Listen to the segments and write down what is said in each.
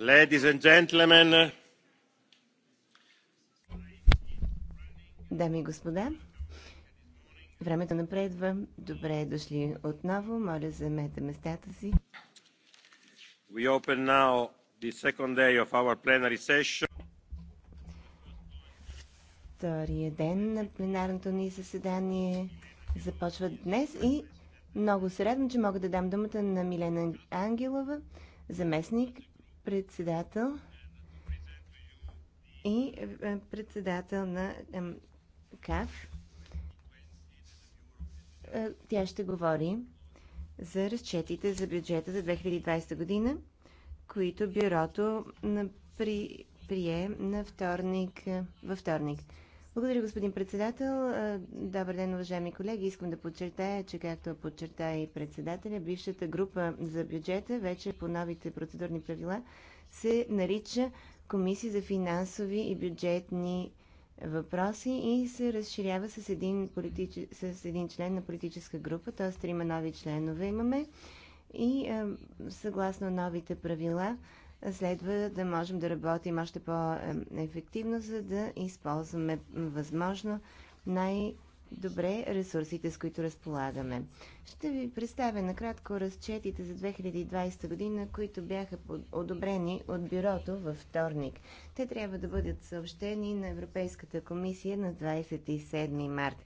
Ladies and gentlemen. Дами и господа, времето напредва. Добре дошли отново. Моля, заемете местата си. We open now the second day of our plenary session. Втория ден на пленарното ни заседание започва днес и много се радвам, че мога да дам думата на Милена Ангелова, заместник председател и е, председател на КАФ. Е, тя ще говори за разчетите за бюджета за 2020 година, които бюрото прие на вторник, е, във вторник. Благодаря, господин председател. Добър ден, уважаеми колеги. Искам да подчертая, че както подчерта и председателя, бившата група за бюджета вече по новите процедурни правила се нарича Комисия за финансови и бюджетни въпроси и се разширява с един, политич... с един член на политическа група, т.е. трима нови членове имаме. И съгласно новите правила, следва да можем да работим още по-ефективно, за да използваме възможно най-добре ресурсите, с които разполагаме. Ще ви представя накратко разчетите за 2020 година, които бяха одобрени от бюрото във вторник. Те трябва да бъдат съобщени на Европейската комисия на 27 март.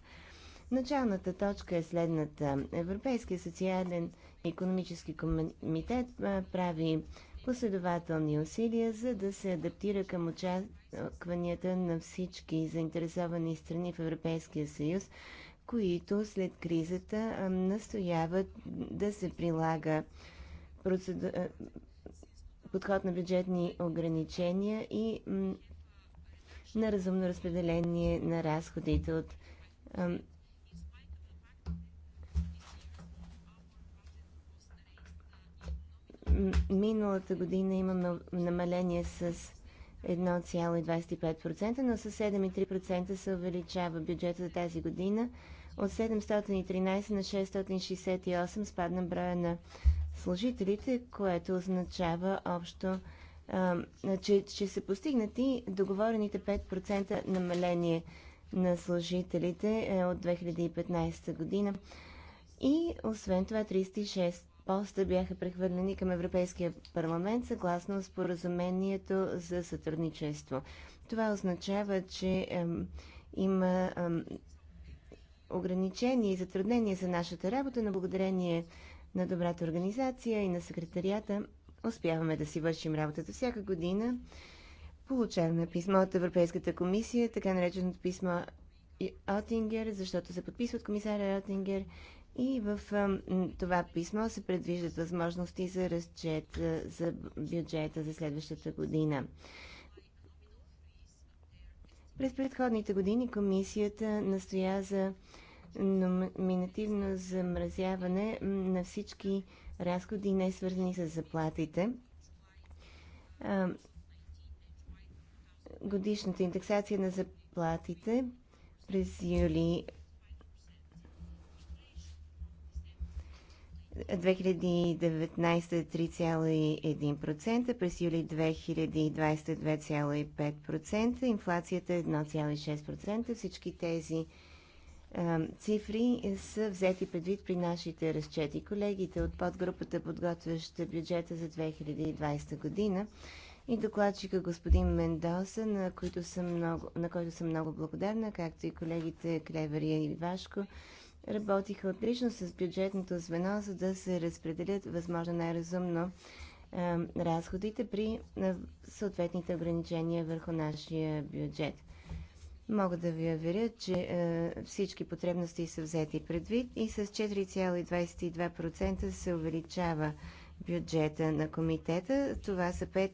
Началната точка е следната. Европейския социален и економически комитет прави последователни усилия, за да се адаптира към очакванията на всички заинтересовани страни в Европейския съюз, които след кризата настояват да се прилага процеду... подход на бюджетни ограничения и на разумно разпределение на разходите от Миналата година имаме намаление с 1,25%, но с 7,3% се увеличава бюджета за тази година. От 713 на 668 спадна броя на служителите, което означава общо, а, че, че са постигнати договорените 5% намаление на служителите е, от 2015 година. И освен това 36 поста бяха прехвърлени към Европейския парламент съгласно споразумението за сътрудничество. Това означава, че ем, има ем, ограничения и затруднения за нашата работа, но благодарение на добрата организация и на секретарията успяваме да си вършим работата всяка година. Получаваме писмо от Европейската комисия, така нареченото писмо Отингер, защото се подписва от комисаря Отингер и в това писмо се предвиждат възможности за разчет за бюджета за следващата година. През предходните години комисията настоя за номинативно замразяване на всички разходи, не свързани с заплатите. Годишната индексация на заплатите през юли 2019 3,1%, е през юли 2020 2,5%, инфлацията е 1,6%. Всички тези а, цифри са взети предвид при нашите разчети. Колегите от подгрупата, подготвяща бюджета за 2020 година, и докладчика господин Мендоса, на, който съм много, на който съм много благодарна, както и колегите Клевери и Вашко, работиха отлично с бюджетното звено, за да се разпределят възможно най-разумно е, разходите при е, съответните ограничения върху нашия бюджет. Мога да ви уверя, че е, всички потребности са взети предвид и с 4,22% се увеличава бюджета на комитета. Това са 5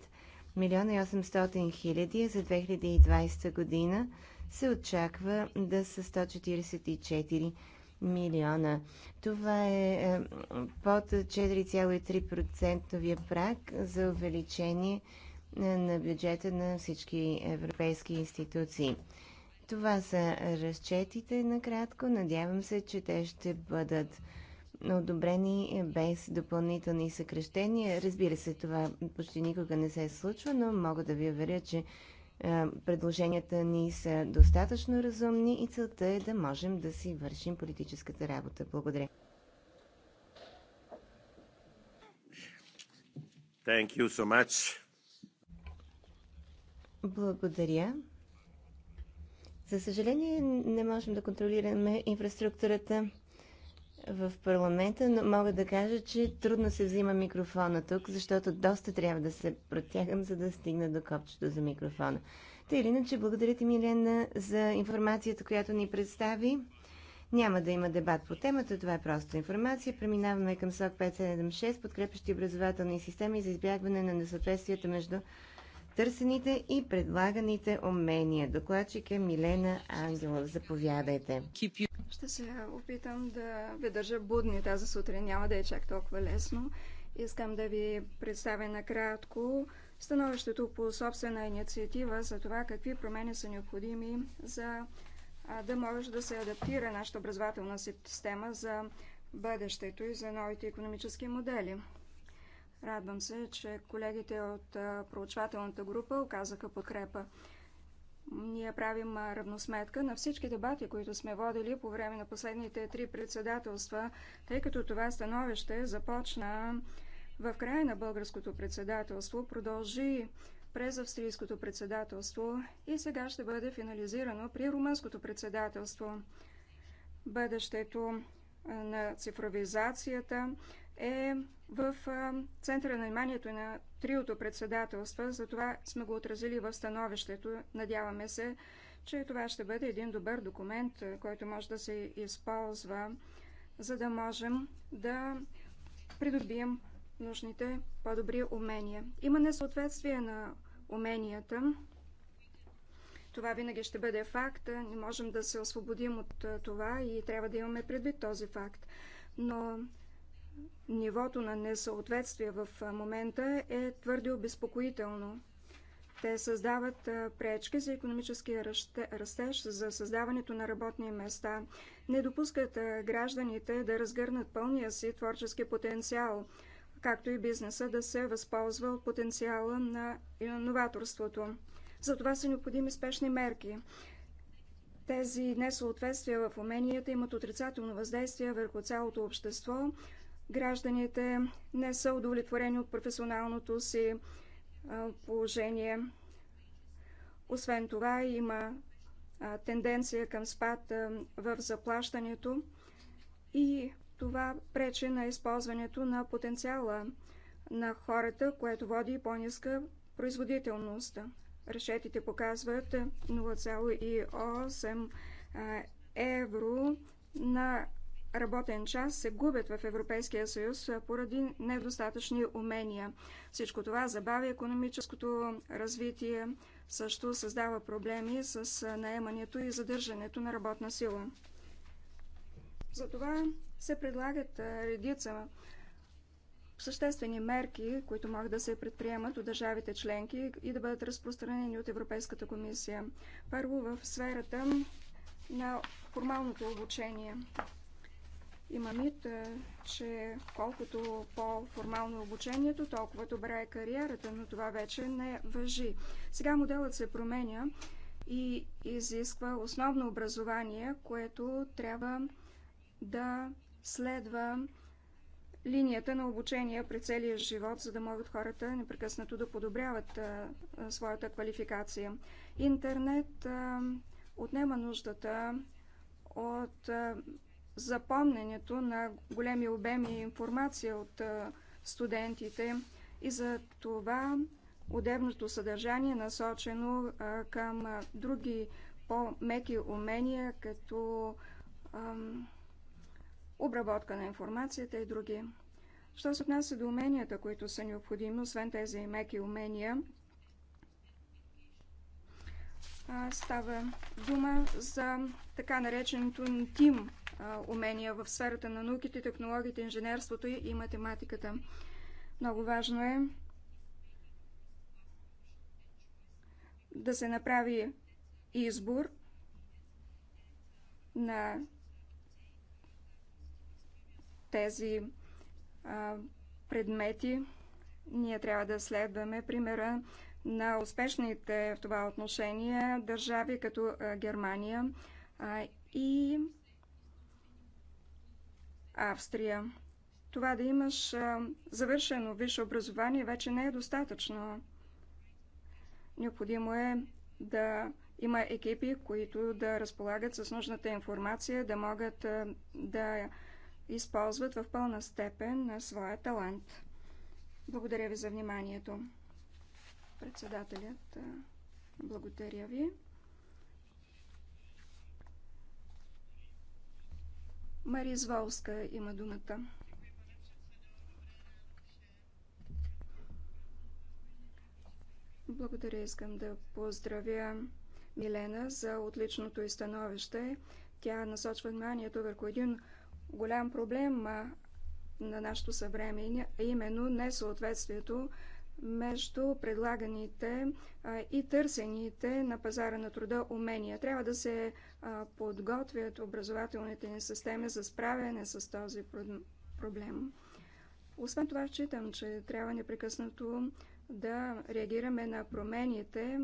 милиона и 800 хиляди за 2020 година. Се очаква да са 144 милиона. Това е, е под 4,3% прак за увеличение е, на бюджета на всички европейски институции. Това са разчетите накратко. Надявам се, че те ще бъдат одобрени без допълнителни съкрещения. Разбира се, това почти никога не се случва, но мога да ви уверя, че е, предложенията ни са достатъчно разумни и целта е да можем да си вършим политическата работа. Благодаря. Thank you so much. Благодаря. За съжаление, не можем да контролираме инфраструктурата в парламента, но мога да кажа, че трудно се взима микрофона тук, защото доста трябва да се протягам, за да стигна до копчето за микрофона. Та или иначе, благодаря ти, Милена, за информацията, която ни представи. Няма да има дебат по темата, това е просто информация. Преминаваме към СОК 576, подкрепящи образователни системи за избягване на несъответствията между търсените и предлаганите умения. Докладчик е Милена Ангелов. Заповядайте. Ще се опитам да ви държа будни тази сутрин. Няма да е чак толкова лесно. Искам да ви представя накратко становището по собствена инициатива за това какви промени са необходими за да може да се адаптира нашата образователна система за бъдещето и за новите економически модели. Радвам се, че колегите от проучвателната група оказаха подкрепа. Ние правим равносметка на всички дебати, които сме водили по време на последните три председателства, тъй като това становище започна в края на българското председателство, продължи през австрийското председателство и сега ще бъде финализирано при румънското председателство. Бъдещето на цифровизацията е в центъра на вниманието на триото председателства, затова сме го отразили в становището. Надяваме се, че това ще бъде един добър документ, който може да се използва, за да можем да придобием нужните по-добри умения. Има несъответствие на уменията. Това винаги ще бъде факт. Не можем да се освободим от това и трябва да имаме предвид този факт. Но нивото на несъответствие в момента е твърде обезпокоително. Те създават пречки за економическия растеж, за създаването на работни места, не допускат гражданите да разгърнат пълния си творчески потенциал, както и бизнеса да се възползва от потенциала на иноваторството. За това са необходими спешни мерки. Тези несъответствия в уменията имат отрицателно въздействие върху цялото общество, гражданите не са удовлетворени от професионалното си положение. Освен това, има тенденция към спад в заплащането и това пречи на използването на потенциала на хората, което води и по-ниска производителност. Решетите показват 0,8 евро на работен час се губят в Европейския съюз поради недостатъчни умения. Всичко това забавя економическото развитие, също създава проблеми с наемането и задържането на работна сила. Затова се предлагат редица съществени мерки, които могат да се предприемат от държавите членки и да бъдат разпространени от Европейската комисия. Първо в сферата на формалното обучение. Има мит, е, че колкото по-формално е обучението, толкова добра е кариерата, но това вече не въжи. Сега моделът се променя и изисква основно образование, което трябва да следва линията на обучение при целия живот, за да могат хората непрекъснато да подобряват а, е, а, своята квалификация. Интернет а, отнема нуждата от а, запомненето на големи обеми информация от студентите и за това Удебното съдържание е насочено към други по-меки умения, като ам, обработка на информацията и други. Що се отнася до уменията, които са необходими, освен тези меки умения, а, става дума за така нареченото интим умения в сферата на науките, технологиите, инженерството и математиката. Много важно е да се направи избор на тези а, предмети. Ние трябва да следваме примера на успешните в това отношение държави като Германия а, и Австрия. Това да имаш завършено висше образование вече не е достатъчно. Необходимо е да има екипи, които да разполагат с нужната информация, да могат да използват в пълна степен на своя талант. Благодаря ви за вниманието. Председателят, благодаря ви. Мари Зволска има думата. Благодаря, искам да поздравя Милена за отличното и становище. Тя насочва вниманието върху един голям проблем на нашето съвремие, а именно несъответствието между предлаганите и търсените на пазара на труда умения. Трябва да се подготвят образователните ни системи за справяне с този проблем. Освен това, считам, че трябва непрекъснато да реагираме на промените.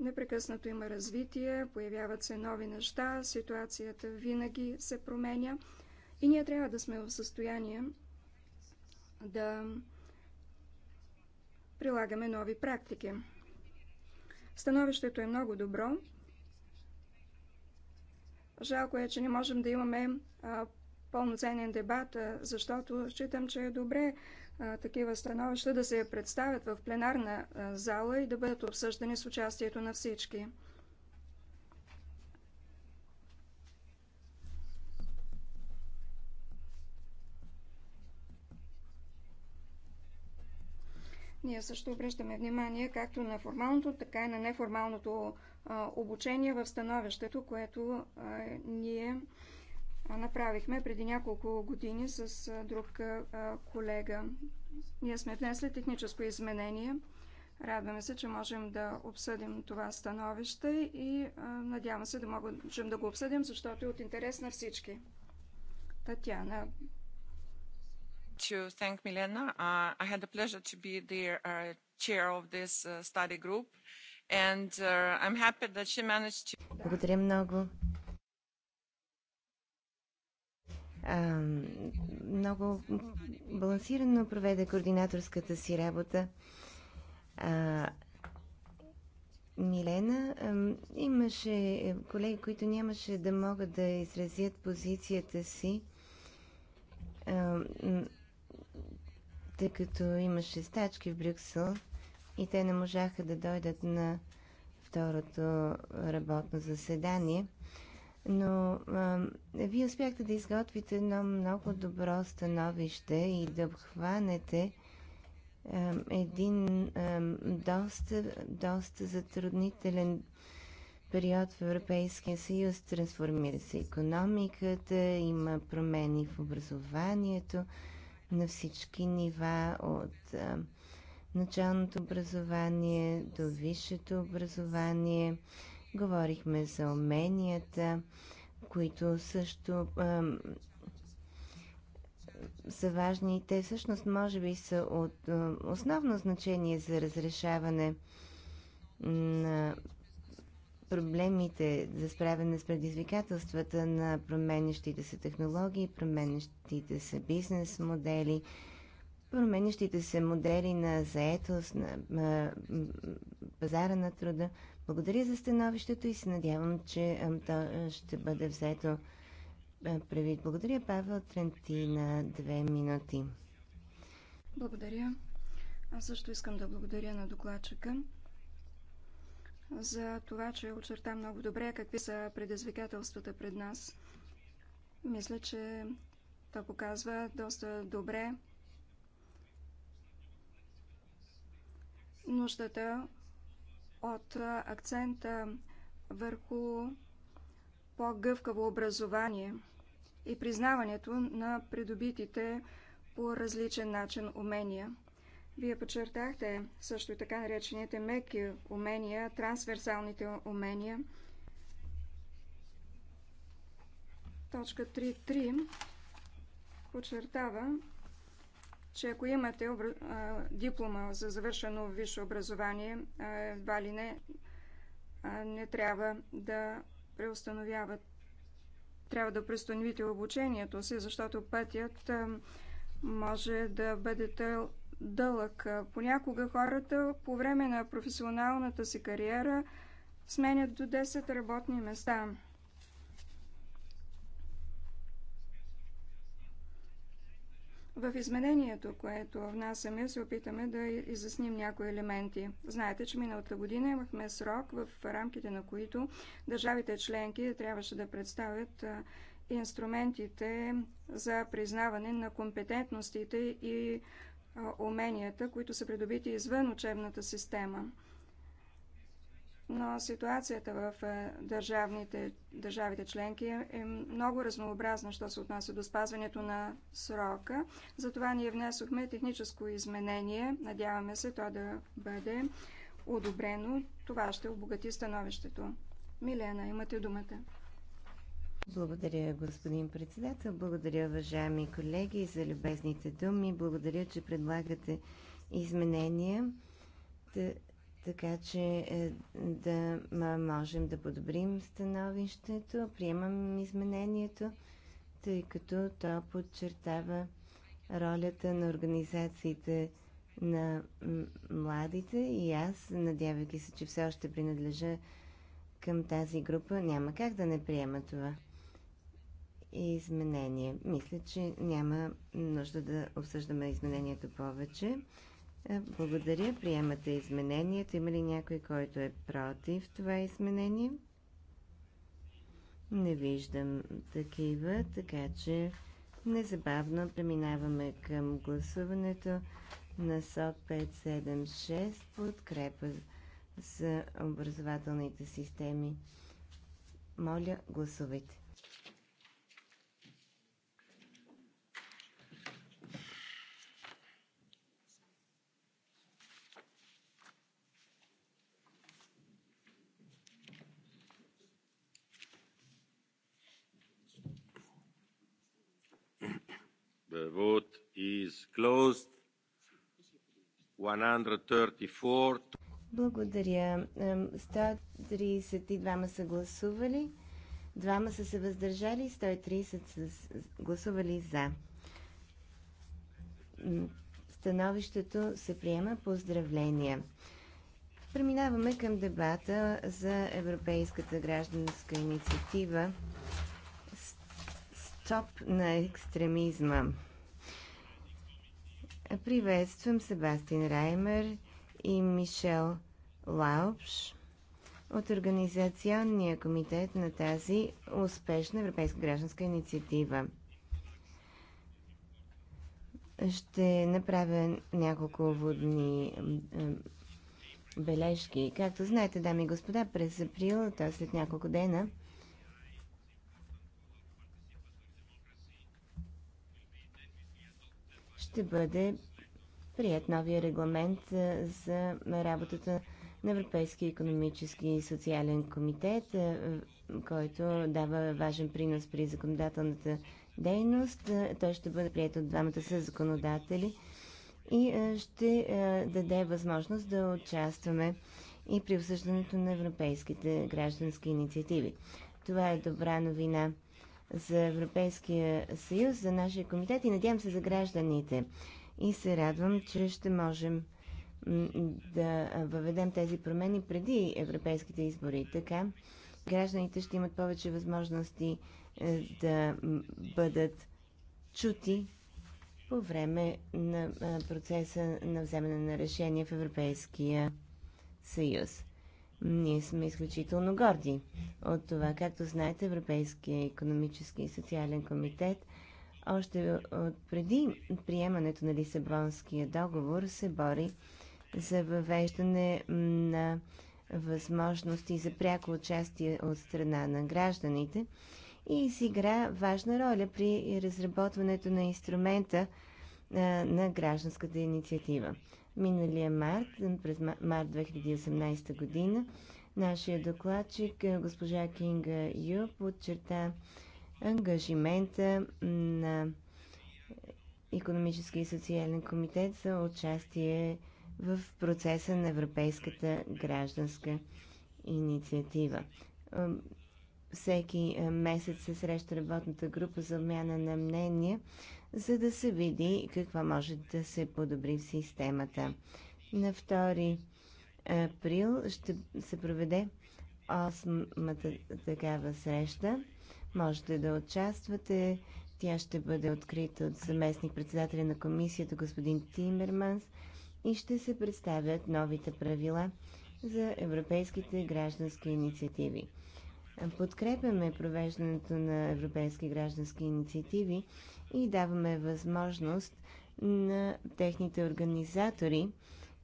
Непрекъснато има развитие, появяват се нови неща, ситуацията винаги се променя и ние трябва да сме в състояние да прилагаме нови практики. Становището е много добро. Жалко е, че не можем да имаме а, пълноценен дебат, а, защото считам, че е добре а, такива становища да се представят в пленарна а, зала и да бъдат обсъждани с участието на всички. Ние също обръщаме внимание както на формалното, така и на неформалното обучение в становището, което ние направихме преди няколко години с друг колега. Ние сме внесли техническо изменение. Радваме се, че можем да обсъдим това становище и надявам се да можем да го обсъдим, защото е от интерес на всички. Татьяна to thank Milena. Uh, I had the pleasure to be the uh, chair of this uh, study group, and uh, I'm happy that she managed to. Благодаря много. А, много балансирано проведе координаторската си работа. А, Милена, имаше колеги, които нямаше да могат да изразят позицията си тъй като имаше стачки в Брюксел и те не можаха да дойдат на второто работно заседание. Но а, вие успяхте да изготвите едно много добро становище и да обхванете а, един а, доста, доста затруднителен период в Европейския съюз. Трансформира се економиката, има промени в образованието на всички нива от началното образование до висшето образование. Говорихме за уменията, които също а, са важни и те всъщност може би са от а, основно значение за разрешаване на проблемите за справяне с предизвикателствата на променящите се технологии, променящите се бизнес модели, променящите се модели на заетост, на пазара на труда. Благодаря за становището и се надявам, че то ще бъде взето прави. Благодаря, Павел Тренти, на две минути. Благодаря. Аз също искам да благодаря на докладчика за това, че очерта много добре какви са предизвикателствата пред нас. Мисля, че това показва доста добре нуждата от акцента върху по-гъвкаво образование и признаването на придобитите по различен начин умения. Вие подчертахте също и така наречените меки умения, трансверсалните умения. Точка 3.3 подчертава, че ако имате диплома за завършено висше образование, едва ли не, не трябва да преустановяват трябва да престановите обучението си, защото пътят може да бъдете дълъг. Понякога хората по време на професионалната си кариера сменят до 10 работни места. В изменението, което внасяме, се опитаме да изясним някои елементи. Знаете, че миналата година имахме срок, в рамките на които държавите членки трябваше да представят инструментите за признаване на компетентностите и уменията, които са придобити извън учебната система. Но ситуацията в държавните, държавите членки е много разнообразна, що се отнася до спазването на срока. Затова ние внесохме техническо изменение. Надяваме се то да бъде одобрено. Това ще обогати становището. Милена, имате думата. Благодаря, господин председател. Благодаря, уважаеми колеги, за любезните думи. Благодаря, че предлагате изменения, така че е, да можем да подобрим становището. Приемам изменението, тъй като то подчертава ролята на организациите на младите и аз, надявайки се, че все още принадлежа към тази група, няма как да не приема това изменение. Мисля, че няма нужда да обсъждаме изменението повече. Е, благодаря. Приемате изменението. Има ли някой, който е против това изменение? Не виждам такива, така че незабавно преминаваме към гласуването на СОД 576 подкрепа за образователните системи. Моля, гласувайте. The vote is closed. 134. Благодаря. 132 са гласували, двама са се въздържали, 130 са гласували за. Становището се приема. Поздравления. Преминаваме към дебата за Европейската гражданска инициатива стоп на екстремизма. Приветствам Себастин Раймер и Мишел Лаупш от Организационния комитет на тази успешна европейска гражданска инициатива. Ще направя няколко водни бележки. Както знаете, дами и господа, през април, т.е. след няколко дена, ще бъде прият новия регламент за работата на Европейския економически и социален комитет, който дава важен принос при законодателната дейност. Той ще бъде прият от двамата са законодатели и ще даде възможност да участваме и при обсъждането на европейските граждански инициативи. Това е добра новина за Европейския съюз, за нашия комитет и надявам се за гражданите. И се радвам, че ще можем да въведем тези промени преди европейските избори. Така гражданите ще имат повече възможности е, да бъдат чути по време на е, процеса на вземане на решение в Европейския съюз. Ние сме изключително горди от това. Както знаете, Европейския економически и социален комитет още от преди приемането на Лисабонския договор се бори за въвеждане на възможности за пряко участие от страна на гражданите и изигра важна роля при разработването на инструмента на гражданската инициатива миналия март, през март 2018 година. Нашия докладчик, е, госпожа Кинга Ю, подчерта ангажимента на Економически и социален комитет за участие в процеса на Европейската гражданска инициатива. Е, всеки е, месец се среща работната група за обмяна на мнения за да се види какво може да се подобри в системата. На 2 е, април ще се проведе 8-та такава среща. Можете да участвате. Тя ще бъде открита от заместник-председателя на комисията господин Тимерманс и ще се представят новите правила за европейските граждански инициативи подкрепяме провеждането на европейски граждански инициативи и даваме възможност на техните организатори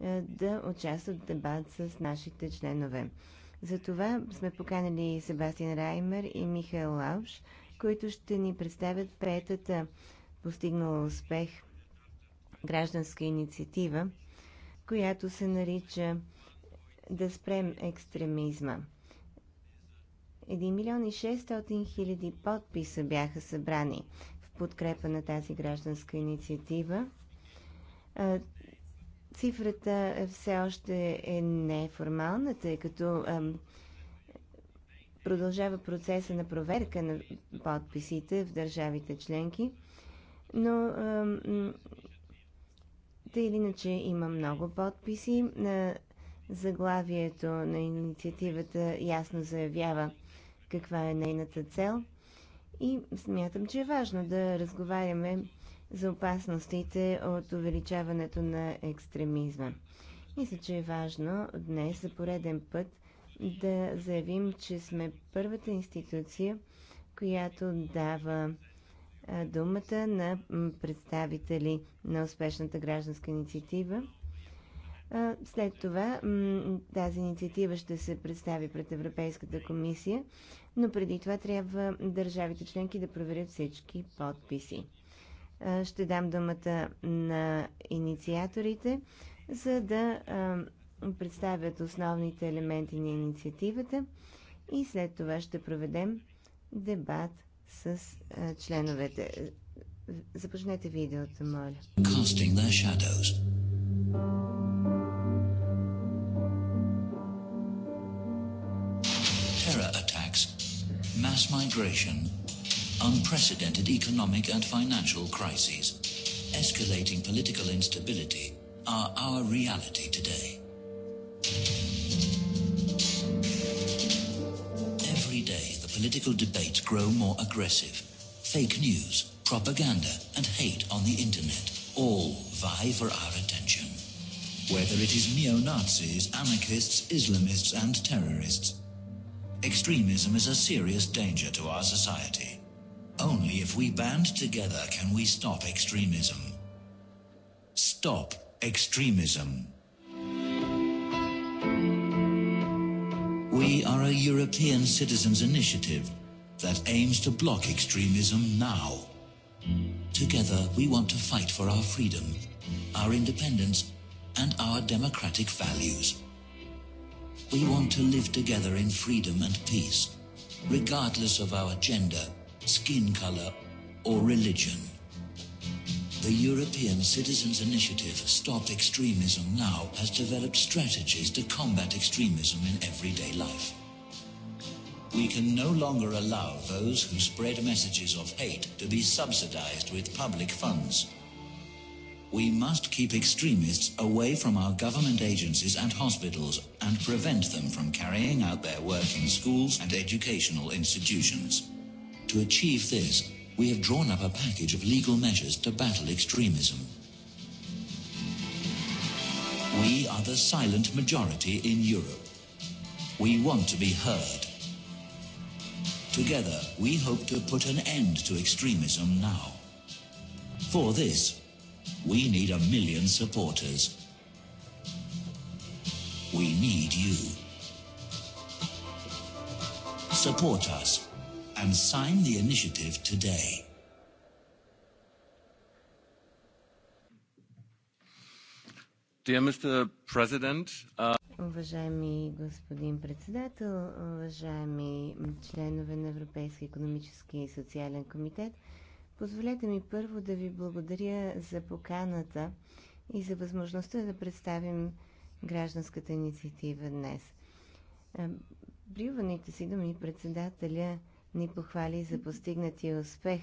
е, да участват в дебат с нашите членове. Затова сме поканали Себастиан Раймер и Михаил Лауш, които ще ни представят петата постигнала успех гражданска инициатива, която се нарича Да спрем екстремизма. 1 милион и 600 хиляди подписа бяха събрани в подкрепа на тази гражданска инициатива. Цифрата все още е неформална, тъй като продължава процеса на проверка на подписите в държавите членки, но тъй или иначе има много подписи. на Заглавието на инициативата ясно заявява каква е нейната цел. И смятам, че е важно да разговаряме за опасностите от увеличаването на екстремизма. Мисля, че е важно днес за пореден път да заявим, че сме първата институция, която дава думата на представители на успешната гражданска инициатива след това тази инициатива ще се представи пред Европейската комисия, но преди това трябва държавите членки да проверят всички подписи. Ще дам думата на инициаторите, за да представят основните елементи на инициативата и след това ще проведем дебат с членовете. Започнете видеото, моля. terror attacks, mass migration, unprecedented economic and financial crises, escalating political instability are our reality today. Every day the political debates grow more aggressive. Fake news, propaganda and hate on the internet all vie for our attention. Whether it is neo-Nazis, anarchists, Islamists and terrorists, Extremism is a serious danger to our society. Only if we band together can we stop extremism. Stop extremism. We are a European citizens initiative that aims to block extremism now. Together we want to fight for our freedom, our independence and our democratic values. We want to live together in freedom and peace, regardless of our gender, skin color, or religion. The European Citizens Initiative Stop Extremism Now has developed strategies to combat extremism in everyday life. We can no longer allow those who spread messages of hate to be subsidized with public funds We must keep extremists away from our government agencies and hospitals and prevent them from carrying out their work in schools and educational institutions. To achieve this, we have drawn up a package of legal measures to battle extremism. We are the silent majority in Europe. We want to be heard. Together, we hope to put an end to extremism now. For this, We need a million supporters. We need you. Support us and sign the initiative today. Dear Mr. President, uh... Уважаеми господин председател, уважаеми членове на Европейския економически и социален комитет, Позволете ми първо да ви благодаря за поканата и за възможността да представим гражданската инициатива днес. При е, уваните си думи председателя ни похвали за постигнатия успех.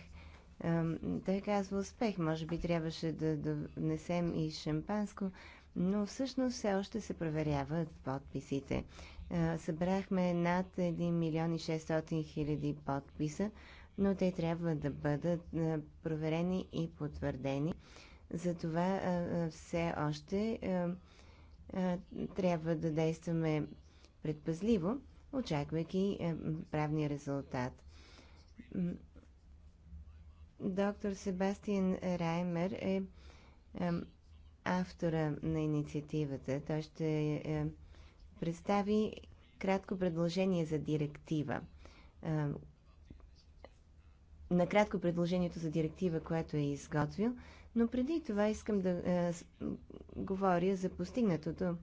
Е, Той казва успех, може би трябваше да донесем и шампанско, но всъщност все още се проверяват подписите. Е, Събрахме над 1 милион и 600 хиляди подписа но те трябва да бъдат е, проверени и потвърдени. Затова е, е, все още трябва да действаме предпазливо, очаквайки правния резултат. Доктор Себастиан Раймер е автора на инициативата. Той ще представи кратко предложение за директива, накратко предложението за директива, което е изготвил, но преди това искам да е, говоря за постигнатото е,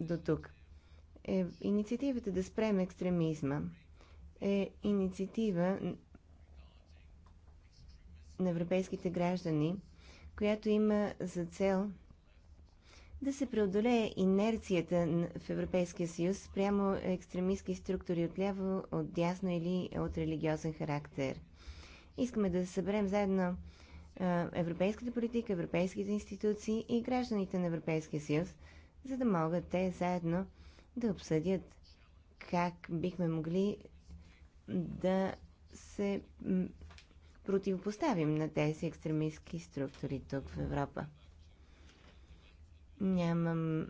до тук. Е, инициативата да спрем екстремизма е инициатива на европейските граждани, която има за цел да се преодолее инерцията в Европейския съюз спрямо екстремистски структури от ляво, от дясно или от религиозен характер. Искаме да съберем заедно европейската политика, европейските институции и гражданите на Европейския съюз, за да могат те заедно да обсъдят как бихме могли да се противопоставим на тези екстремистски структури тук в Европа. Нямам,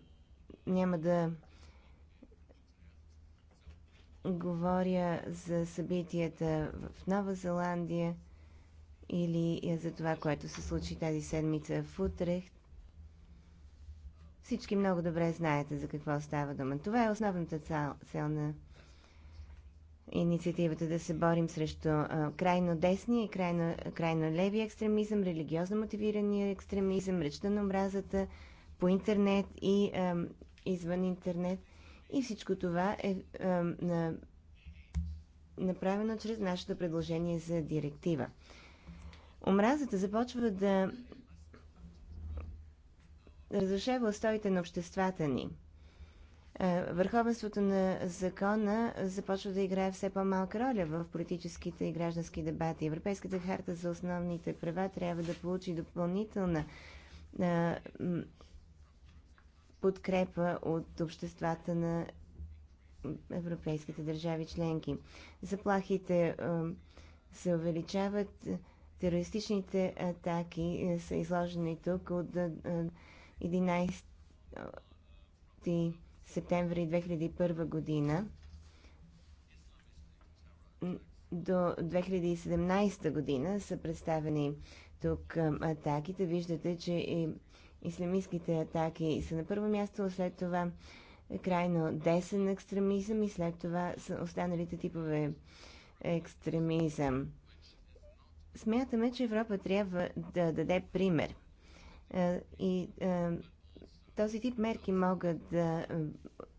няма да говоря за събитията в Нова Зеландия или за това, което се случи тази седмица в Утрехт. Всички много добре знаете за какво става дума. Това е основната цел, цел на инициативата да се борим срещу а, крайно десния и крайно, крайно левия екстремизъм, религиозно мотивирания екстремизъм, речта на омразата, по интернет и а, извън интернет. И всичко това е а, на, направено чрез нашето предложение за директива. Омразата започва да разрушава устоите на обществата ни. Върховенството на закона започва да играе все по-малка роля в политическите и граждански дебати. Европейската харта за основните права трябва да получи допълнителна подкрепа от обществата на европейските държави членки. Заплахите се увеличават, терористичните атаки са изложени тук от 11 септември 2001 година до 2017 година са представени тук атаките. Виждате, че и исламистските атаки са на първо място, след това е крайно десен екстремизъм и след това са останалите типове екстремизъм. Смятаме, че Европа трябва да даде пример. Е, и е, този тип мерки могат да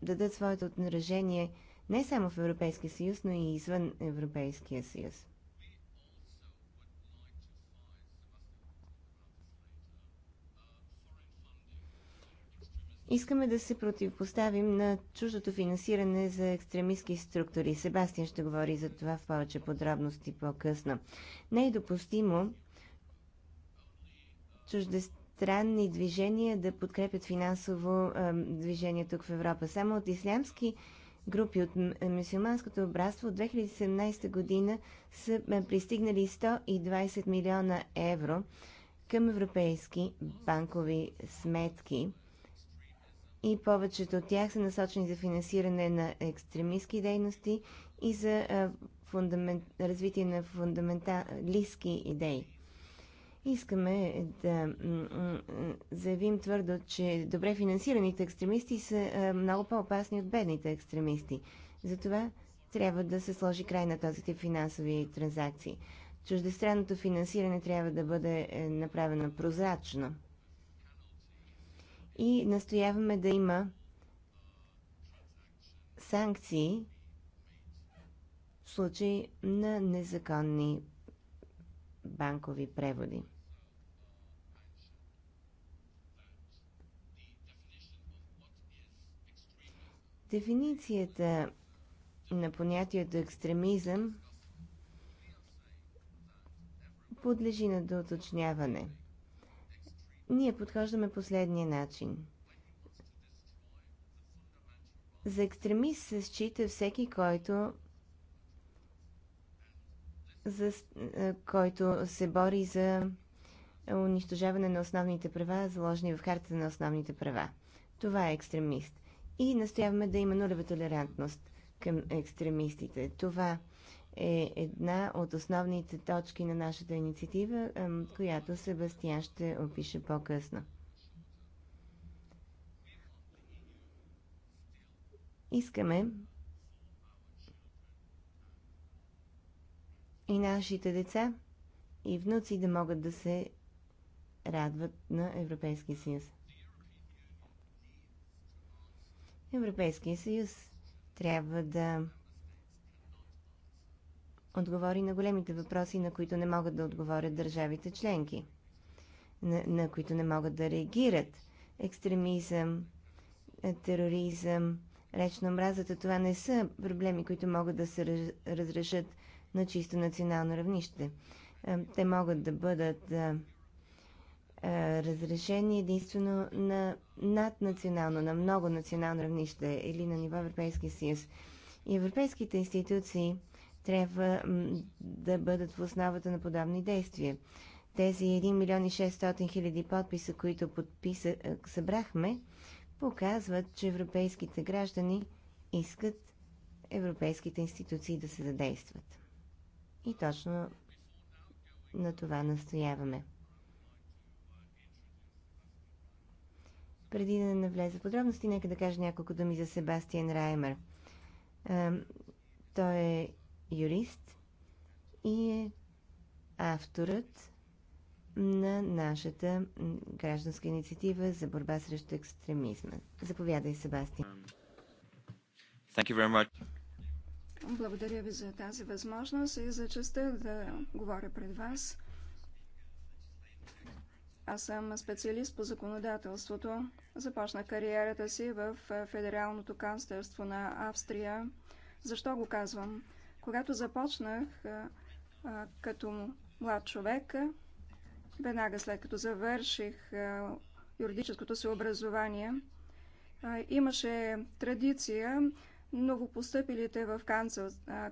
дадат своето отражение не само в Европейския съюз, но и извън Европейския съюз. Искаме да се противопоставим на чуждото финансиране за екстремистски структури. Себастиан ще говори за това в повече подробности по-късно. Не е допустимо чуждестранни движения да подкрепят финансово е, движение тук в Европа. Само от ислямски групи от мусулманското братство от 2017 година са пристигнали 120 милиона евро към европейски банкови сметки – и повечето от тях са насочени за финансиране на екстремистски дейности и за фундамент... развитие на фундаменталистски идеи. Искаме да заявим твърдо, че добре финансираните екстремисти са много по-опасни от бедните екстремисти. Затова трябва да се сложи край на този тип финансови транзакции. Чуждестранното финансиране трябва да бъде е, направено прозрачно и настояваме да има санкции в случай на незаконни банкови преводи. Дефиницията на понятието екстремизъм подлежи на доуточняване – ние подхождаме последния начин. За екстремист се счита всеки, който за, е, който се бори за унищожаване на основните права, заложени в харта на основните права. Това е екстремист. И настояваме да има нулева толерантност към екстремистите. Това е е една от основните точки на нашата инициатива, която Себастиан ще опише по-късно. Искаме и нашите деца и внуци да могат да се радват на Европейския съюз. Европейския съюз трябва да отговори на големите въпроси, на които не могат да отговорят държавите членки, на, на които не могат да реагират. Екстремизъм, е, тероризъм, реч на омразата, това не са проблеми, които могат да се разрешат на чисто национално равнище. Е, те могат да бъдат е, разрешени единствено на наднационално, на много национално равнище или на ниво Европейския съюз. И европейските институции трябва да бъдат в основата на подобни действия. Тези 1 милион и 600 хиляди подписа, които подписа, е, събрахме, показват, че европейските граждани искат европейските институции да се задействат. И точно на това настояваме. Преди да навлезе подробности, нека да кажа няколко думи за Себастиан Раймер. Той е юрист и е авторът на нашата гражданска инициатива за борба срещу екстремизма. Заповядай, Себастиан. Thank you very much. Благодаря ви за тази възможност и за честа да говоря пред вас. Аз съм специалист по законодателството. Започнах кариерата си в Федералното канцлерство на Австрия. Защо го казвам? Когато започнах като млад човек, веднага след като завърших юридическото си образование, имаше традиция новопостъпилите в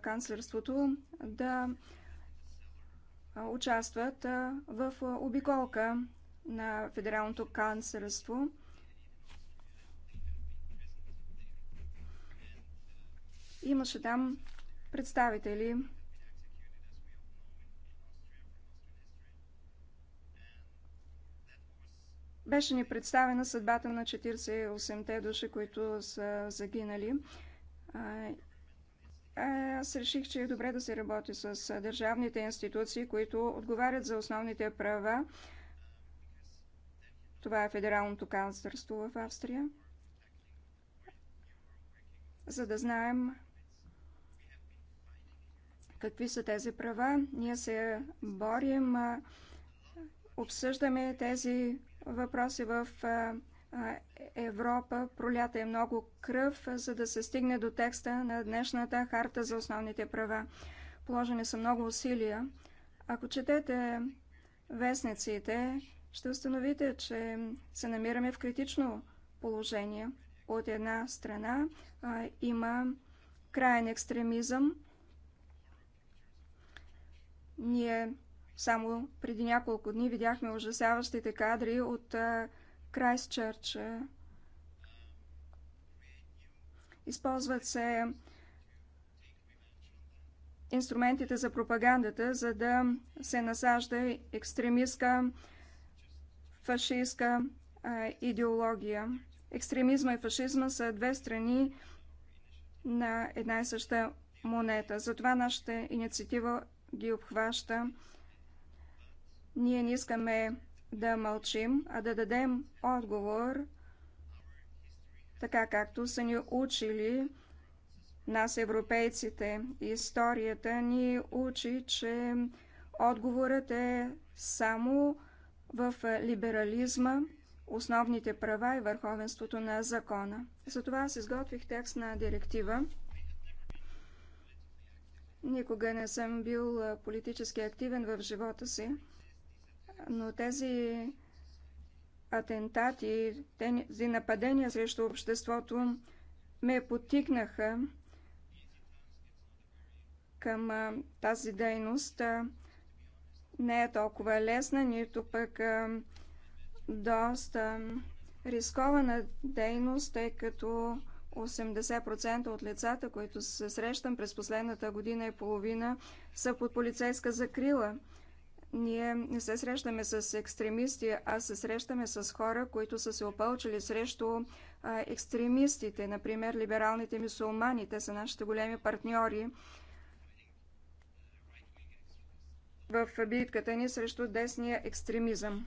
канцлерството да участват в обиколка на Федералното канцлерство. Имаше там представители. Беше ни представена съдбата на 48-те души, които са загинали. Аз реших, че е добре да се работи с държавните институции, които отговарят за основните права. Това е Федералното канцлерство в Австрия. За да знаем Какви са тези права? Ние се борим, обсъждаме тези въпроси в Европа. Пролята е много кръв, за да се стигне до текста на днешната харта за основните права. Положени са много усилия. Ако четете вестниците, ще установите, че се намираме в критично положение. От една страна а, има крайен екстремизъм, ние само преди няколко дни видяхме ужасяващите кадри от Крайстчърч. Използват се инструментите за пропагандата, за да се насажда екстремистка, фашистска идеология. Екстремизма и фашизма са две страни на една и съща монета. Затова нашата инициатива ги обхваща. Ние не искаме да мълчим, а да дадем отговор, така както са ни учили нас, европейците. Историята ни учи, че отговорът е само в либерализма, основните права и върховенството на закона. Затова аз изготвих текст на директива, Никога не съм бил политически активен в живота си, но тези атентати, тези нападения срещу обществото ме потикнаха към тази дейност. Не е толкова лесна, нито пък доста рискована дейност, тъй като 80% от лицата, които се срещам през последната година и половина, са под полицейска закрила. Ние не се срещаме с екстремисти, а се срещаме с хора, които са се опълчили срещу екстремистите, например либералните мусулмани. Те са нашите големи партньори в битката ни срещу десния екстремизъм.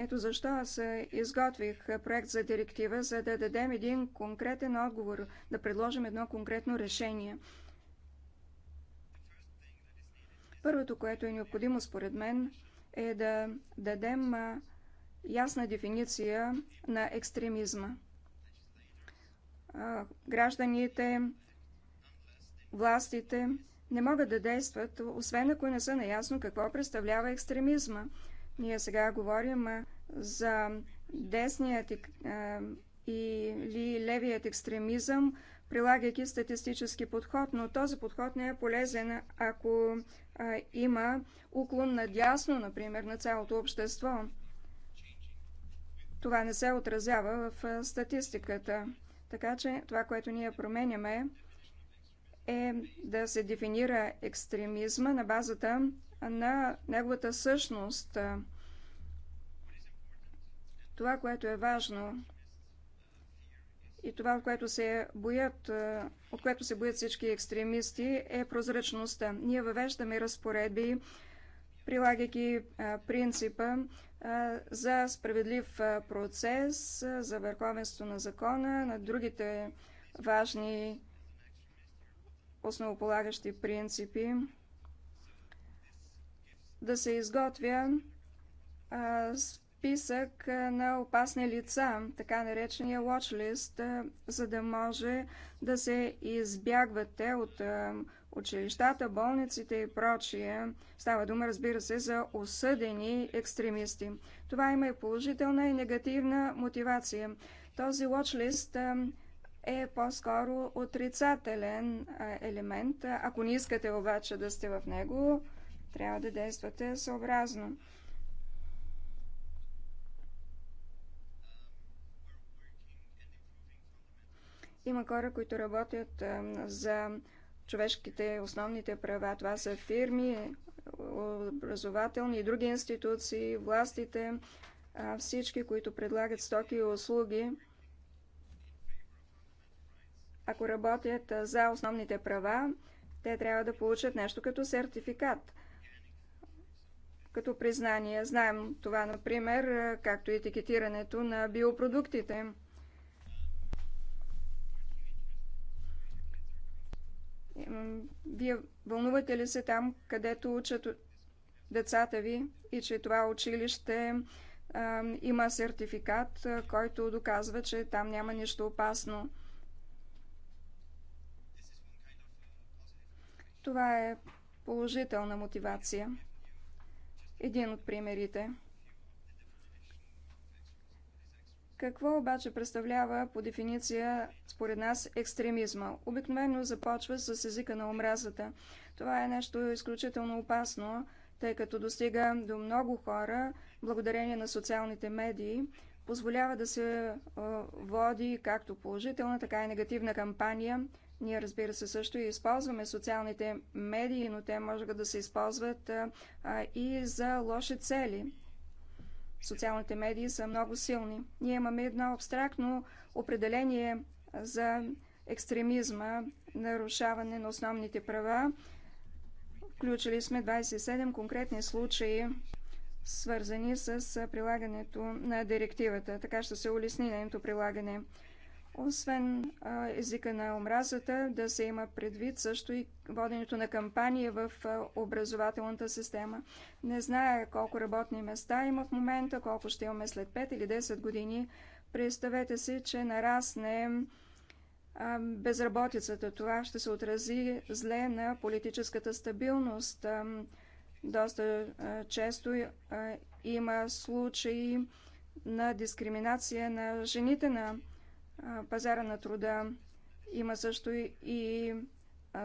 Ето защо аз е, изготвих е, проект за директива, за да дадем един конкретен отговор, да предложим едно конкретно решение. Първото, което е необходимо според мен, е да дадем ясна дефиниция на екстремизма. Гражданите, властите не могат да действат, освен ако не са наясно какво представлява екстремизма. Ние сега говорим за десният или левият екстремизъм, прилагайки статистически подход, но този подход не е полезен, ако има уклон надясно, например, на цялото общество. Това не се отразява в статистиката. Така че това, което ние променяме, е да се дефинира екстремизма на базата на неговата същност. Това, което е важно и това, от което се боят, е, от което се боят всички екстремисти, е прозрачността. Ние въвеждаме разпоредби, прилагайки е, принципа е, за справедлив процес, за върховенство на закона, на другите важни основополагащи принципи да се изготвя а, списък на опасни лица, така наречения watchlist, а, за да може да се избягват те от а, училищата, болниците и прочие. Става дума, разбира се, за осъдени екстремисти. Това има и положителна и негативна мотивация. Този watchlist а, е по-скоро отрицателен елемент. Ако не искате обаче да сте в него, трябва да действате съобразно. Има хора, които работят за човешките основните права. Това са фирми, образователни и други институции, властите, всички, които предлагат стоки и услуги. Ако работят за основните права, те трябва да получат нещо като сертификат – като признание. Знаем това, например, е, както и етикетирането на биопродуктите. Вие вълнувате ли се там, където учат децата ви и че това училище а, има сертификат, а, е, който доказва, че там няма нищо опасно? Това е положителна мотивация един от примерите. Какво обаче представлява по дефиниция според нас екстремизма? Обикновено започва с езика на омразата. Това е нещо изключително опасно, тъй като достига до много хора, благодарение на социалните медии, позволява да се води както положителна, така и негативна кампания, ние, разбира се, също и използваме социалните медии, но те могат да се използват и за лоши цели. Социалните медии са много силни. Ние имаме едно абстрактно определение за екстремизма, нарушаване на основните права. Включили сме 27 конкретни случаи, свързани с прилагането на директивата. Така ще се улесни нейното прилагане. Освен езика на омразата, да се има предвид също и воденето на кампания в образователната система. Не зная колко работни места има в момента, колко ще имаме след 5 или 10 години. Представете си, че нарасне безработицата. Това ще се отрази зле на политическата стабилност. Доста често има случаи на дискриминация на жените на пазара на труда. Има също и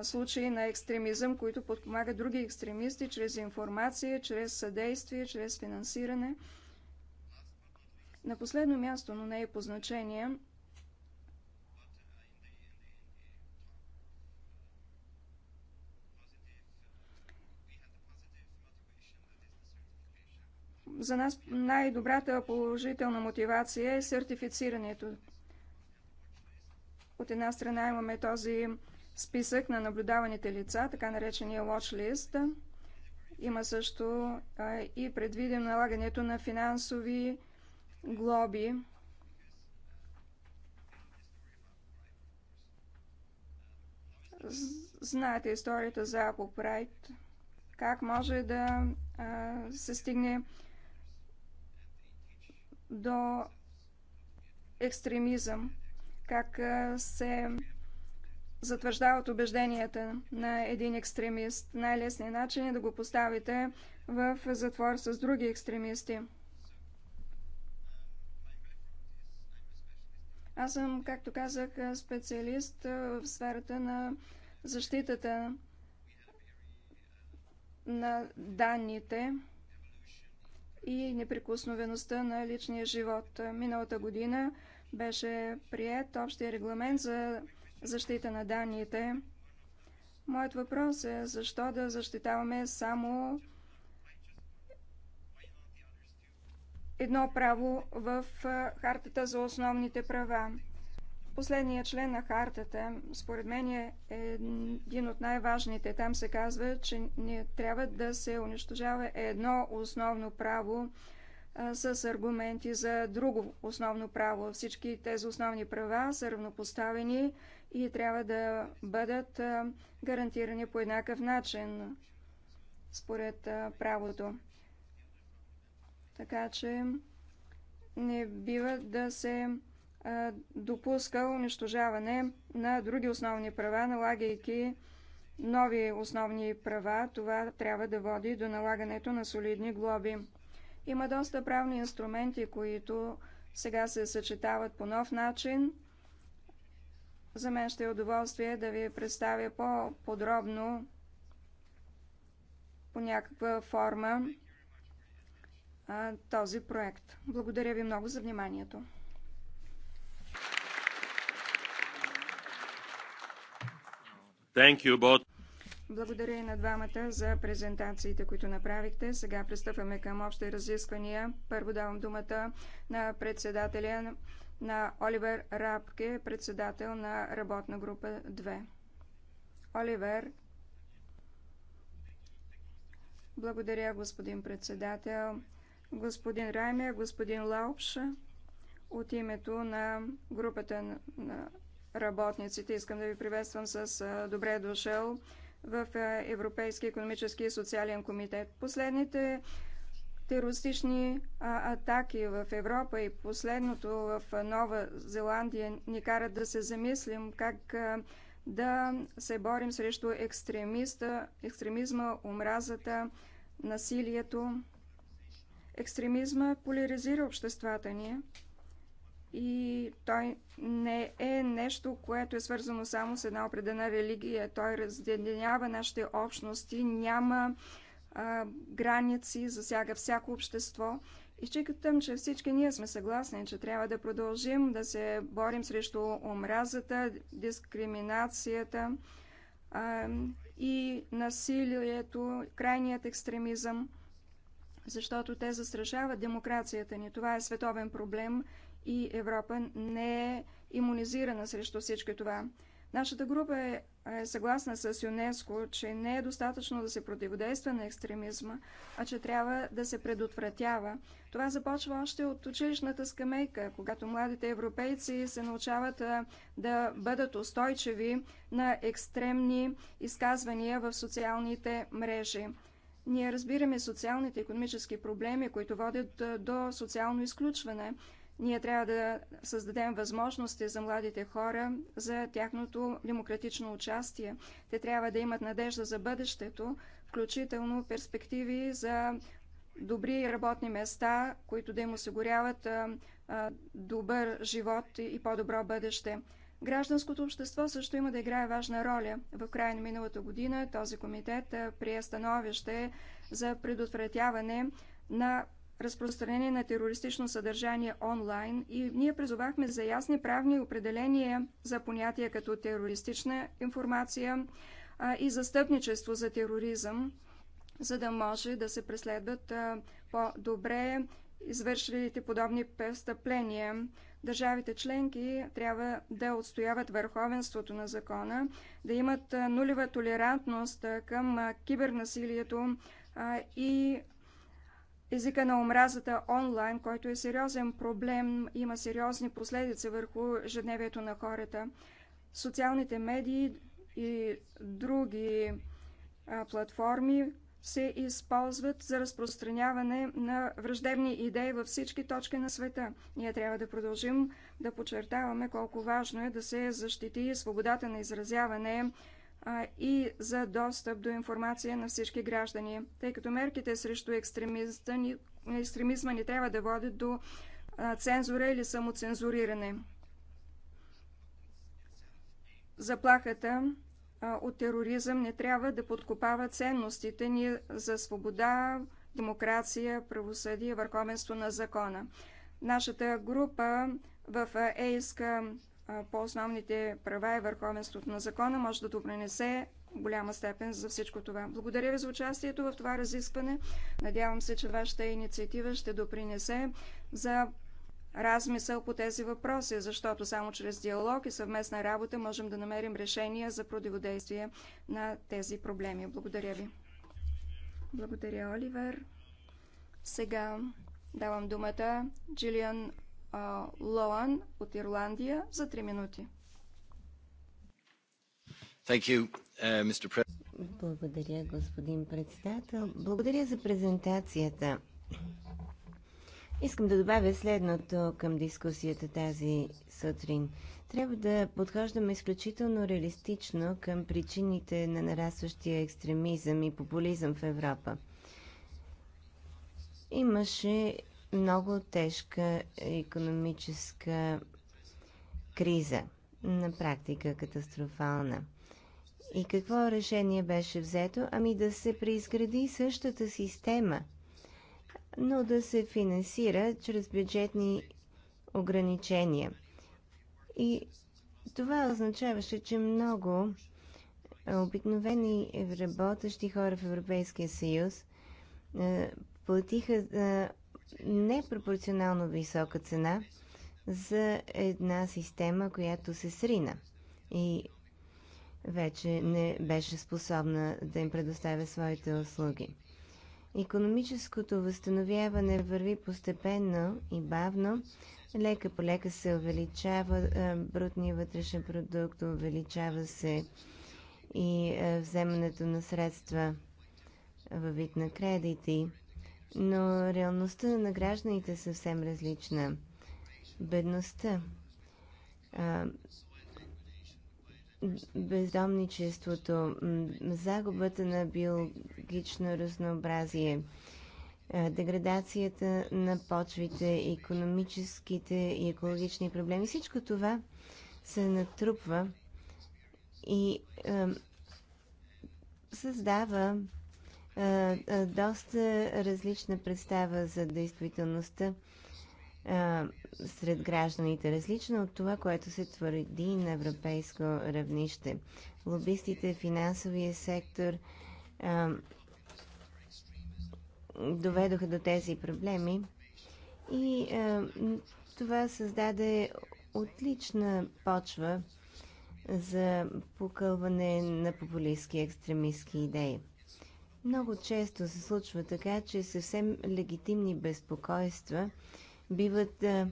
случаи на екстремизъм, които подпомагат други екстремисти чрез информация, чрез съдействие, чрез финансиране. На последно място, но не е по значение, за нас най-добрата положителна мотивация е сертифицирането. От една страна имаме този списък на наблюдаваните лица, така наречения watch Има също и предвиден налагането на финансови глоби. Знаете историята за Apple Pride. Как може да а, се стигне до екстремизъм как се затвърждават убежденията на един екстремист. Най-лесният начин е да го поставите в затвор с други екстремисти. Аз съм, както казах, специалист в сферата на защитата на данните и неприкосновеността на личния живот. Миналата година беше прият общия регламент за защита на данните. Моят въпрос е защо да защитаваме само едно право в Хартата за основните права. Последният член на Хартата, според мен, е един от най-важните. Там се казва, че не трябва да се унищожава едно основно право с аргументи за друго основно право. Всички тези основни права са равнопоставени и трябва да бъдат гарантирани по еднакъв начин според правото. Така че не бива да се допуска унищожаване на други основни права, налагайки нови основни права. Това трябва да води до налагането на солидни глоби. Има доста правни инструменти, които сега се съчетават по нов начин. За мен ще е удоволствие да ви представя по-подробно по някаква форма а, този проект. Благодаря ви много за вниманието. Thank you both. Благодаря и на двамата за презентациите, които направихте. Сега пристъпваме към общи разисквания. Първо давам думата на председателя на Оливер Рапке, председател на работна група 2. Оливер, благодаря, господин председател. Господин Райме, господин Лаупш, от името на групата на работниците искам да ви приветствам с добре дошъл в е, Европейския економически и социален комитет. Последните терористични атаки в Европа и последното в е, Нова Зеландия ни карат да се замислим как е, да се борим срещу екстремиста, екстремизма, омразата, насилието. Екстремизма поляризира обществата ни и той не е нещо, което е свързано само с една определена религия. Той разделява нашите общности, няма а, граници, засяга всяко общество. И считам, че всички ние сме съгласни, че трябва да продължим да се борим срещу омразата, дискриминацията а, и насилието, крайният екстремизъм, защото те застрашават демокрацията ни. Това е световен проблем и Европа не е иммунизирана срещу всички това. Нашата група е, е съгласна с ЮНЕСКО, че не е достатъчно да се противодейства на екстремизма, а че трябва да се предотвратява. Това започва още от училищната скамейка, когато младите европейци се научават а, да бъдат устойчиви на екстремни изказвания в социалните мрежи. Ние разбираме социалните и економически проблеми, които водят до социално изключване. Ние трябва да създадем възможности за младите хора, за тяхното демократично участие. Те трябва да имат надежда за бъдещето, включително перспективи за добри работни места, които да им осигуряват а, а, добър живот и, и по-добро бъдеще. Гражданското общество също има да играе важна роля. В края на миналата година този комитет прие становище за предотвратяване на разпространение на терористично съдържание онлайн и ние призовахме за ясни правни определения за понятия като терористична информация а, и застъпничество за тероризъм, за да може да се преследват по-добре извършилите подобни престъпления. Държавите членки трябва да отстояват върховенството на закона, да имат нулева толерантност към кибернасилието и езика на омразата онлайн, който е сериозен проблем, има сериозни последици върху ежедневието на хората. Социалните медии и други а, платформи се използват за разпространяване на враждебни идеи във всички точки на света. Ние трябва да продължим да подчертаваме колко важно е да се защити свободата на изразяване и за достъп до информация на всички граждани, тъй като мерките срещу екстремизма не трябва да водят до цензура или самоцензуриране. Заплахата от тероризъм не трябва да подкопава ценностите ни за свобода, демокрация, правосъдие, върховенство на закона. Нашата група в ЕИСКА по основните права и върховенството на закона може да допринесе голяма степен за всичко това. Благодаря ви за участието в това разискване. Надявам се, че вашата инициатива ще допринесе за размисъл по тези въпроси, защото само чрез диалог и съвместна работа можем да намерим решения за противодействие на тези проблеми. Благодаря ви. Благодаря, Оливер. Сега давам думата Джилиан Лоан от Ирландия за три минути. Uh, Благодаря, господин председател. Благодаря за презентацията. Искам да добавя следното към дискусията тази сутрин. Трябва да подхождаме изключително реалистично към причините на нарастващия екстремизъм и популизъм в Европа. Имаше много тежка економическа криза, на практика катастрофална. И какво решение беше взето? Ами да се преизгради същата система, но да се финансира чрез бюджетни ограничения. И това означаваше, че много обикновени работещи хора в Европейския съюз платиха непропорционално висока цена за една система, която се срина и вече не беше способна да им предоставя своите услуги. Економическото възстановяване върви постепенно и бавно. Лека по лека се увеличава е, брутния вътрешен продукт, увеличава се и е, вземането на средства във вид на кредити но реалността на гражданите е съвсем различна. Бедността, бездомничеството, загубата на биологично разнообразие, деградацията на почвите, економическите и екологични проблеми. Всичко това се натрупва и създава е, е, доста различна представа за действителността е, сред гражданите, различна от това, което се твърди на европейско равнище. Лобистите, финансовия сектор доведоха до тези проблеми и това създаде отлична почва за покълване на популистски екстремистски идеи. Много често се случва така, че съвсем легитимни безпокойства биват а,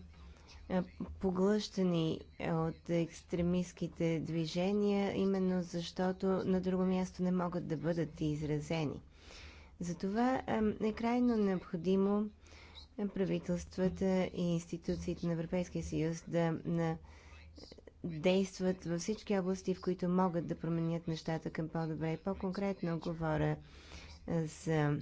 а, поглъщани от екстремистските движения, именно защото на друго място не могат да бъдат изразени. Затова а, е крайно необходимо правителствата и институциите на Европейския съюз да на, действат във всички области, в които могат да променят нещата към по-добре. По-конкретно говоря за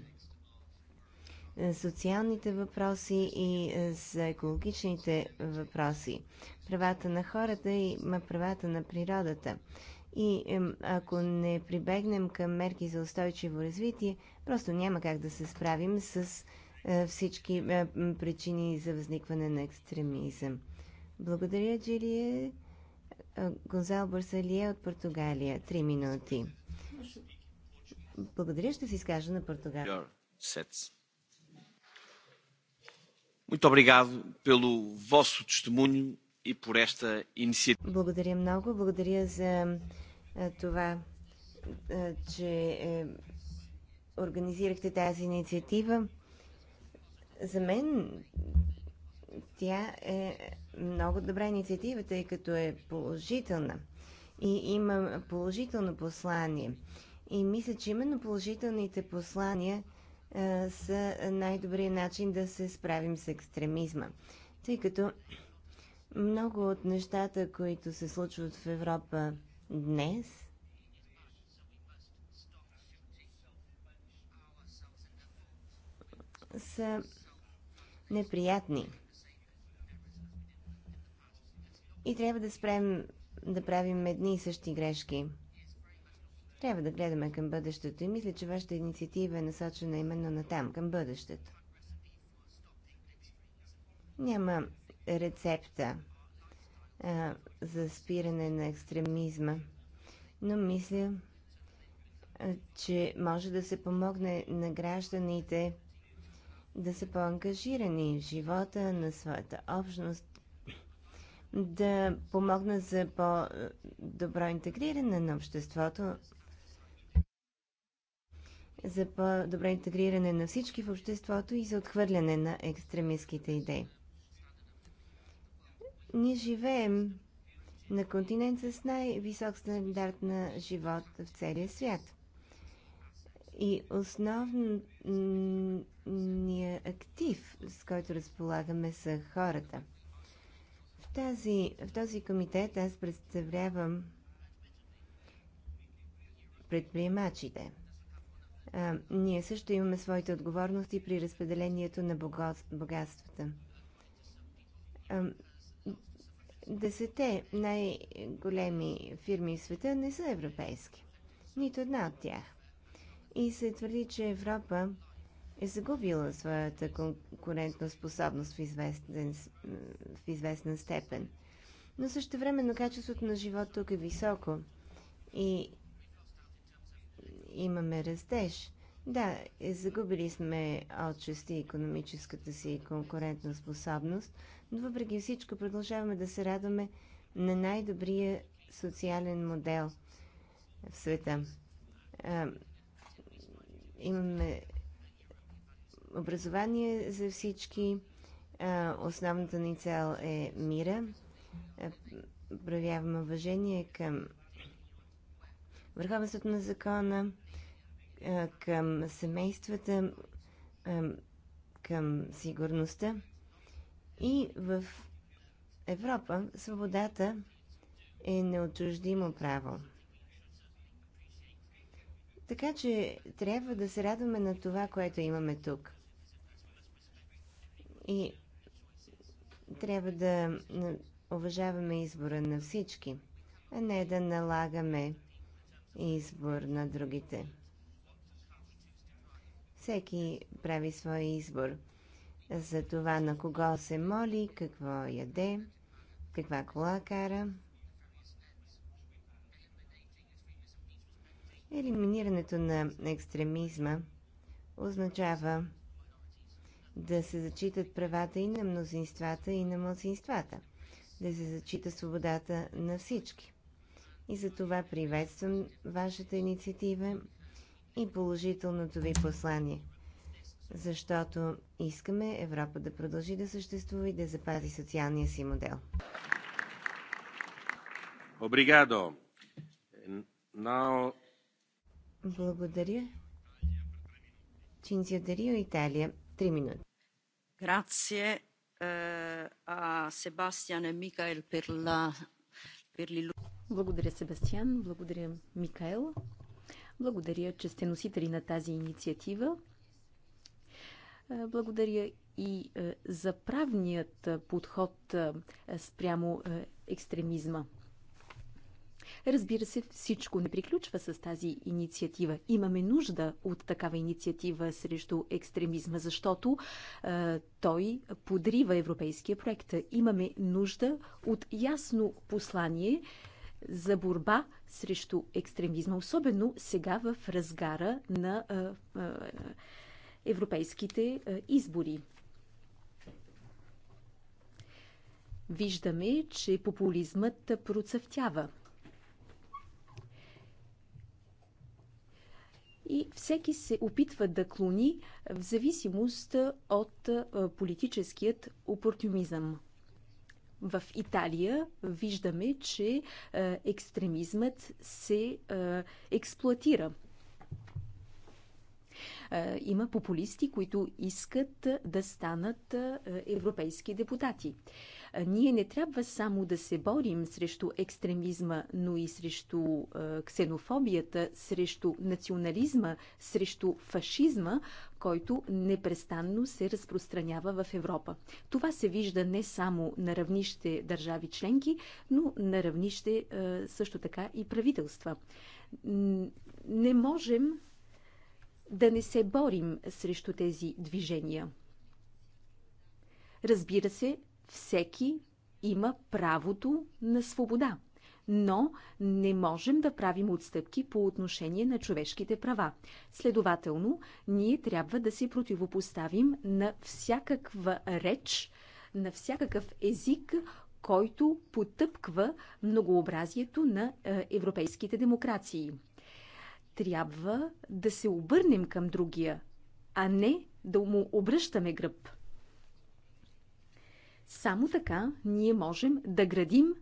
е, социалните въпроси и е, за екологичните въпроси, правата на хората и правата на природата. И ако не прибегнем към мерки за устойчиво развитие, просто няма как да се справим с е, всички причини за възникване на екстремизъм. Благодаря, Джилие. Гонзал Барсалие от Португалия. Три минути. Благодаря, ще се изкажа на португалски. E Благодаря много. Благодаря за това, че е, организирахте тази инициатива. За мен тя е много добра инициатива, тъй като е положителна и има положително послание. И мисля, че именно положителните послания а, е, са най-добрият начин да се справим с екстремизма. Тъй като много от нещата, които се случват в Европа днес, са неприятни. И трябва да спрем да правим едни и същи грешки трябва да гледаме към бъдещето и мисля, че вашата инициатива е насочена именно на там, към бъдещето. Няма рецепта а, за спиране на екстремизма, но мисля, а, че може да се помогне на гражданите да са по-ангажирани в живота на своята общност, да помогнат за по-добро интегриране на обществото за по-добре интегриране на всички в обществото и за отхвърляне на екстремистските идеи. Ние живеем на континент с най-висок стандарт на живот в целия свят. И основният актив, с който разполагаме, са хората. В, тази, в този комитет аз представлявам предприемачите – а, ние също имаме своите отговорности при разпределението на богатствата. А, десете най-големи фирми в света не са европейски. Нито една от тях. И се твърди, че Европа е загубила своята конкурентна способност в известен, в известен степен. Но също времено качеството на живот тук е високо и имаме растеж. Да, е, загубили сме отчасти економическата си конкурентна способност, но въпреки всичко продължаваме да се радваме на най-добрия социален модел в света. А, имаме образование за всички. А, основната ни цел е мира. А, проявяваме уважение към върховенството на закона, към семействата, към сигурността. И в Европа свободата е неотчуждимо право. Така че трябва да се радваме на това, което имаме тук. И трябва да уважаваме избора на всички, а не да налагаме избор на другите. Всеки прави своя избор за това на кого се моли, какво яде, каква кола кара. Елиминирането на екстремизма означава да се зачитат правата и на мнозинствата, и на мълзинствата, да се зачита свободата на всички. И за това приветствам вашата инициатива и положителното ви послание. Защото искаме Европа да продължи да съществува и да запази социалния си модел. Обригадо. Now... Благодаря. Чинзия Дарио, Италия. Три минути. Grazie eh, a Sebastian e Michael per la, per Благодаря, Себастиан. Благодаря, Микаел, благодаря, че сте носители на тази инициатива. Е, благодаря и е, за правният е, подход спрямо екстремизма. Разбира се, всичко не приключва с тази инициатива. Имаме нужда от такава инициатива срещу екстремизма, защото е, той подрива европейския проект. Имаме нужда от ясно послание, за борба срещу екстремизма, особено сега в разгара на европейските избори. Виждаме, че популизмът процъфтява. и всеки се опитва да клони в зависимост от политическият опортюмизъм в Италия виждаме, че е, екстремизмът се е, експлуатира е, има популисти, които искат да станат е, европейски депутати. Е, ние не трябва само да се борим срещу екстремизма, но и срещу ксенофобията, срещу национализма, срещу фашизма, който непрестанно се разпространява в Европа. Това се вижда не само на равнище държави членки, но на равнище също така и правителства. Не можем да не се борим срещу тези движения. Разбира се, всеки има правото на свобода, но не можем да правим отстъпки по отношение на човешките права. Следователно, ние трябва да се противопоставим на всякаква реч, на всякакъв език, който потъпква многообразието на е, европейските демокрации трябва да се обърнем към другия, а не да му обръщаме гръб. Само така ние можем да градим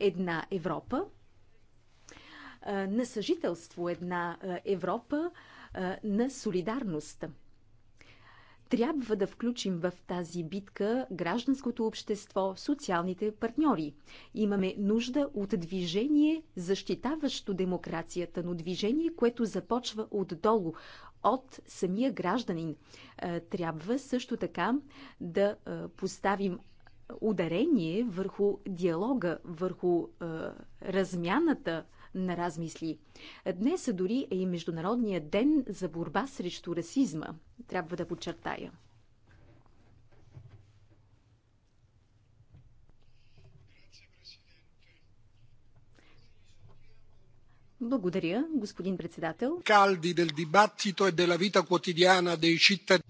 една Европа, на съжителство, една Европа на солидарност – трябва да включим в тази битка гражданското общество, социалните партньори. Имаме нужда от движение, защитаващо демокрацията, но движение, което започва отдолу, от самия гражданин. Е, трябва също така да е, поставим ударение върху диалога, върху е, размяната на размисли. Днес дори е и Международния ден за борба срещу расизма. Трябва да подчертая. Благодаря, господин председател. Калди дел дебатито e дела вита quotidiana dei cittadini.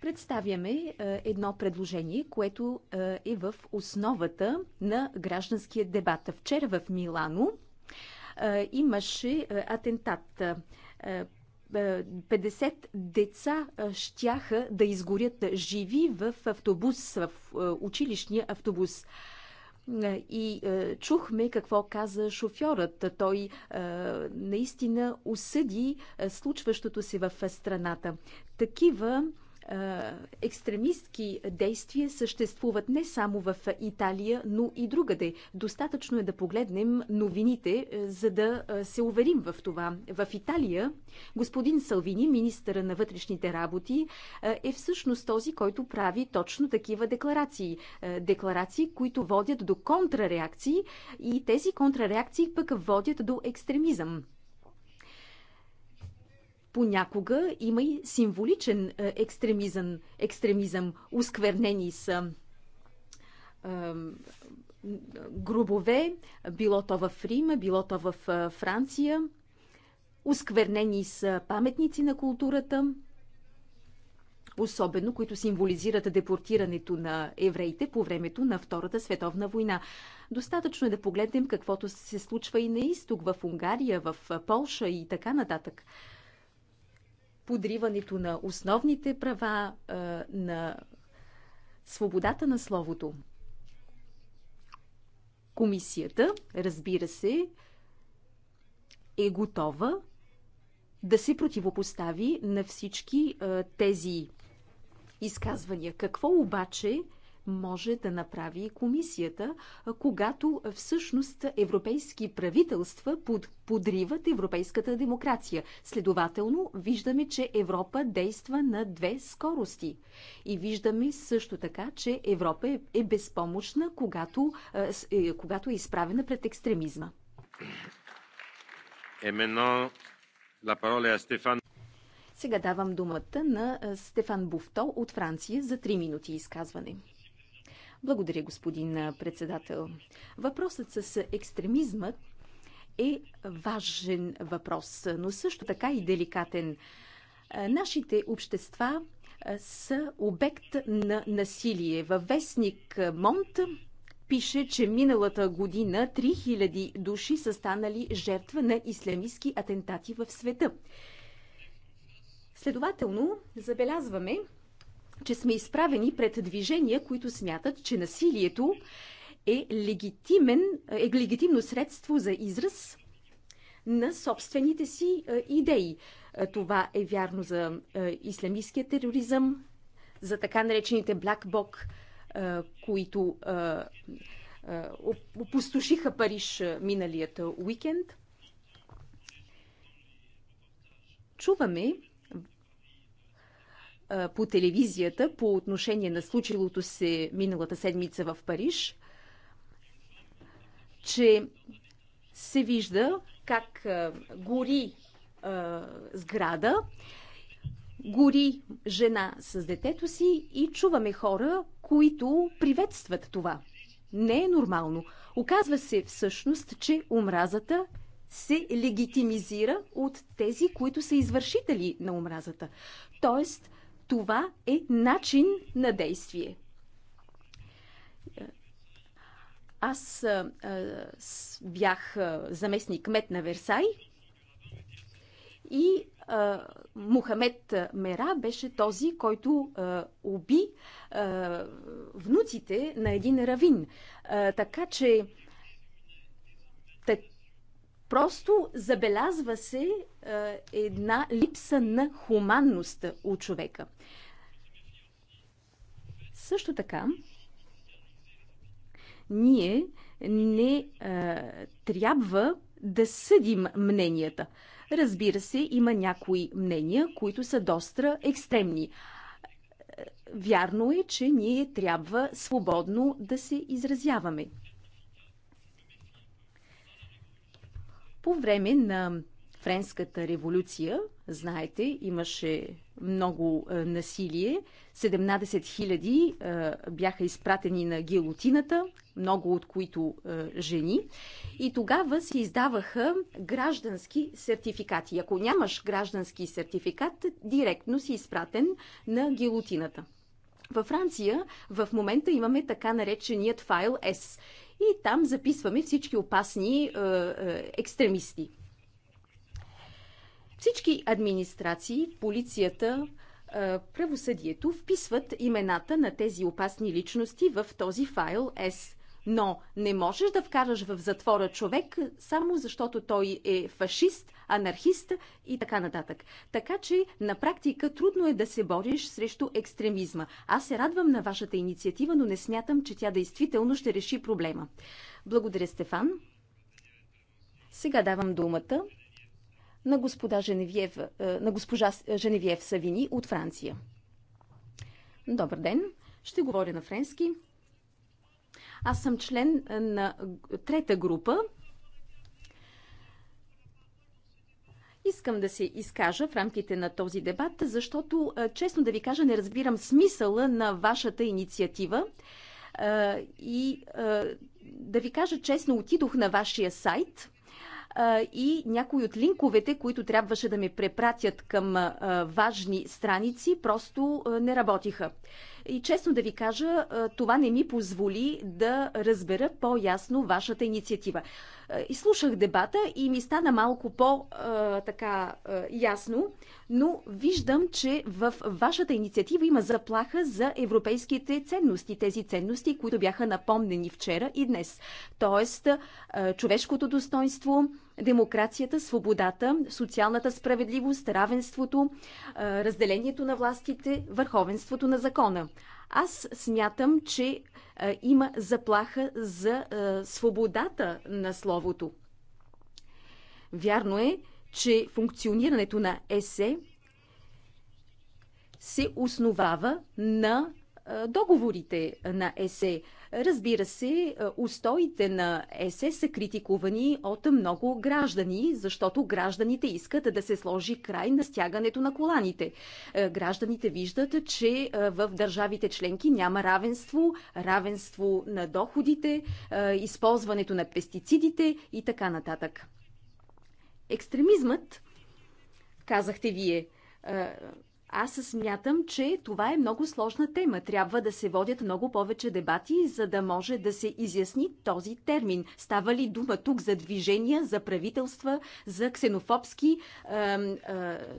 Представяме е, едно предложение, което е, е в основата на гражданския дебат. Вчера в Милано е, имаше е, атентат. 50 е, деца щяха да изгорят живи в автобус, в училищния автобус. И чухме какво каза шофьорът. Той наистина осъди случващото се в страната. Такива екстремистки действия съществуват не само в Италия, но и другаде. Достатъчно е да погледнем новините, за да се уверим в това. В Италия господин Салвини, министъра на вътрешните работи, е всъщност този, който прави точно такива декларации. Декларации, които водят до контрареакции и тези контрареакции пък водят до екстремизъм понякога има и символичен е, екстремизъм, екстремизъм осквернени са е, грубове, било то в Рим, било то в е, Франция. Осквернени са паметници на културата, особено които символизират депортирането на евреите по времето на Втората световна война. Достатъчно е да погледнем каквото се случва и на изток, в Унгария, в Полша и така нататък подриването на основните права, на свободата на словото. Комисията, разбира се, е готова да се противопостави на всички тези изказвания. Какво обаче може да направи и комисията, когато всъщност европейски правителства под, подриват европейската демокрация. Следователно, виждаме, че Европа действа на две скорости. И виждаме също така, че Европа е, е безпомощна, когато, е, когато е изправена пред екстремизма. е Стефан. Сега давам думата на Стефан Буфто от Франция за 3 минути изказване. Благодаря, господин председател. Въпросът с екстремизма е важен въпрос, но също така и деликатен. Нашите общества са обект на насилие. Във вестник Монт пише, че миналата година 3000 души са станали жертва на ислямистски атентати в света. Следователно, забелязваме, че сме изправени пред движения, които смятат, че насилието е, легитимен, е легитимно средство за израз на собствените си е, идеи. Е, това е вярно за е, исламистския тероризъм, за така наречените Black Bloc, които опустошиха Париж миналият уикенд. Чуваме по телевизията по отношение на случилото се миналата седмица в Париж, че се вижда как гори сграда, гори жена с детето си и чуваме хора, които приветстват това. Не е нормално. Оказва се всъщност, че омразата се легитимизира от тези, които са извършители на омразата. Тоест, това е начин на действие. Аз а, с, бях а, заместник кмет на Версай и а, Мухамед Мера беше този, който а, уби а, внуците на един равин. А, така че те, просто забелязва се а, една липса на хуманност у човека. Също така, ние не а, трябва да съдим мненията. Разбира се, има някои мнения, които са доста екстремни. Вярно е, че ние трябва свободно да се изразяваме. По време на Френската революция, знаете, имаше много е, насилие. 17 000 е, бяха изпратени на гилотината, много от които е, жени. И тогава се издаваха граждански сертификати. Ако нямаш граждански сертификат, директно си изпратен на гилотината. Във Франция в момента имаме така нареченият файл S. И там записваме всички опасни е, е, екстремисти. Всички администрации, полицията, правосъдието вписват имената на тези опасни личности в този файл S. Но не можеш да вкараш в затвора човек само защото той е фашист, анархист и така нататък. Така че на практика трудно е да се бориш срещу екстремизма. Аз се радвам на вашата инициатива, но не смятам, че тя действително ще реши проблема. Благодаря, Стефан. Сега давам думата на, господа е, на госпожа е, Женевиев Савини от Франция. Добър ден! Ще говоря на френски. Аз съм член е, на трета група. Искам да се изкажа в рамките на този дебат, защото, честно да ви кажа, не разбирам смисъла на вашата инициатива. И да ви кажа честно, отидох на вашия сайт – и някои от линковете, които трябваше да ме препратят към важни страници, просто не работиха. И честно да ви кажа, това не ми позволи да разбера по-ясно вашата инициатива. И слушах дебата и ми стана малко по-така ясно, но виждам, че в вашата инициатива има заплаха за европейските ценности, тези ценности, които бяха напомнени вчера и днес. Тоест, човешкото достоинство, демокрацията, свободата, социалната справедливост, равенството, разделението на властите, върховенството на закона. Аз смятам, че има заплаха за свободата на словото. Вярно е, че функционирането на ЕСЕ се основава на договорите на ЕСЕ. Разбира се, устоите на ЕСЕ са критикувани от много граждани, защото гражданите искат да се сложи край на стягането на коланите. Гражданите виждат, че в държавите членки няма равенство, равенство на доходите, използването на пестицидите и така нататък. Екстремизмът, казахте вие, аз смятам, че това е много сложна тема. Трябва да се водят много повече дебати, за да може да се изясни този термин. Става ли дума тук за движения, за правителства, за ксенофобски е, е,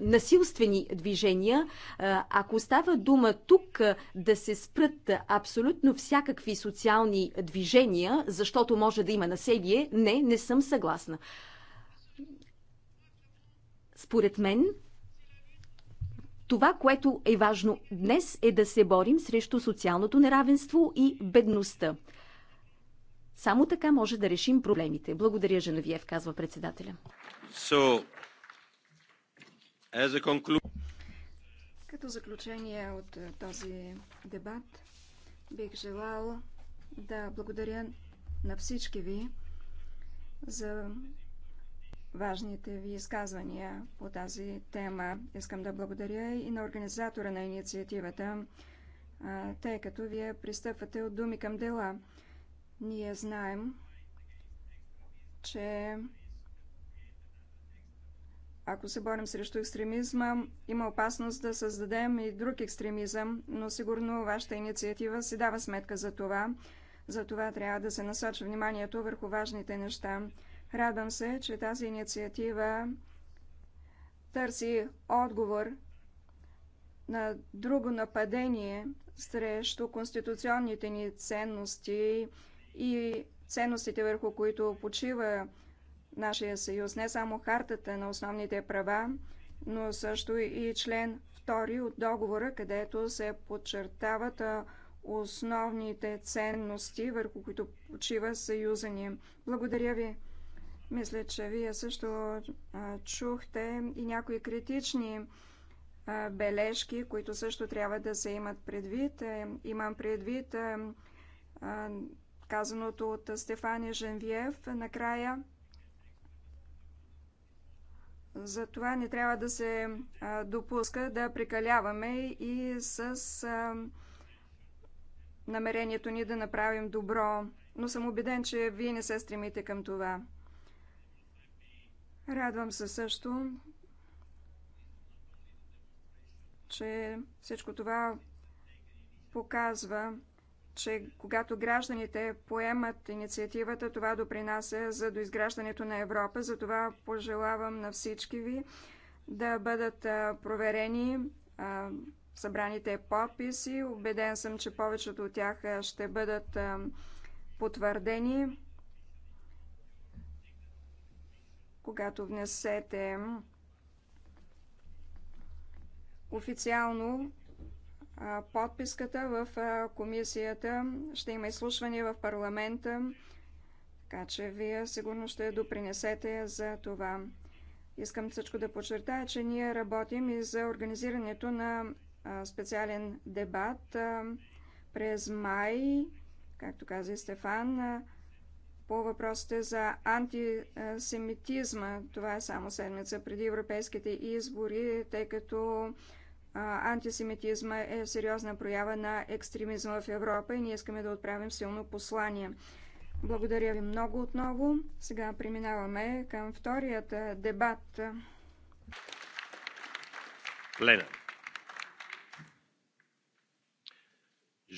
насилствени движения? Ако става дума тук да се спрат абсолютно всякакви социални движения, защото може да има насилие, не, не съм съгласна. Според мен, това, което е важно днес, е да се борим срещу социалното неравенство и бедността. Само така може да решим проблемите. Благодаря, Женавиев, казва председателя. So, as a conclu... Като заключение от е, този дебат, бих желал да благодаря на всички ви за важните ви изказвания по тази тема. Искам да благодаря и на организатора на инициативата, тъй като вие пристъпвате от думи към дела. Ние знаем, че ако се борим срещу екстремизма, има опасност да създадем и друг екстремизъм, но сигурно вашата инициатива си дава сметка за това. За това трябва да се насочи вниманието върху важните неща. Радвам се, че тази инициатива търси отговор на друго нападение срещу конституционните ни ценности и ценностите, върху които почива нашия съюз. Не само хартата на основните права, но също и член 2 от договора, където се подчертават основните ценности, върху които почива съюза ни. Благодаря ви. Мисля, че вие също чухте и някои критични бележки, които също трябва да се имат предвид. Е, имам предвид е, казаното от Стефани Женвиев накрая. Затова не трябва да се допуска да прикаляваме и с намерението ни да направим добро. Но съм убеден, че вие не се стремите към това. Радвам се също, че всичко това показва, че когато гражданите поемат инициативата, това допринася за доизграждането на Европа. Затова пожелавам на всички ви да бъдат проверени събраните подписи. Обеден съм, че повечето от тях ще бъдат потвърдени. когато внесете официално подписката в комисията. Ще има изслушване в парламента, така че вие сигурно ще допринесете за това. Искам всичко да подчертая, че ние работим и за организирането на специален дебат през май, както каза и Стефан, по въпросите за антисемитизма. Това е само седмица преди европейските избори, тъй като антисемитизма е сериозна проява на екстремизма в Европа и ние искаме да отправим силно послание. Благодаря ви много отново. Сега преминаваме към вторият дебат. Лена.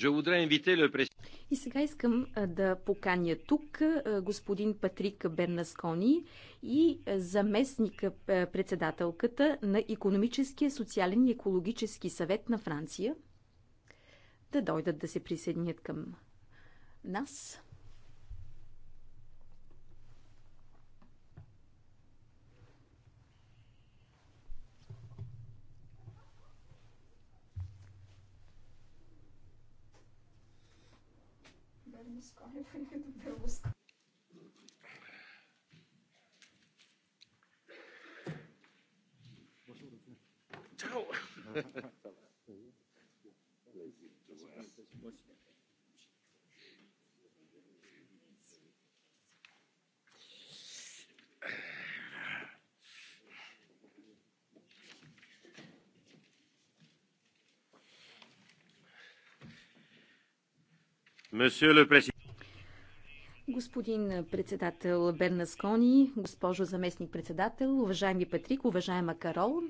Je voudrais inviter le и сега искам да поканя тук господин Патрик Бернаскони и заместник председателката на Економическия, социален и екологически съвет на Франция да дойдат да се присъединят към нас. Ciao. Monsieur le Président. Господин председател Бернаскони, госпожо заместник председател, уважаеми Патрик, уважаема Карол,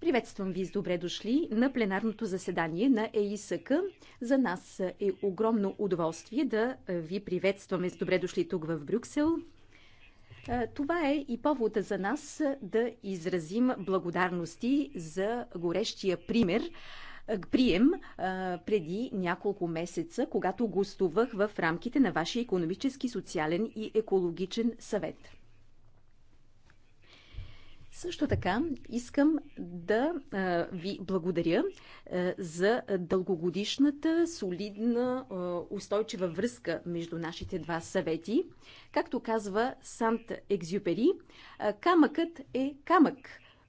приветствам ви с добре дошли на пленарното заседание на ЕИСК. За нас е огромно удоволствие да ви приветстваме с добре дошли тук в Брюксел. Това е и повода за нас да изразим благодарности за горещия пример, е, прием а, е, преди няколко месеца, когато гостувах в рамките на вашия економически, социален и екологичен съвет. Също така искам да а, е, ви благодаря а, за дългогодишната, солидна, а, устойчива връзка между нашите два съвети. Както казва Сант Екзюпери, камъкът е камък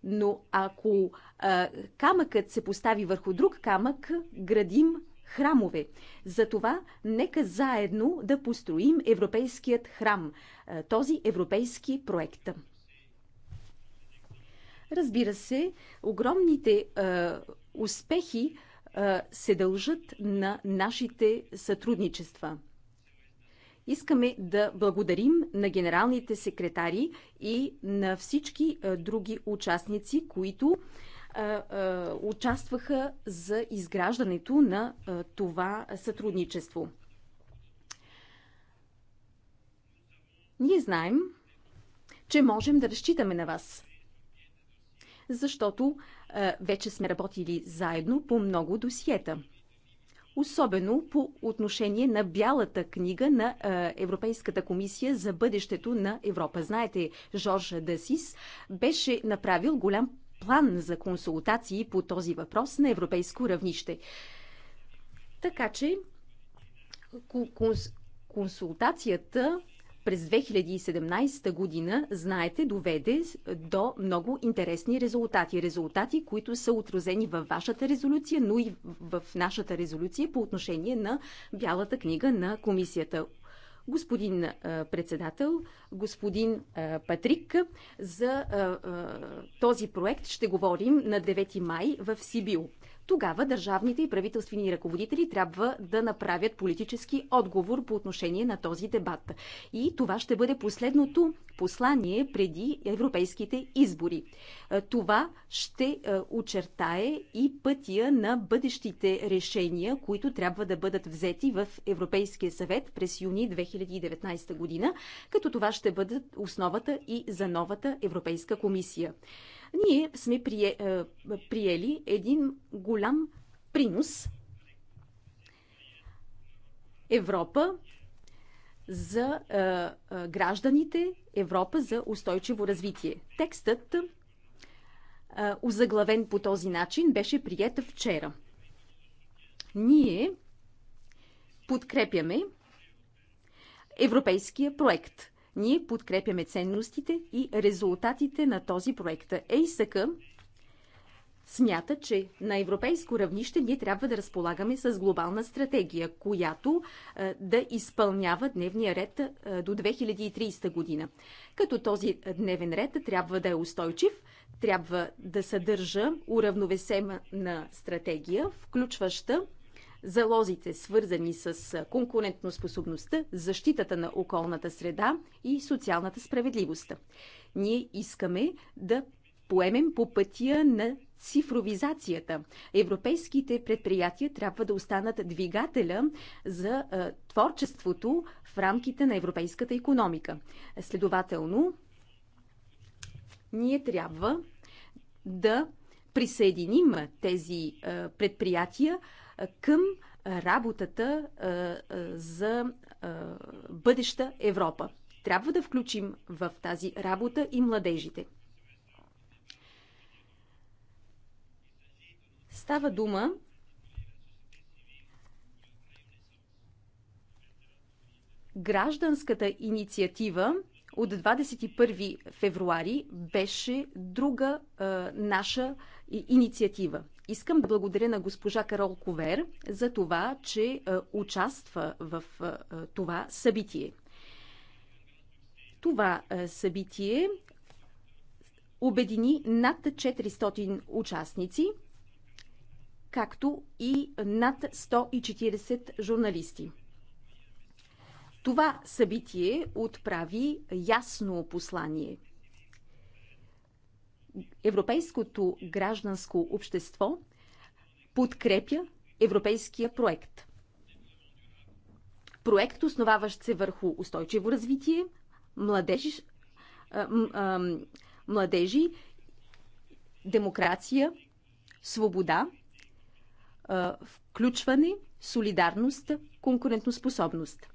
но ако а, камъкът се постави върху друг камък, градим храмове. Затова нека заедно да построим европейският храм, този европейски проект. Разбира се, огромните а, успехи се дължат на нашите сътрудничества – Искаме да благодарим на генералните секретари и на всички е, други участници, които е, е, участваха за изграждането на това сътрудничество. Ние знаем, че можем да разчитаме на вас, защото вече сме работили заедно по много досиета – особено по отношение на бялата книга на Европейската комисия за бъдещето на Европа. Знаете, Жорж Дасис беше направил голям план за консултации по този въпрос на европейско равнище. Така че консултацията през 2017 година, знаете, доведе до много интересни резултати. Резултати, които са отразени във вашата резолюция, но и в нашата резолюция по отношение на Бялата книга на комисията господин председател, господин Патрик. За този проект ще говорим на 9 май в Сибил тогава държавните и правителствени ръководители трябва да направят политически отговор по отношение на този дебат. И това ще бъде последното послание преди европейските избори. Е, това ще е, очертае и пътя на бъдещите решения, които трябва да бъдат взети в Европейския съвет през юни 2019 година, като това ще бъдат основата и за новата Европейска комисия ние сме прие, е, приели един голям принос Европа за е, е, гражданите, Европа за устойчиво развитие. Текстът, озаглавен по този начин, беше прият вчера. Ние подкрепяме европейския проект – ние подкрепяме ценностите и резултатите на този проект. ЕИСК смята, че на европейско равнище ние трябва да разполагаме с глобална стратегия, която да изпълнява дневния ред до 2030 година. Като този дневен ред трябва да е устойчив, трябва да съдържа уравновесена стратегия, включваща залозите, свързани с конкурентноспособността, защитата на околната среда и социалната справедливост. Ние искаме да поемем по пътя на цифровизацията. Европейските предприятия трябва да останат двигателя за а, творчеството в рамките на европейската економика. Следователно, ние трябва да присъединим тези а, предприятия към работата за бъдеща Европа. Трябва да включим в тази работа и младежите. Става дума гражданската инициатива от 21 февруари беше друга а, наша инициатива. Искам да благодаря на госпожа Карол Ковер за това, че е, участва в е, е, това събитие. Това събитие обедини над 400 участници, както и над 140 журналисти. Това събитие отправи ясно послание – Европейското гражданско общество подкрепя европейския проект. Проект, основаващ се върху устойчиво развитие, младеж, младежи, демокрация, свобода, включване, солидарност, конкурентоспособност.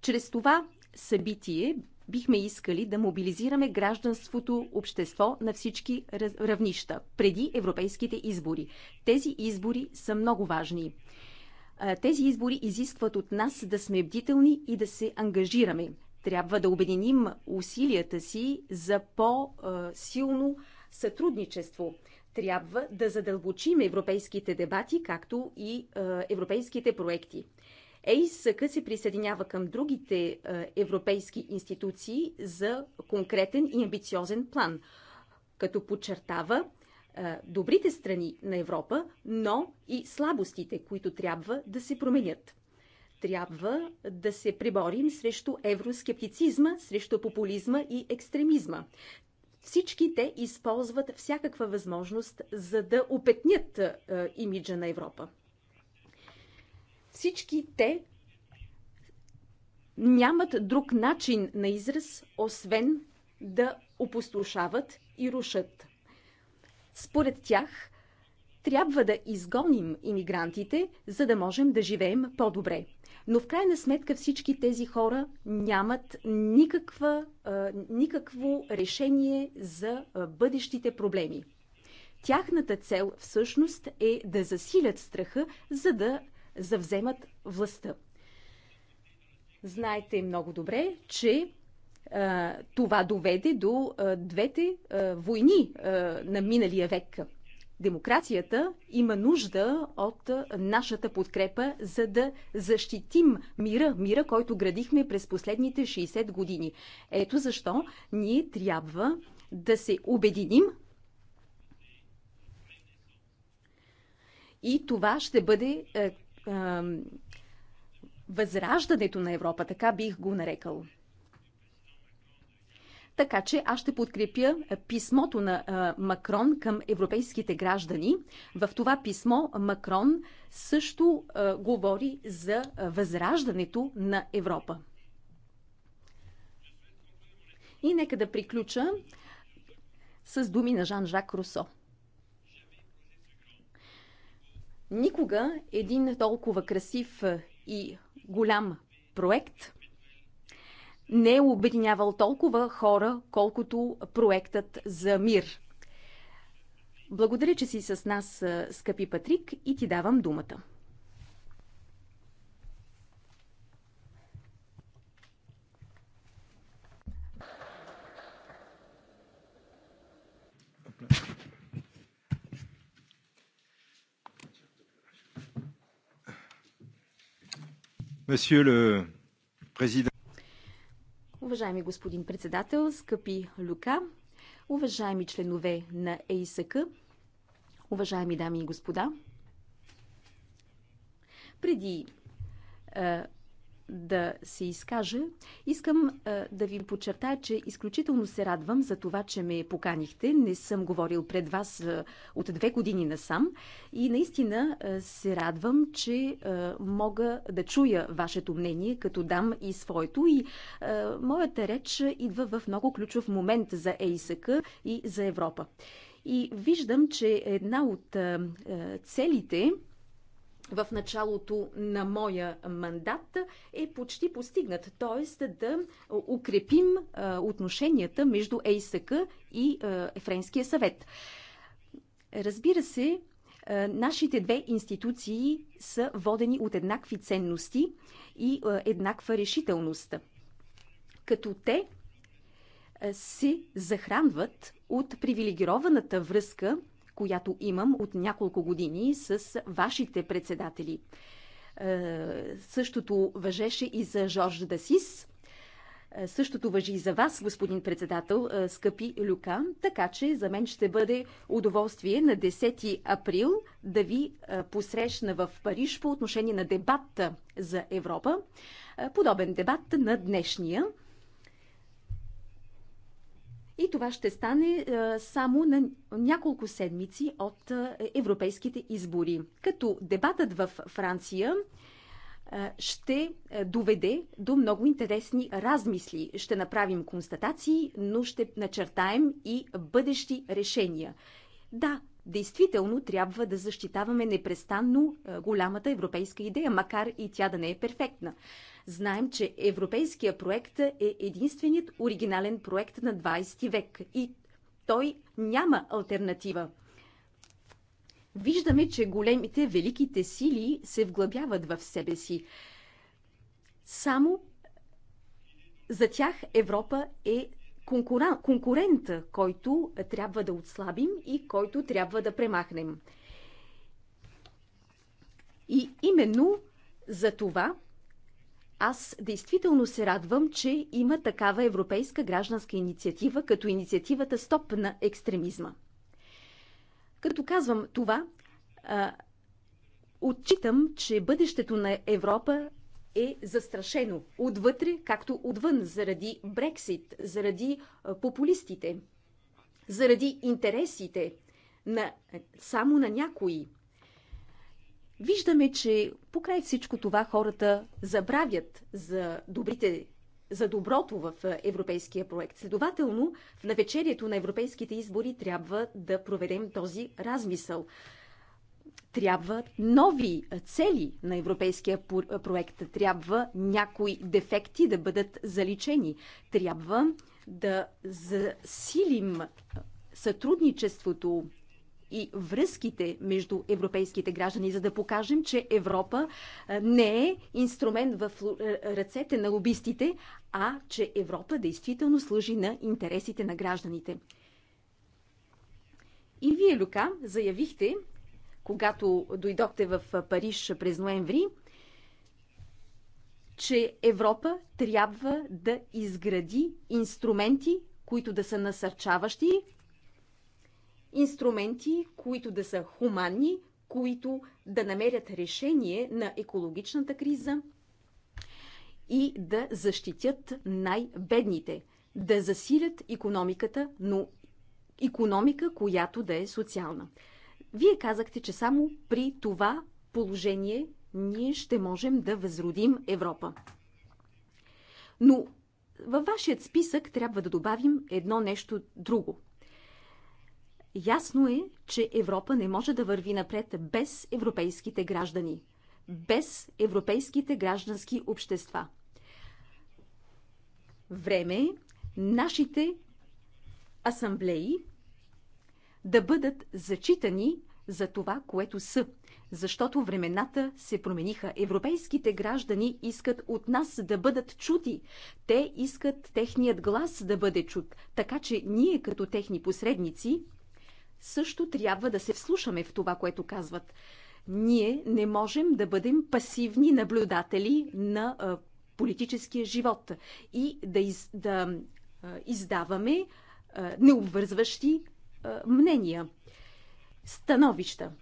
Чрез това събитие бихме искали да мобилизираме гражданството общество на всички равнища преди европейските избори. Тези избори са много важни. Тези избори изискват от нас да сме бдителни и да се ангажираме. Трябва да обединим усилията си за по-силно сътрудничество трябва да задълбочим европейските дебати, както и европейските проекти. ЕИСК се присъединява към другите европейски институции за конкретен и амбициозен план, като подчертава добрите страни на Европа, но и слабостите, които трябва да се променят. Трябва да се приборим срещу евроскептицизма, срещу популизма и екстремизма. Всички те използват всякаква възможност, за да опетнят имиджа на Европа. Всички те нямат друг начин на израз, освен да опустошават и рушат. Според тях, трябва да изгоним иммигрантите, за да можем да живеем по-добре. Но в крайна сметка всички тези хора нямат никаква, а, никакво решение за а, бъдещите проблеми. Тяхната цел всъщност е да засилят страха, за да завземат властта. Знаете много добре, че а, това доведе до а, двете а, войни а, на миналия век. Демокрацията има нужда от нашата подкрепа, за да защитим мира, мира, който градихме през последните 60 години. Ето защо ние трябва да се обединим и това ще бъде възраждането на Европа, така бих го нарекал. Така че аз ще подкрепя писмото на Макрон към европейските граждани. В това писмо Макрон също говори за възраждането на Европа. И нека да приключа с думи на Жан-Жак Русо. Никога един толкова красив и голям проект не е обединявал толкова хора, колкото проектът за мир. Благодаря, че си с нас, скъпи Патрик, и ти давам думата. Thank Уважаеми господин председател, скъпи Люка, уважаеми членове на ЕИСК, уважаеми дами и господа, преди е, да се изкажа. искам а, да ви подчертая, че изключително се радвам за това, че ме поканихте. Не съм говорил пред вас а, от две години насам и наистина а, се радвам, че а, мога да чуя вашето мнение, като дам и своето. И а, моята реч идва в много ключов момент за ЕИСК и за Европа. И виждам, че една от целите в началото на моя мандат е почти постигнат, т.е. да укрепим е, отношенията между ЕСК и е, Ефренския съвет. Разбира се, е, нашите две институции са водени от еднакви ценности и еднаква решителност. Като те се захранват от привилегированата връзка която имам от няколко години с вашите председатели. Е, същото въжеше и за Жорж Дасис. Е, същото въжи и за вас, господин председател, е, скъпи Люка, така че за мен ще бъде удоволствие на 10 април да ви посрещна в Париж по отношение на дебата за Европа, подобен дебат на днешния. И това ще стане е, само на няколко седмици от е, европейските избори. Като дебатът в Франция е, ще доведе до много интересни размисли. Ще направим констатации, но ще начертаем и бъдещи решения. Да, действително трябва да защитаваме непрестанно е, голямата европейска идея, макар и тя да не е перфектна. Знаем, че европейския проект е единственият оригинален проект на 20 век и той няма альтернатива. Виждаме, че големите, великите сили се вглъбяват в себе си. Само за тях Европа е конкура... конкурент, който трябва да отслабим и който трябва да премахнем. И именно за това аз действително се радвам, че има такава европейска гражданска инициатива, като инициативата Стоп на екстремизма. Като казвам това, а, отчитам, че бъдещето на Европа е застрашено отвътре, както отвън, заради Брексит, заради е, популистите, заради интересите на, е, само на някои. Виждаме, че покрай всичко това хората забравят за добрите за доброто в е, европейския проект. Следователно, в навечерието на европейските избори трябва да проведем този размисъл трябват нови цели на европейския проект. Трябва някои дефекти да бъдат заличени. Трябва да засилим сътрудничеството и връзките между европейските граждани, за да покажем, че Европа не е инструмент в ръцете на лобистите, а че Европа действително служи на интересите на гражданите. И вие, Люка, заявихте, когато дойдохте в Париж през ноември, че Европа трябва да изгради инструменти, които да са насърчаващи, инструменти, които да са хуманни, които да намерят решение на екологичната криза и да защитят най-бедните, да засилят економиката, но економика, която да е социална. Вие казахте, че само при това положение ние ще можем да възродим Европа. Но във вашият списък трябва да добавим едно нещо друго. Ясно е, че Европа не може да върви напред без европейските граждани, без европейските граждански общества. Време е нашите асамблеи да бъдат зачитани за това, което са. Защото времената се промениха. Европейските граждани искат от нас да бъдат чути. Те искат техният глас да бъде чут. Така че ние като техни посредници също трябва да се вслушаме в това, което казват. Ние не можем да бъдем пасивни наблюдатели на а, политическия живот и да, из, да а, издаваме а, необвързващи мнения, становища.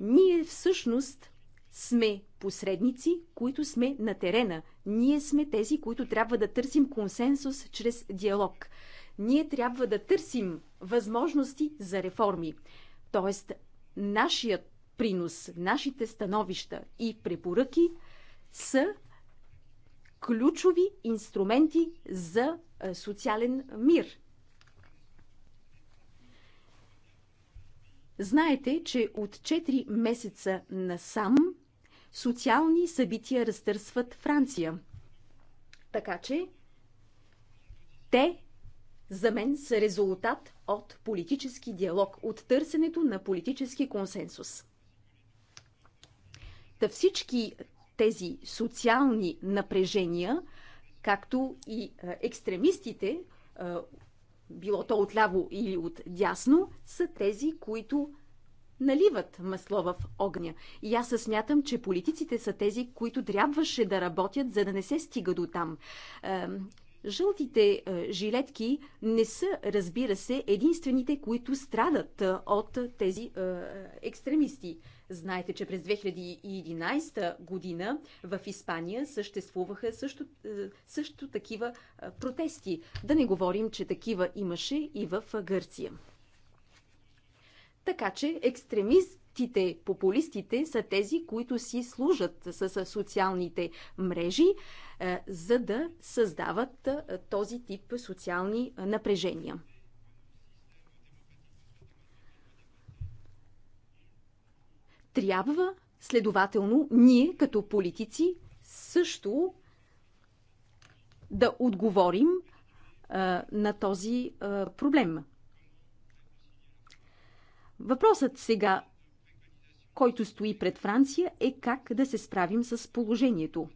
Ние всъщност сме посредници, които сме на терена. Ние сме тези, които трябва да търсим консенсус чрез диалог. Ние трябва да търсим възможности за реформи. Тоест, нашият принос, нашите становища и препоръки са ключови инструменти за социален мир. Знаете, че от 4 месеца насам социални събития разтърсват Франция. Така че те за мен са резултат от политически диалог, от търсенето на политически консенсус. Та всички тези социални напрежения, както и е, екстремистите, е, било то отляво или от дясно, са тези, които наливат масло в огня. И аз се смятам, че политиците са тези, които трябваше да работят, за да не се стига до там. Жълтите е, жилетки не са, разбира се, единствените, които страдат е, от тези е, екстремисти. Знаете, че през 2011 година в Испания съществуваха също, е, също такива е, протести. Да не говорим, че такива имаше и в Гърция. Така че екстремистите, популистите са тези, които си служат с социалните мрежи, е, за да създават този тип социални напрежения. Трябва, следователно, ние като политици също да отговорим а, на този а, проблем. Въпросът сега, който стои пред Франция, е как да се справим с положението.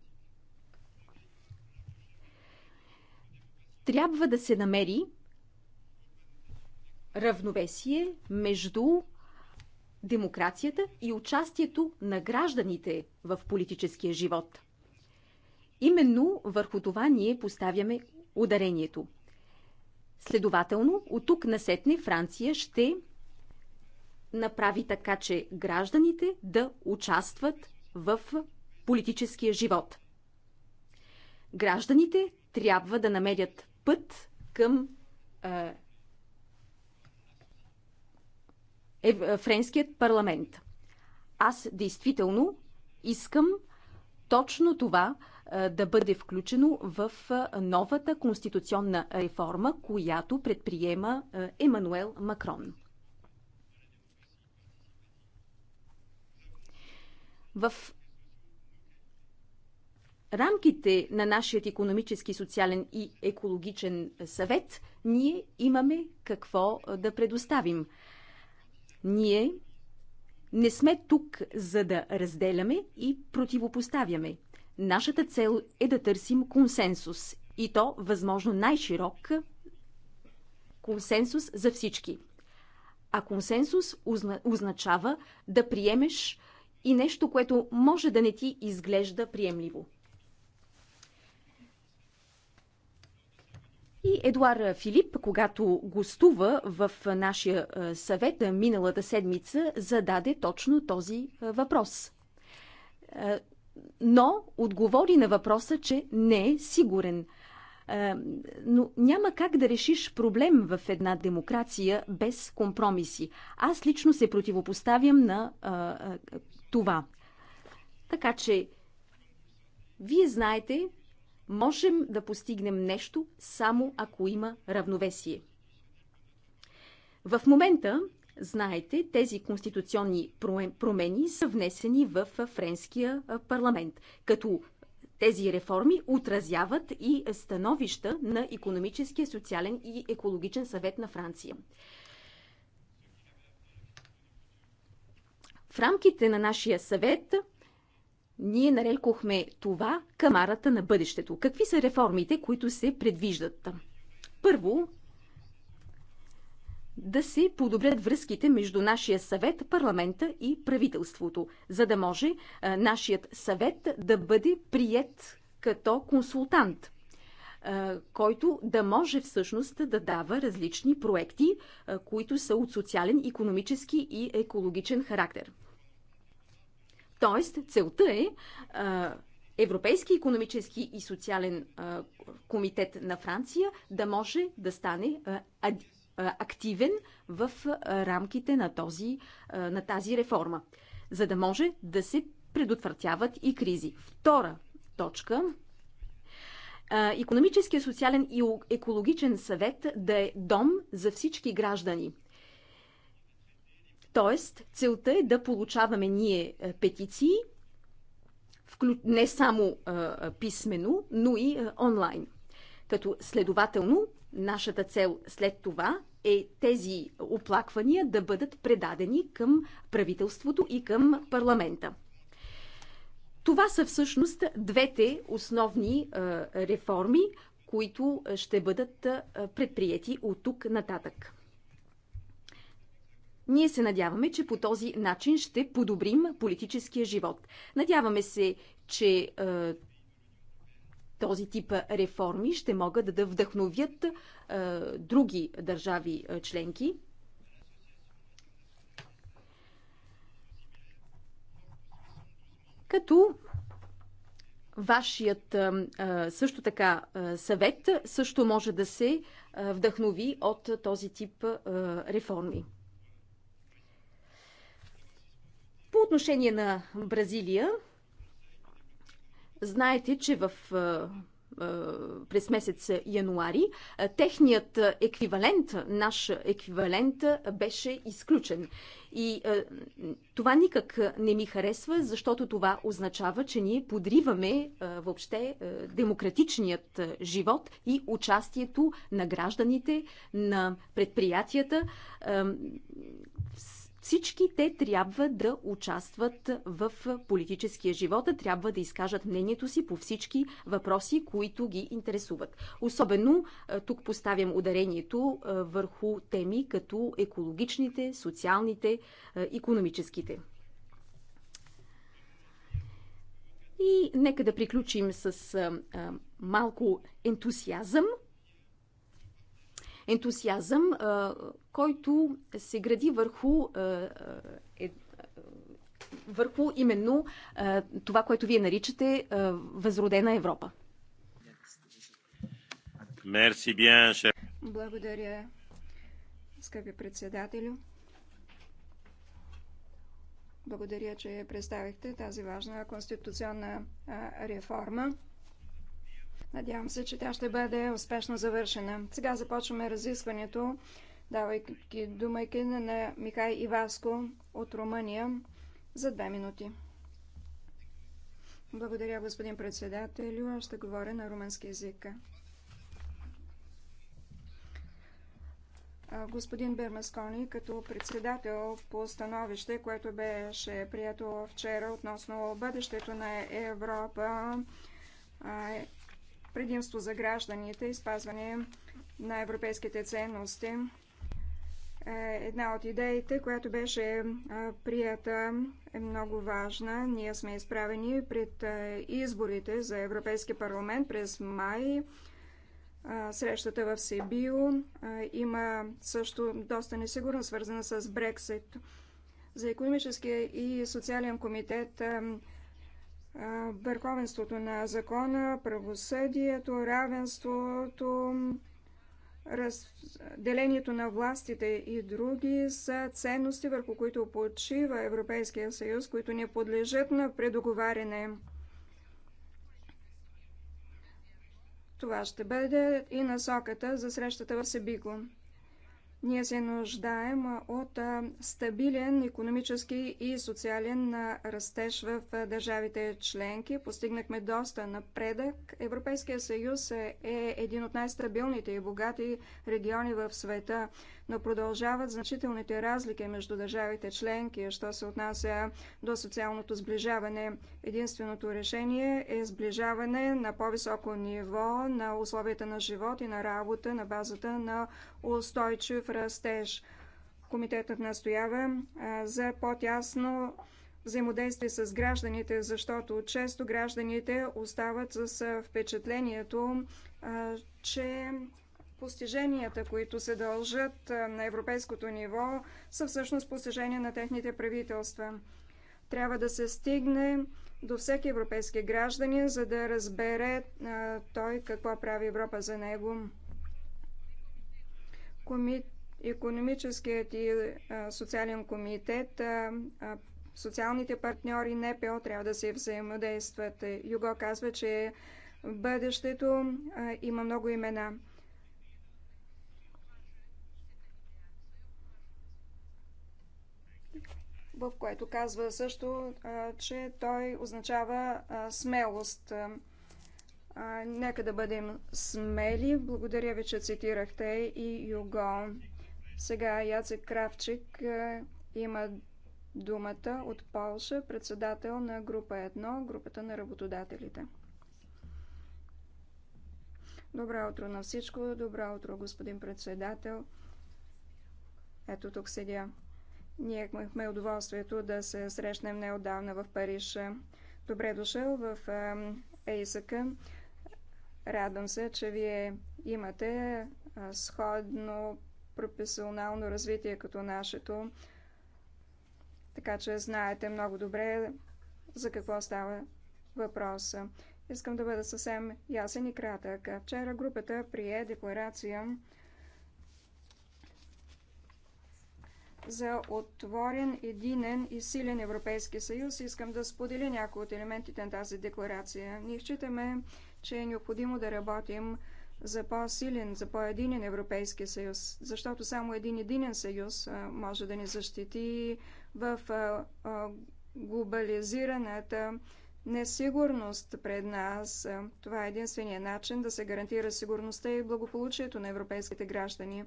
Трябва да се намери равновесие между демокрацията и участието на гражданите в политическия живот. Именно върху това ние поставяме ударението. Следователно, от тук насетне Франция ще направи така, че гражданите да участват в политическия живот. Гражданите трябва да намерят път към е, Е, е, френският парламент. Аз действително искам точно това е, да бъде включено в е, новата конституционна реформа, която предприема Емануел Макрон. В рамките на нашия економически, социален и екологичен съвет ние имаме какво да предоставим. Ние не сме тук, за да разделяме и противопоставяме. Нашата цел е да търсим консенсус и то възможно най-широк консенсус за всички. А консенсус означава да приемеш и нещо, което може да не ти изглежда приемливо. И Едуар Филип, когато гостува в нашия е, съвет е, миналата седмица, зададе точно този е, въпрос. Но отговори на въпроса, че не е сигурен. Но няма как да решиш проблем в една демокрация без компромиси. Аз лично се противопоставям на това. Така че, вие знаете, Можем да постигнем нещо само ако има равновесие. В момента, знаете, тези конституционни промени са внесени в френския парламент, като тези реформи отразяват и становища на Економическия, социален и екологичен съвет на Франция. В рамките на нашия съвет ние нарекохме това камарата на бъдещето. Какви са реформите, които се предвиждат? Първо, да се подобрят връзките между нашия съвет, парламента и правителството, за да може нашият съвет да бъде прият като консултант който да може всъщност да дава различни проекти, които са от социален, економически и екологичен характер. Тоест, целта е Европейски економически и социален комитет на Франция да може да стане активен в рамките на, този, на тази реформа, за да може да се предотвратяват и кризи. Втора точка Економическия, социален и екологичен съвет да е дом за всички граждани – Тоест, целта е да получаваме ние е, петиции, не само писмено, но и онлайн. Като следователно, нашата цел след това е тези оплаквания да бъдат предадени към правителството и към парламента. Това са всъщност двете основни реформи, които ще бъдат предприяти от тук нататък. Ние се надяваме, че по този начин ще подобрим политическия живот. Надяваме се, че е, този тип реформи ще могат да вдъхновят е, други държави е, членки. Като вашият е, е, също така е, съвет също може да се вдъхнови от този тип реформи. отношение на Бразилия, знаете, че в през месец януари, техният еквивалент, наш еквивалент, беше изключен. И това никак не ми харесва, защото това означава, че ние подриваме въобще демократичният живот и участието на гражданите, на предприятията. Всички те трябва да участват в политическия живот, трябва да изкажат мнението си по всички въпроси, които ги интересуват. Особено тук поставям ударението върху теми като екологичните, социалните, економическите. И нека да приключим с малко ентусиазъм ентусиазъм, който се гради върху е, върху именно това, което вие наричате възродена Европа. Благодаря, скъпи председателю. Благодаря, че представихте тази важна конституционна реформа. Надявам се, че тя ще бъде успешно завършена. Сега започваме разискването, давайки думайки на Михай Иваско от Румъния за две минути. Благодаря, господин председател, Аз ще говоря на румънски язик. Господин Бермаскони, като председател по становище, което беше прието вчера относно бъдещето на Европа, предимство за гражданите и спазване на европейските ценности. Е, една от идеите, която беше е, прията, е много важна. Ние сме изправени пред е, изборите за Европейски парламент през май. Срещата в Сибио има също доста несигурност, свързана с Брексит. За економическия и социален комитет върховенството на закона, правосъдието, равенството, разделението на властите и други са ценности, върху които почива Европейския съюз, които не подлежат на предоговаряне. Това ще бъде и насоката за срещата в Себико. Ние се нуждаем от стабилен економически и социален растеж в държавите членки. Постигнахме доста напредък. Европейския съюз е, е един от най-стабилните и богати региони в света но продължават значителните разлики между държавите членки, що се отнася до социалното сближаване. Единственото решение е сближаване на по-високо ниво на условията на живот и на работа на базата на устойчив растеж. Комитетът настоява за по-тясно взаимодействие с гражданите, защото често гражданите остават с впечатлението, че Постиженията, които се дължат на европейското ниво, са всъщност постижения на техните правителства. Трябва да се стигне до всеки европейски гражданин, за да разбере а, той какво прави Европа за него. Коми... Економическият и а, социален комитет, а, а, социалните партньори, НПО трябва да се взаимодействат. Юго казва, че бъдещето а, има много имена. в което казва също, че той означава смелост. Нека да бъдем смели. Благодаря ви, че цитирахте и Юго. Сега Яцек Кравчик има думата от Полша, председател на група 1, групата на работодателите. Добро утро на всичко. Добро утро, господин председател. Ето тук седя. Ние имахме удоволствието да се срещнем неодавна в Париж. Добре дошъл в ЕИСК. Радвам се, че вие имате сходно професионално развитие като нашето, така че знаете много добре за какво става въпроса. Искам да бъда съвсем ясен и кратък. Вчера групата прие декларация за отворен, единен и силен Европейски съюз. Искам да споделя някои от елементите на тази декларация. Ние считаме, че е необходимо да работим за по-силен, за по-единен Европейски съюз, защото само един единен съюз може да ни защити в глобализираната несигурност пред нас. Това е единствения начин да се гарантира сигурността и благополучието на европейските граждани.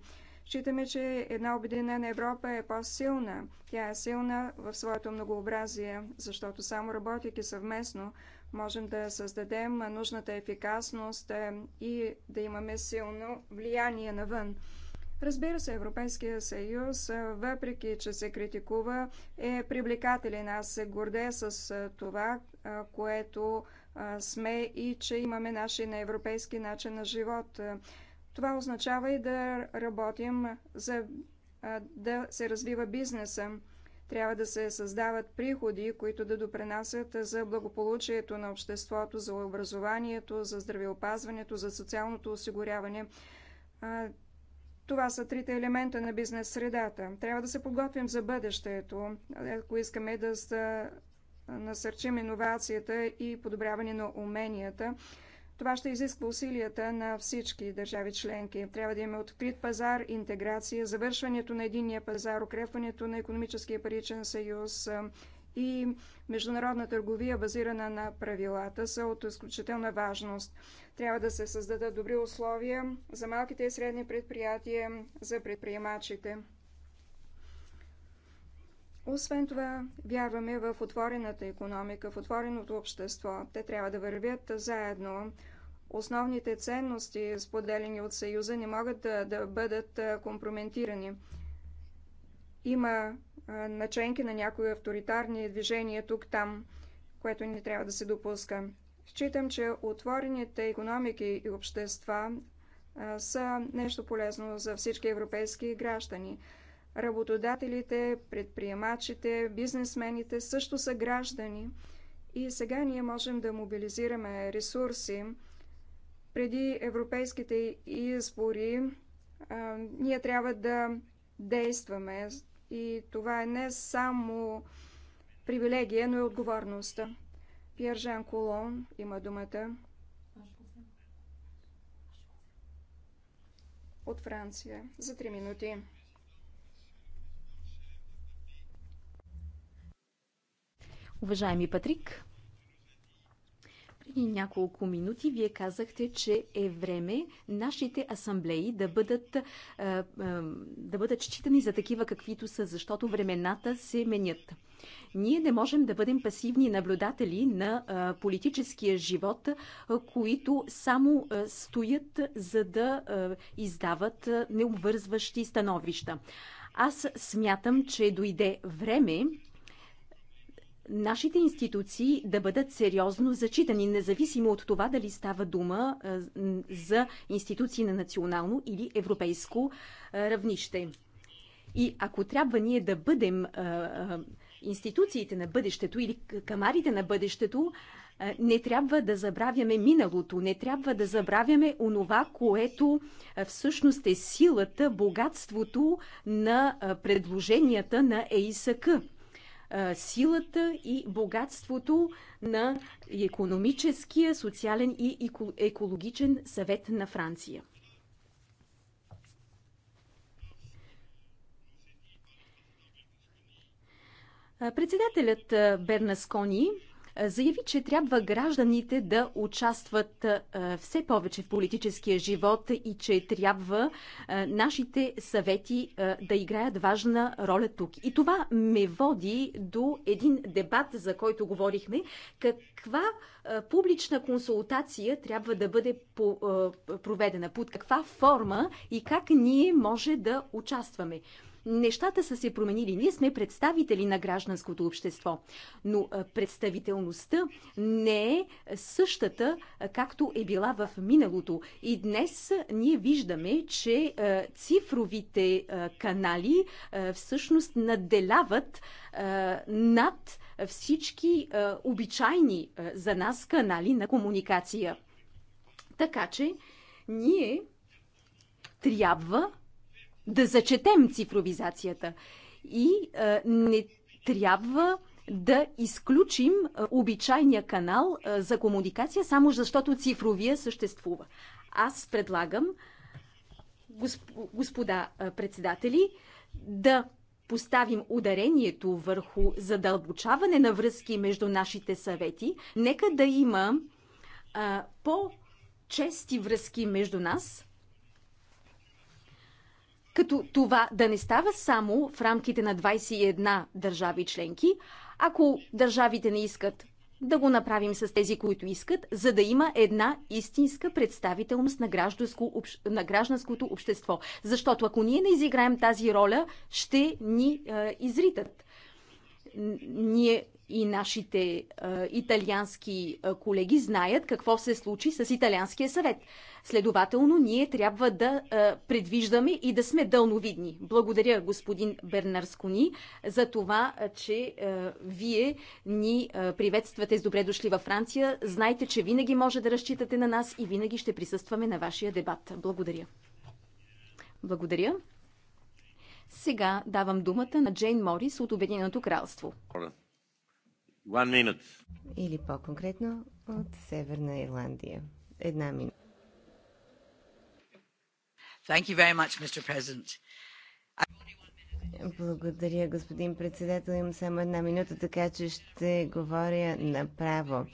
Считаме, че една обединена Европа е по-силна. Тя е силна в своето многообразие, защото само работейки съвместно можем да създадем нужната ефикасност е, и да имаме силно влияние навън. Разбира се, Европейския съюз, е, въпреки че се критикува, е привлекателен. Аз се гордея с е, това, което сме и че имаме нашия на европейски начин на живот. Това означава и да работим за да се развива бизнеса. Трябва да се създават приходи, които да допренасят за благополучието на обществото, за образованието, за здравеопазването, за социалното осигуряване. Това са трите елемента на бизнес средата. Трябва да се подготвим за бъдещето, ако искаме да насърчим иновацията и подобряване на уменията това ще изисква усилията на всички държави членки. Трябва да има открит пазар, интеграция, завършването на единния пазар, укрепването на економическия паричен съюз и международна търговия, базирана на правилата, са от изключителна важност. Трябва да се създадат добри условия за малките и средни предприятия, за предприемачите. Освен това, вярваме в отворената економика, в отвореното общество. Те трябва да вървят заедно основните ценности, споделени от Съюза, не могат да, да бъдат компрометирани. Има наченки на някои авторитарни движения тук-там, което не трябва да се допуска. Считам, че отворените економики и общества са нещо полезно за всички европейски граждани. Работодателите, предприемачите, бизнесмените също са граждани. И сега ние можем да мобилизираме ресурси, преди европейските избори а, ние трябва да действаме. И това е не само привилегия, но и отговорността. Пьер Жан Колон има думата. От Франция. За 3 минути. Уважаеми Патрик, преди няколко минути вие казахте, че е време нашите асамблеи да бъдат, да бъдат считани за такива каквито са, защото времената се менят. Ние не можем да бъдем пасивни наблюдатели на политическия живот, които само стоят за да издават необвързващи становища. Аз смятам, че дойде време нашите институции да бъдат сериозно зачитани, независимо от това дали става дума за институции на национално или европейско равнище. И ако трябва ние да бъдем институциите на бъдещето или камарите на бъдещето, не трябва да забравяме миналото, не трябва да забравяме онова, което всъщност е силата, богатството на предложенията на ЕИСК силата и богатството на економическия, социален и екологичен съвет на Франция. Председателят Бернаскони е, заяви, че трябва гражданите да участват е, все повече в политическия живот и че трябва е, нашите съвети да играят важна роля тук. И това ме води до един дебат, за който говорихме. Каква публична консултация трябва да бъде проведена? Под каква форма и как ние може да участваме? нещата са се променили. Ние сме представители на гражданското общество, но представителността не е същата, както е била в миналото. И днес ние виждаме, че цифровите канали всъщност наделяват над всички обичайни за нас канали на комуникация. Така че ние трябва да зачетем цифровизацията и а, не трябва да изключим обичайния канал за комуникация, само защото цифровия съществува. Аз предлагам, госп... господа председатели, да поставим ударението върху задълбочаване на връзки между нашите съвети. Нека да има по-чести връзки между нас, като това да не става само в рамките на 21 държави членки, ако държавите не искат да го направим с тези, които искат, за да има една истинска представителност на, гражданско, общ... на гражданското общество. Защото ако ние не изиграем тази роля, ще ни е, изритат. Ние и нашите а, италиански а, колеги знаят какво се случи с Италианския съвет. Следователно, ние трябва да а, предвиждаме и да сме дълновидни. Благодаря, господин Бернарскони, за това, че а, вие ни а, приветствате с добре дошли във Франция. Знайте, че винаги може да разчитате на нас и винаги ще присъстваме на вашия дебат. Благодаря. Благодаря. Сега давам думата на Джейн Морис от Обединеното кралство. Благодаря. One minute. Или по-конкретно от Северна Ирландия. Една минута. Thank you very much, Mr. President. Благодаря, господин председател. Имам само една минута, така че ще говоря направо.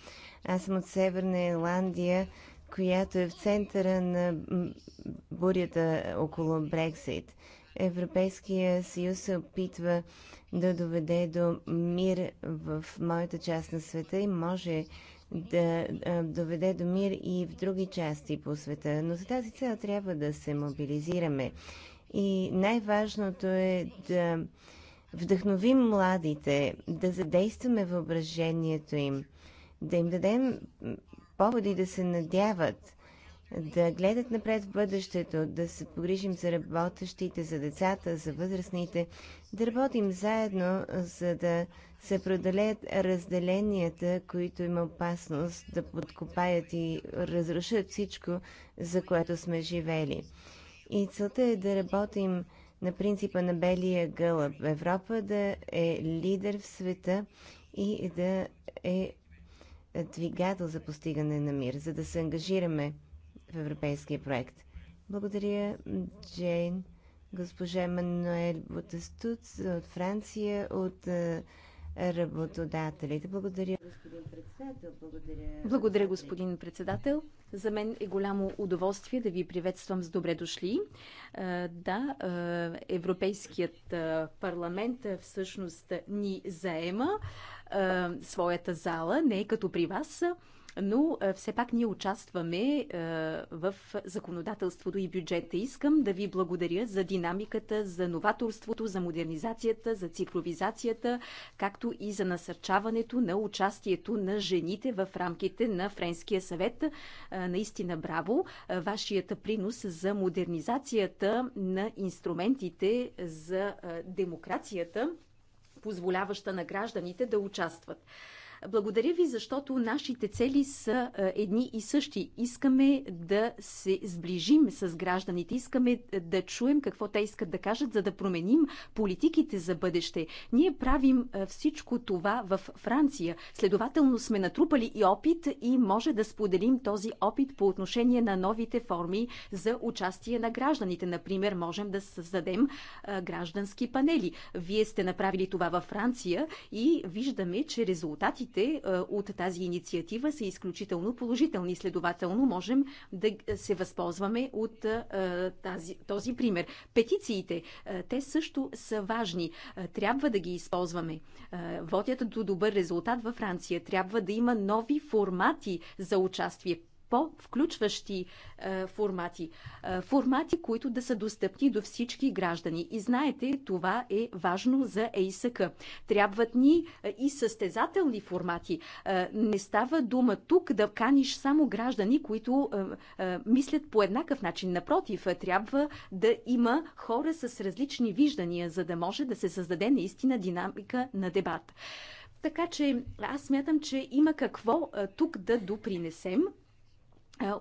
Аз съм от Северна Ирландия, която е в центъра на бурята около Брексит. Европейския съюз се опитва да доведе до мир в моята част на света и може да доведе до мир и в други части по света. Но за тази цел трябва да се мобилизираме. И най-важното е да вдъхновим младите, да задействаме въображението им, да им дадем поводи да се надяват – да гледат напред в бъдещето, да се погрижим за работещите, за децата, за възрастните, да работим заедно, за да се преодолеят разделенията, които има опасност да подкопаят и разрушат всичко, за което сме живели. И целта е да работим на принципа на белия гълъб. Европа да е лидер в света и да е двигател за постигане на мир, за да се ангажираме в европейския проект. Благодаря, Джейн, госпожа Мануел Ботастуц от Франция, от е, работодателите. Благодаря, господин председател. Благодаря. Благодаря, господин председател. За мен е голямо удоволствие да ви приветствам с добре дошли. Е, да, е, Европейският парламент всъщност ни заема своята зала, не е като при вас но е, все пак ние участваме е, в законодателството и бюджета. Искам да ви благодаря за динамиката, за новаторството, за модернизацията, за цифровизацията, както и за насърчаването на участието на жените в рамките на Френския съвет. Е, наистина браво! вашията принос за модернизацията на инструментите за демокрацията, позволяваща на гражданите да участват. Благодаря ви, защото нашите цели са е, едни и същи. Искаме да се сближим с гражданите, искаме е, да чуем какво те искат да кажат, за да променим политиките за бъдеще. Ние правим е, всичко това в Франция. Следователно сме натрупали и опит и може да споделим този опит по отношение на новите форми за участие на гражданите. Например, можем да създадем граждански панели. Вие сте направили това във Франция и виждаме, че резултатите полуките от тази инициатива са изключително положителни. Следователно, можем да се възползваме от тази, този пример. Петициите, те също са важни. Трябва да ги използваме. Водят до добър резултат във Франция. Трябва да има нови формати за участие по-включващи е, формати. Е, формати, които да са достъпни до всички граждани. И знаете, това е важно за ЕИСК. Трябват ни е, и състезателни формати. Не става дума тук да каниш само граждани, които мислят по еднакъв начин. Напротив, трябва да има хора с различни виждания, за да може да се създаде наистина динамика на дебат. Така че аз смятам, че има какво тук да допринесем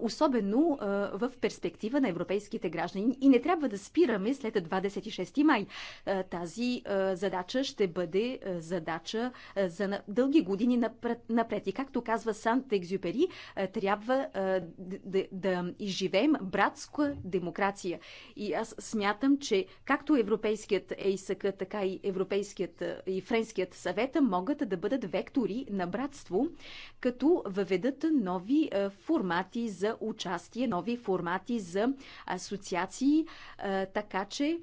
особено в перспектива на европейските граждани. И не трябва да спираме след 26 май. Тази задача ще бъде задача за дълги години напред. И както казва Сант Екзюпери, трябва да, да изживеем братска демокрация. И аз смятам, че както Европейският ЕИСК, така и Европейският и Френският съвет могат да бъдат вектори на братство, като въведат нови формати за участие, нови формати за асоциации, така че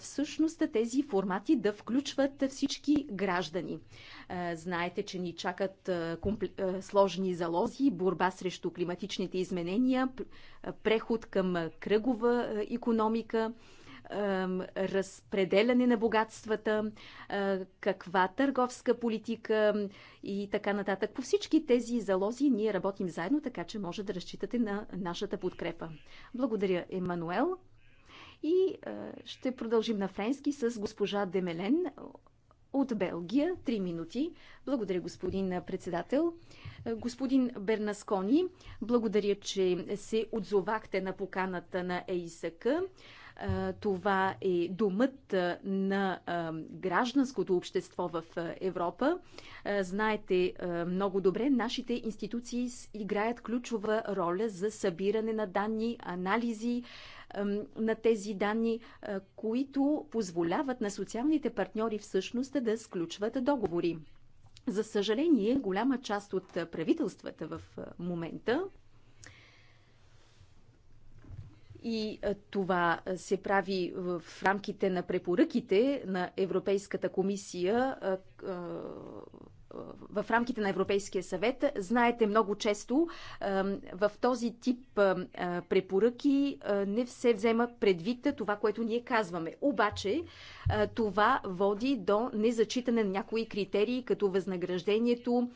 всъщност тези формати да включват всички граждани. Знаете, че ни чакат сложни залози, борба срещу климатичните изменения, преход към кръгова економика, разпределяне на богатствата, каква търговска политика и така нататък. По всички тези залози ние работим заедно, така че може да разчитате на нашата подкрепа. Благодаря, Емануел. И ще продължим на френски с госпожа Демелен от Белгия. Три минути. Благодаря, господин председател. Господин Бернаскони, благодаря, че се отзовахте на поканата на ЕИСК. Това е думът на гражданското общество в Европа. Знаете много добре, нашите институции играят ключова роля за събиране на данни, анализи, на тези данни, които позволяват на социалните партньори всъщност да сключват договори. За съжаление, голяма част от правителствата в момента и това се прави в рамките на препоръките на Европейската комисия в рамките на Европейския съвет. Знаете, много често в този тип препоръки не се взема предвид това, което ние казваме. Обаче това води до незачитане на някои критерии, като възнаграждението,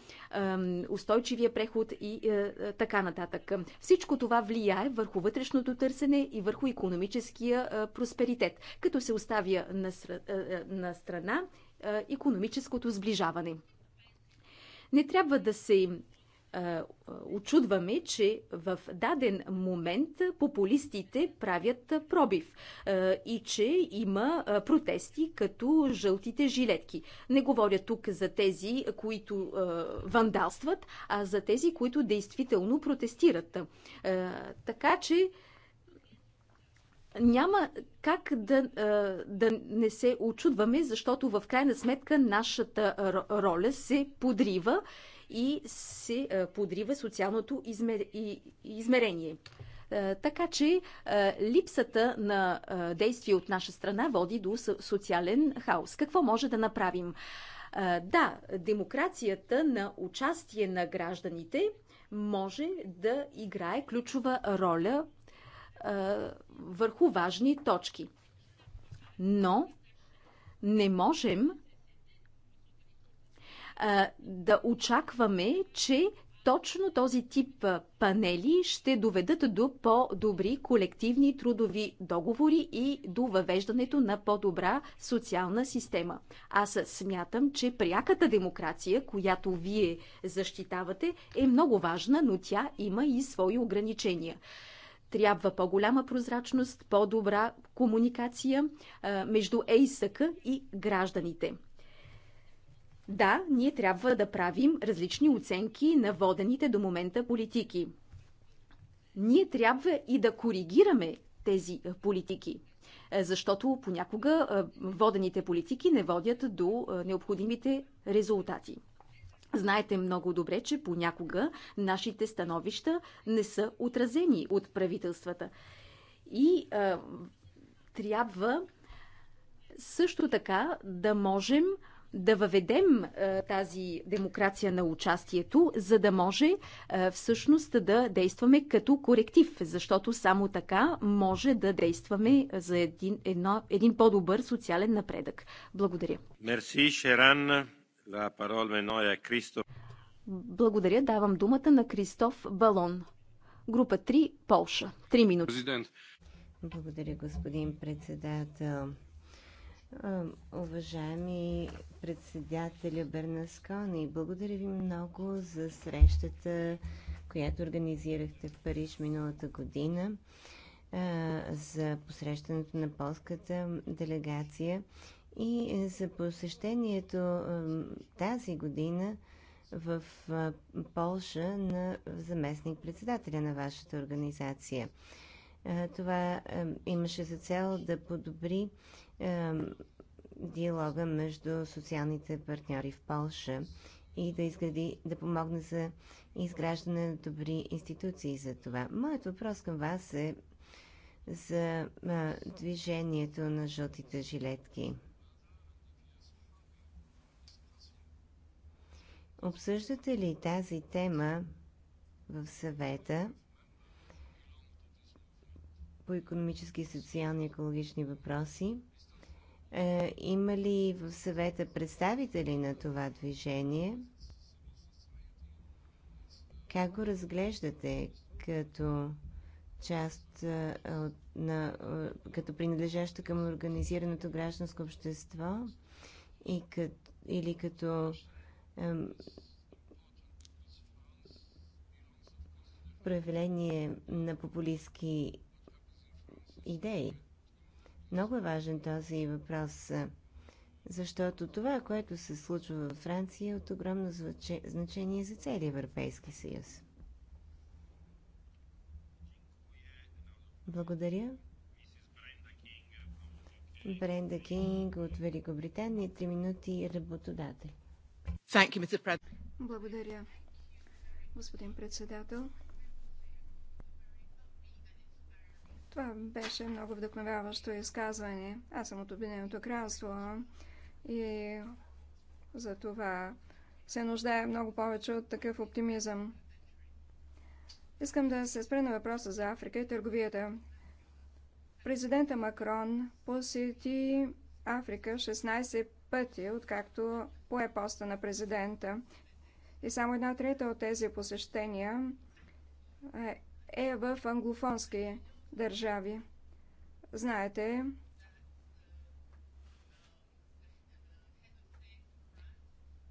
устойчивия преход и така нататък. Всичко това влияе върху вътрешното търсене и върху економическия просперитет, като се оставя на страна економическото сближаване. Не трябва да се очудваме, че в даден момент популистите правят пробив и че има протести като жълтите жилетки. Не говоря тук за тези, които вандалстват, а за тези, които действително протестират. Така че няма как да, да не се очудваме, защото в крайна сметка нашата роля се подрива и се подрива социалното измерение. Така че липсата на действие от наша страна води до социален хаос. Какво може да направим? Да, демокрацията на участие на гражданите може да играе ключова роля върху важни точки. Но не можем да очакваме, че точно този тип панели ще доведат до по-добри колективни трудови договори и до въвеждането на по-добра социална система. Аз смятам, че пряката демокрация, която вие защитавате, е много важна, но тя има и свои ограничения. Трябва по-голяма прозрачност, по-добра комуникация между ЕИСАК и гражданите. Да, ние трябва да правим различни оценки на водените до момента политики. Ние трябва и да коригираме тези политики, защото понякога водените политики не водят до необходимите резултати. Знаете много добре, че понякога нашите становища не са отразени от правителствата. И а, трябва също така да можем да въведем а, тази демокрация на участието, за да може а, всъщност да действаме като коректив, защото само така може да действаме за един, едно, един по-добър социален напредък. Благодаря. Мерси, Шеран. Благодаря. Давам думата на Кристоф Балон. Група 3, Полша. Три минути. Президент. Благодаря, господин председател. Уважаеми председателя Бернаскони, благодаря ви много за срещата, която организирахте в Париж миналата година за посрещането на полската делегация и е, за посещението тази година в Полша на заместник-председателя на вашата организация. Това имаше за цел да подобри диалога между социалните партньори в Полша и да, изгради, да помогне за изграждане на добри институции за това. Моят въпрос към вас е за движението на жълтите жилетки. Обсъждате ли тази тема в съвета по економически, социални и екологични въпроси? Е, има ли в съвета представители на това движение? Как го разглеждате като част е, от, на, е, като принадлежаща към организираното гражданско общество и като, или като проявление на популистски идеи. Много е важен този въпрос, е, защото това, което се случва във Франция, е от огромно значение за целия Европейски съюз. Благодаря. Бренда Кинг от Великобритания, 3 минути работодатели. Благодаря, господин председател. Това беше много вдъхновяващо изказване. Аз съм от Обединеното кралство и за това се нуждае много повече от такъв оптимизъм. Искам да се спре на въпроса за Африка и търговията. Президента Макрон посети Африка 16 пъти, откакто пое поста на президента. И само една трета от тези посещения е в англофонски държави. Знаете,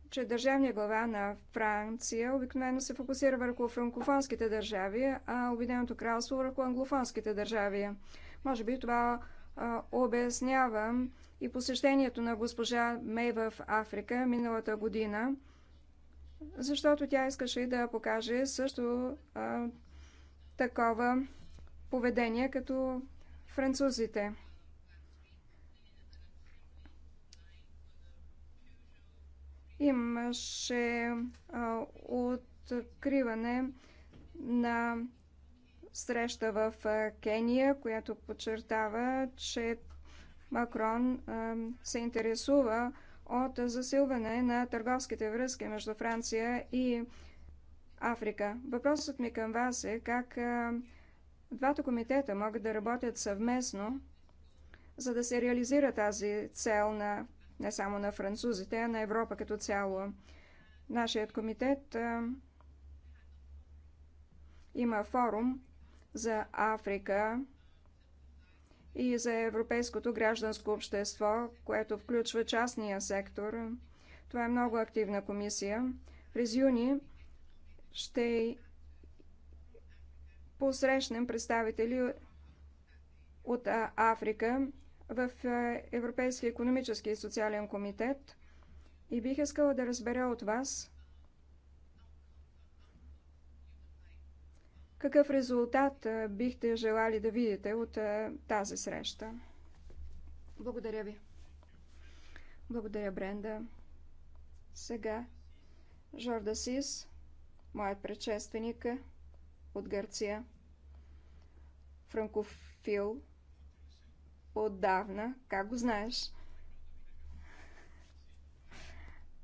че държавния глава на Франция обикновено се фокусира върху франкофонските държави, а Обединеното кралство върху англофонските държави. Може би това а, и посещението на госпожа Мей в Африка миналата година, защото тя искаше да покаже също а, такова поведение като французите. Имаше а, откриване на среща в Кения, която подчертава, че Макрон се интересува от засилване на търговските връзки между Франция и Африка. Въпросът ми към вас е как двата комитета могат да работят съвместно, за да се реализира тази цел на не само на французите, а на Европа като цяло. Нашият комитет има форум за Африка и за европейското гражданско общество, което включва частния сектор. Това е много активна комисия. През юни ще посрещнем представители от Африка в Европейския економически и социален комитет и бих искала да разбера от вас Какъв резултат бихте желали да видите от тази среща? Благодаря ви. Благодаря, Бренда. Сега Жорда Сис, моят предшественик от Гърция, франкофил, отдавна, как го знаеш?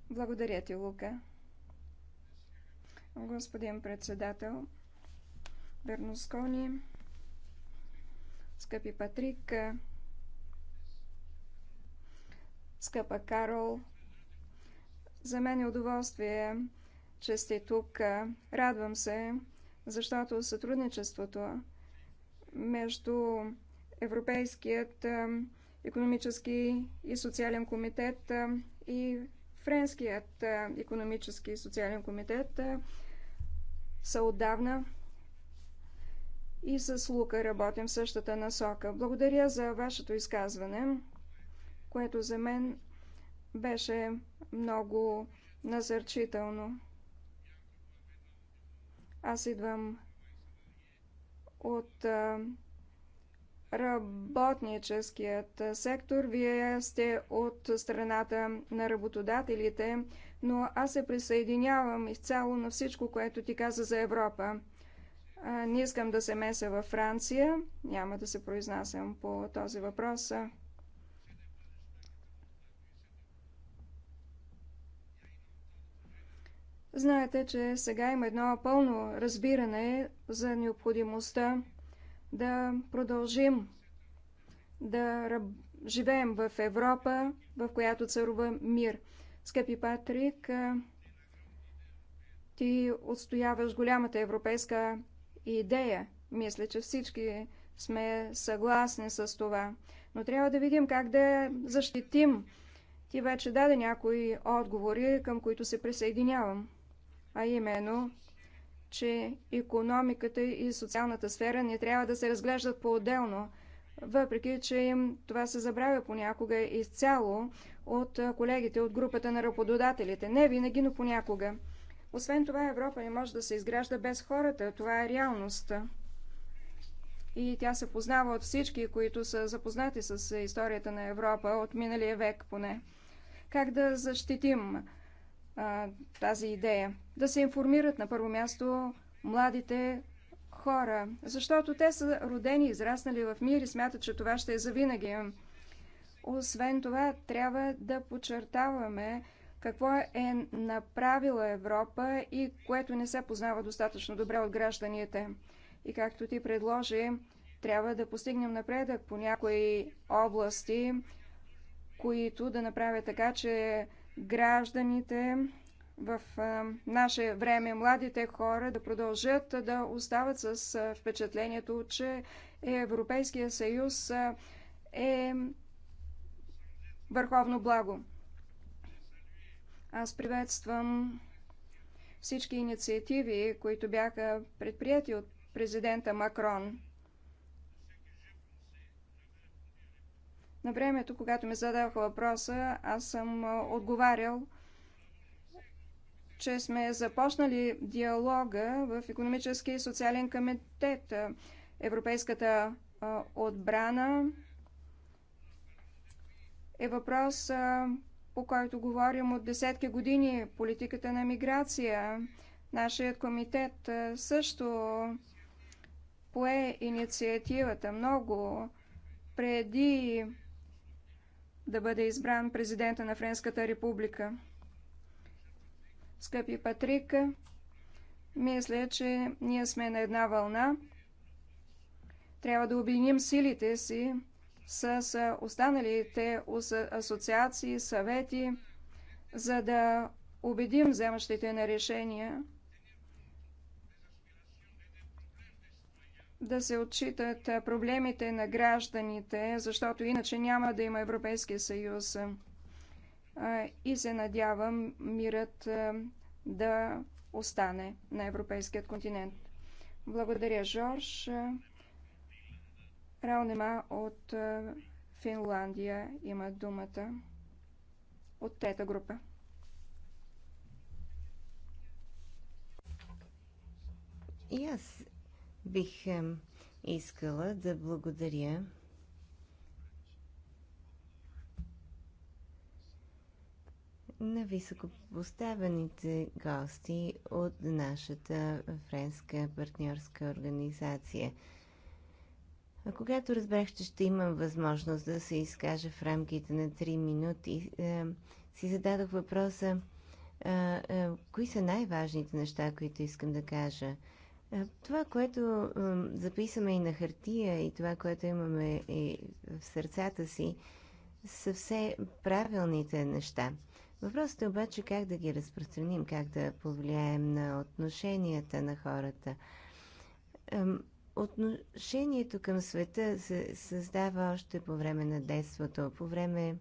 Благодаря ти, Лука. Господин председател, Бернускони, скъпи Патрик, скъпа Карол, за мен е удоволствие, че сте тук. Радвам се, защото сътрудничеството между Европейският економически и социален комитет и Френският економически и социален комитет са отдавна и с Лука работим в същата насока. Благодаря за вашето изказване, което за мен беше много насърчително. Аз идвам от работническият сектор. Вие сте от страната на работодателите, но аз се присъединявам изцяло на всичко, което ти каза за Европа. Не искам да се меся във Франция. Няма да се произнасям по този въпрос. Знаете, че сега има едно пълно разбиране за необходимостта да продължим да живеем в Европа, в която царува мир. Скъпи Патрик, ти отстояваш голямата европейска идея. Мисля, че всички сме съгласни с това. Но трябва да видим как да защитим. Ти вече даде някои отговори, към които се присъединявам. А именно, че економиката и социалната сфера не трябва да се разглеждат по-отделно, въпреки че им това се забравя понякога изцяло от колегите от групата на работодателите. Не винаги, но понякога. Освен това, Европа не може да се изгражда без хората. Това е реалност. И тя се познава от всички, които са запознати с историята на Европа от миналия век поне. Как да защитим а, тази идея? Да се информират на първо място младите хора, защото те са родени, израснали в мир и смятат, че това ще е завинаги. Освен това, трябва да подчертаваме, какво е направила Европа и което не се познава достатъчно добре от гражданите. И както ти предложи, трябва да постигнем напредък по някои области, които да направят така, че гражданите в наше време, младите хора да продължат да остават с впечатлението, че Европейския съюз е върховно благо. Аз приветствам всички инициативи, които бяха предприяти от президента Макрон. На времето, когато ми задаваха въпроса, аз съм отговарял, че сме започнали диалога в економически и социален комитет. Европейската отбрана е въпрос, по който говорим от десетки години, политиката на миграция. Нашият комитет също пое инициативата много преди да бъде избран президента на Френската република. Скъпи Патрик, мисля, че ние сме на една вълна. Трябва да обединим силите си с останалите асоциации, съвети, за да убедим вземащите на решения да се отчитат проблемите на гражданите, защото иначе няма да има Европейския съюз. И се надявам мирът да остане на европейският континент. Благодаря, Жорж. Раунема от е, Финландия има думата от трета група. И аз бих е, искала да благодаря на високопоставените гости от нашата френска партньорска организация – а когато разбрах, че ще имам възможност да се изкажа в рамките на 3 минути, е, си зададох въпроса е, е, кои са най-важните неща, които искам да кажа. Това, което записаме и на хартия, и това, което имаме и в сърцата си, са все правилните неща. Въпросът е обаче как да ги разпространим, как да повлияем на отношенията на хората отношението към света се създава още по време на детството, по време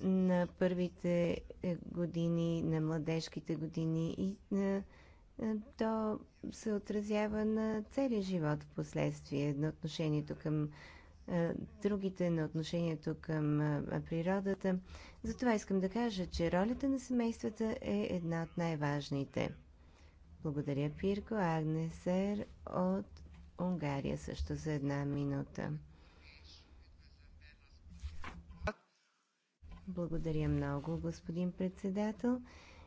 на първите е, години, на младежките години и на, е, е, то се отразява на целия живот в последствие, на отношението към а, другите, на отношението към а, природата. Затова искам да кажа, че ролята на семействата е една от най-важните – благодаря, Пирко. Агнесер от Унгария също за една минута. Благодаря много, господин председател.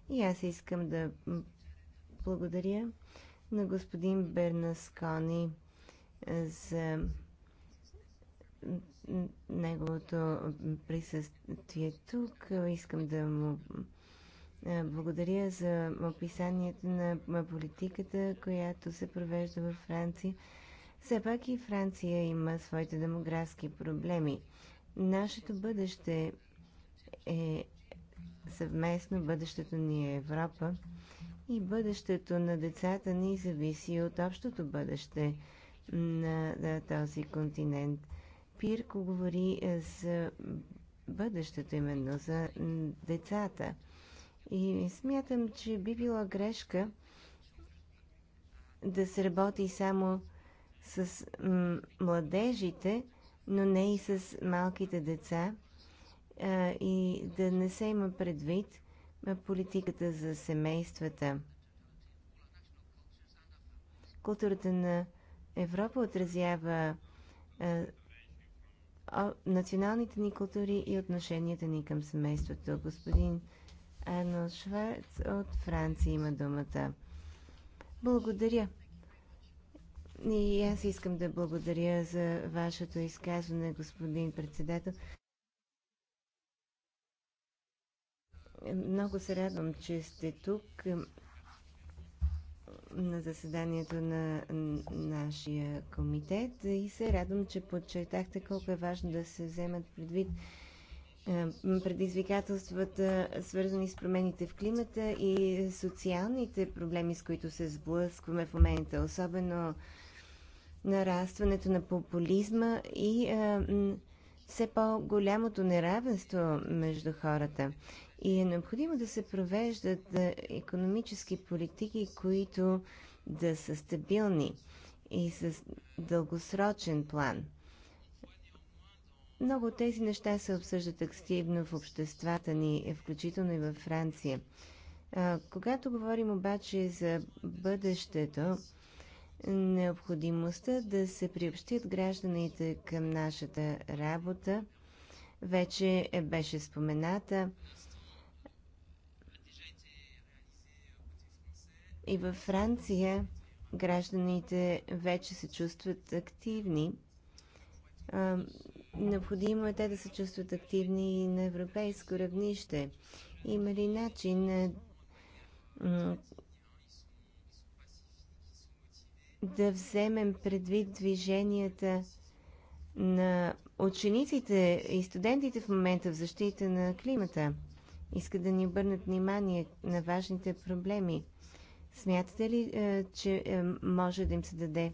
И аз искам да благодаря на господин Бернаскони е, за неговото присъствие тук. Искам да му е, благодаря за описанието на политиката, която се провежда във Франция. Все пак и Франция има своите демографски проблеми. Нашето бъдеще е съвместно, бъдещето ни е Европа и бъдещето на децата ни зависи от общото бъдеще на, на този континент. Пирко говори е, за бъдещето именно, за децата – и смятам, че би била грешка да се работи само с младежите, но не и с малките деца а, и да не се има предвид политиката за семействата. Културата на Европа отразява а, националните ни култури и отношенията ни към семейството. Господин Арнолд Шварц от Франция има думата. Благодаря. И аз искам да благодаря за вашето изказване, господин председател. Много се радвам, че сте тук на заседанието на нашия комитет и се радвам, че подчертахте колко е важно да се вземат предвид е, предизвикателствата, свързани с промените в климата и социалните проблеми, с които се сблъскваме в момента, особено нарастването на популизма и а, е, все по-голямото неравенство между хората. И е необходимо да се провеждат економически политики, които да са стабилни и с дългосрочен план. Много от тези неща се обсъждат активно в обществата ни, включително и във Франция. А, когато говорим обаче за бъдещето, необходимостта да се приобщят гражданите към нашата работа, вече беше спомената. И във Франция гражданите вече се чувстват активни. Необходимо е те да се чувстват активни и на европейско равнище. Има ли начин е, да вземем предвид движенията на учениците и студентите в момента в защита на климата? Искат да ни обърнат внимание на важните проблеми. Смятате ли, е, че е, може да им се даде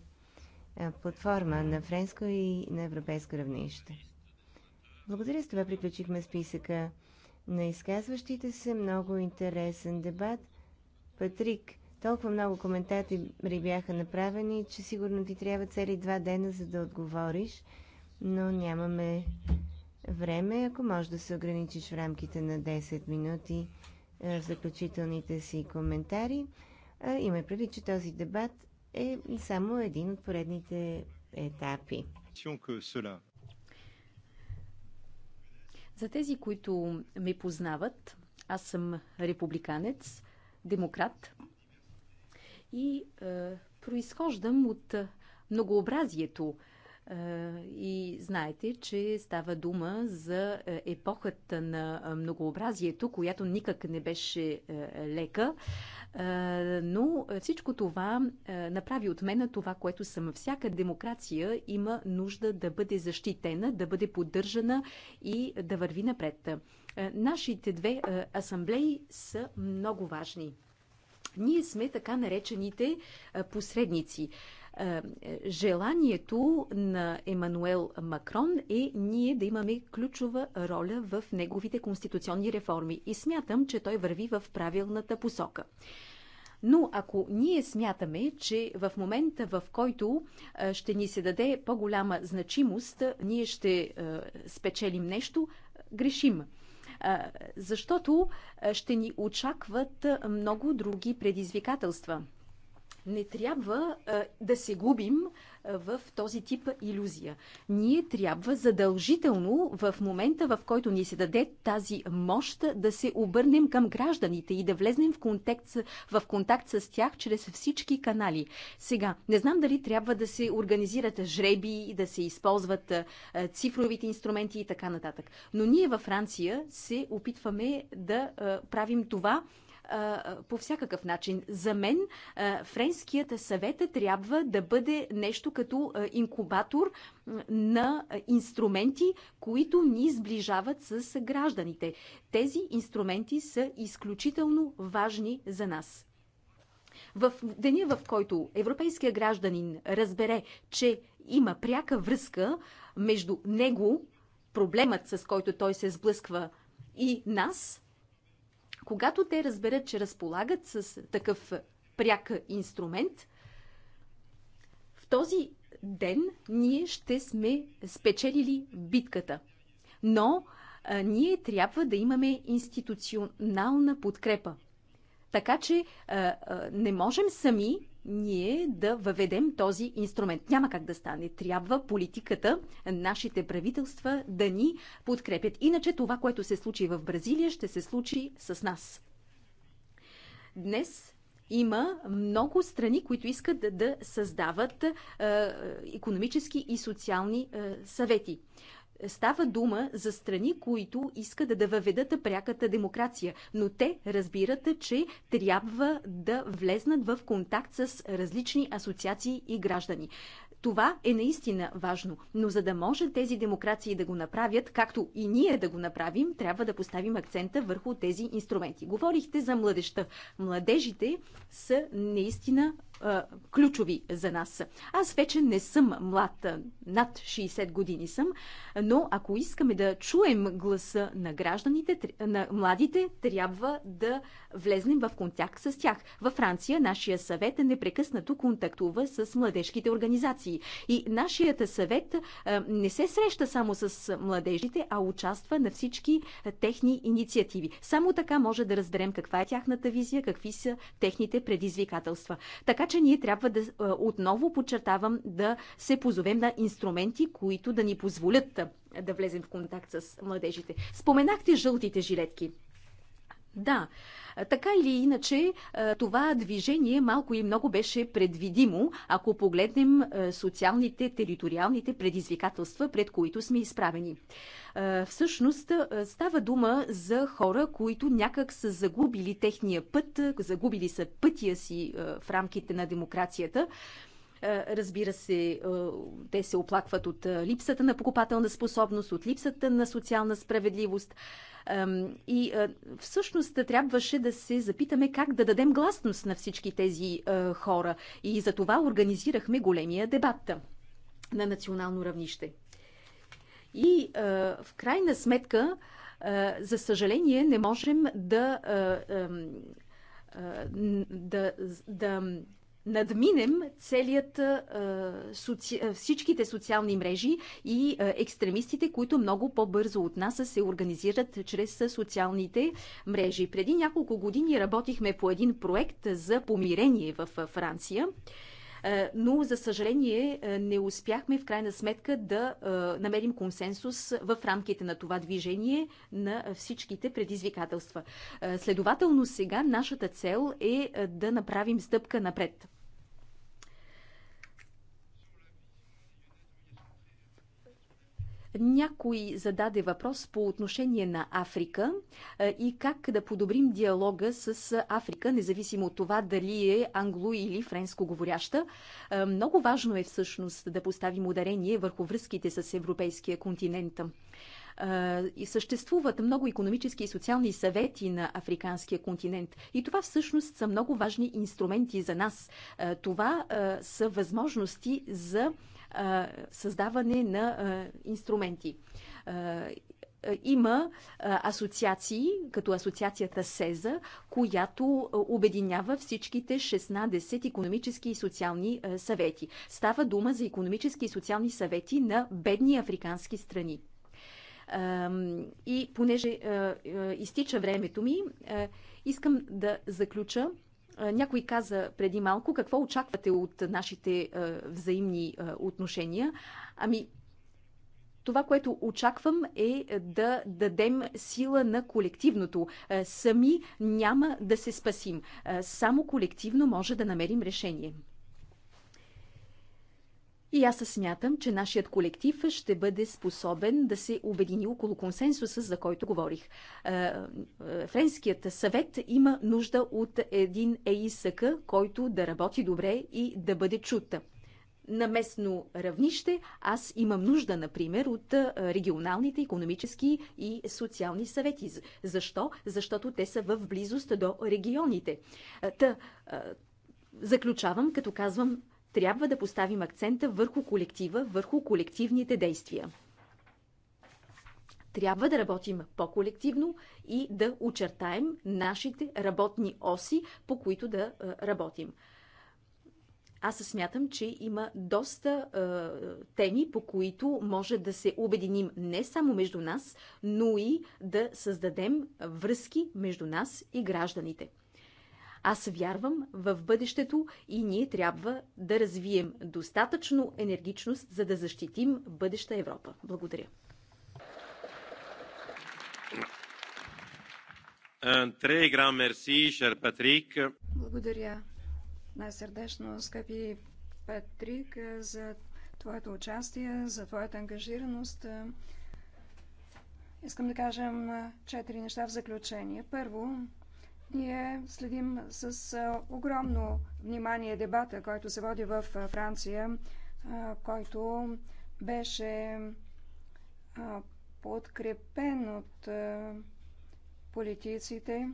е, платформа на френско и на европейско равнище. Благодаря с това приключихме списъка на изказващите се. Много интересен дебат. Патрик, толкова много коментатори бяха направени, че сигурно ти трябва цели два дена, за да отговориш, но нямаме време. Ако можеш да се ограничиш в рамките на 10 минути е, в заключителните си коментари, имай преди, че този дебат е само един от поредните етапи. За тези, които ме познават, аз съм републиканец, демократ и е, произхождам от многообразието и знаете, че става дума за е, епохата на многообразието, която никак не беше е, лека, но всичко това направи от мен това, което съм. Всяка демокрация има нужда да бъде защитена, да бъде поддържана и да върви напред. Нашите две асамблеи са много важни. Ние сме така наречените посредници. Е, желанието на Емануел Макрон е ние да имаме ключова роля в неговите конституционни реформи и смятам, че той върви в правилната посока. Но ако ние смятаме, че в момента, в който е, ще ни се даде по-голяма значимост, ние ще е, спечелим нещо, грешим защото ще ни очакват много други предизвикателства. Не трябва а, да се губим а, в този тип иллюзия. Ние трябва задължително в момента, в който ни се даде тази мощ, да се обърнем към гражданите и да влезнем в контакт, в контакт с тях чрез всички канали. Сега, не знам дали трябва да се организират жреби, да се използват а, цифровите инструменти и така нататък. Но ние във Франция се опитваме да а, правим това по всякакъв начин. За мен френският съвет трябва да бъде нещо като инкубатор на инструменти, които ни сближават с гражданите. Тези инструменти са изключително важни за нас. В деня, в който европейския гражданин разбере, че има пряка връзка между него, проблемът с който той се сблъсква и нас, когато те разберат, че разполагат с такъв пряк инструмент, в този ден ние ще сме спечелили битката. Но а, ние трябва да имаме институционална подкрепа. Така че а, а, не можем сами ние да въведем този инструмент. Няма как да стане. Трябва политиката, нашите правителства да ни подкрепят. Иначе това, което се случи в Бразилия, ще се случи с нас. Днес има много страни, които искат да, създават е, економически и социални е, съвети. Става дума за страни, които искат да въведат пряката демокрация, но те разбират, че трябва да влезнат в контакт с различни асоциации и граждани. Това е наистина важно, но за да може тези демокрации да го направят, както и ние да го направим, трябва да поставим акцента върху тези инструменти. Говорихте за младеща. Младежите са наистина а, ключови за нас. Аз вече не съм млад, над 60 години съм, но ако искаме да чуем гласа на гражданите, на младите, трябва да влезнем в контакт с тях. Във Франция нашия съвет непрекъснато контактува с младежките организации организации. И нашият съвет не се среща само с младежите, а участва на всички техни инициативи. Само така може да разберем каква е тяхната визия, какви са техните предизвикателства. Така че ние трябва да отново подчертавам да се позовем на инструменти, които да ни позволят да влезем в контакт с младежите. Споменахте жълтите жилетки. Да, така или иначе, това движение малко и много беше предвидимо, ако погледнем социалните, териториалните предизвикателства, пред които сме изправени. Всъщност става дума за хора, които някак са загубили техния път, загубили са пътя си в рамките на демокрацията е, разбира се, е, те се оплакват от е, липсата на покупателна способност, от липсата на социална справедливост. И всъщност трябваше да се запитаме как да дадем гласност на всички тези хора. И за това организирахме големия дебат на национално равнище. И в крайна сметка, за съжаление, не можем да да, да надминем целият, соци... всичките социални мрежи и екстремистите, които много по-бързо от нас се организират чрез социалните мрежи. Преди няколко години работихме по един проект за помирение в Франция но за съжаление не успяхме в крайна сметка да намерим консенсус в рамките на това движение на всичките предизвикателства. Следователно сега нашата цел е да направим стъпка напред. Някой зададе въпрос по отношение на Африка и как да подобрим диалога с Африка, независимо от това дали е англо или френско говоряща. Много важно е всъщност да поставим ударение върху връзките с европейския континент и съществуват много економически и социални съвети на африканския континент. И това всъщност са много важни инструменти за нас. Това са възможности за създаване на инструменти. Има асоциации, като асоциацията СЕЗА, която обединява всичките 16 економически и социални съвети. Става дума за економически и социални съвети на бедни африкански страни. И понеже изтича времето ми, искам да заключа някой каза преди малко какво очаквате от нашите взаимни отношения. Ами, това, което очаквам е, е да дадем сила на колективното. Сами няма да се спасим. Само колективно може да намерим решение. И аз смятам, че нашият колектив ще бъде способен да се обедини около консенсуса, за който говорих. Е, е, Френският съвет има нужда от един ЕИСК, който да работи добре и да бъде чута. На местно равнище аз имам нужда, например, от е, регионалните економически и социални съвети. Защо? Защото те са в близост до регионите. Та, заключавам, като казвам трябва да поставим акцента върху колектива, върху колективните действия. Трябва да работим по-колективно и да очертаем нашите работни оси, по които да е, работим. Аз смятам, че има доста е, теми, по които може да се обединим не само между нас, но и да създадем връзки между нас и гражданите. Аз вярвам в бъдещето и ние трябва да развием достатъчно енергичност, за да защитим бъдеща Европа. Благодаря. Благодаря най-сърдечно, скъпи Патрик, за твоето участие, за твоята ангажираност. Искам да кажем четири неща в заключение. Първо, ние следим с огромно внимание дебата, който се води в Франция, който беше подкрепен от политиците,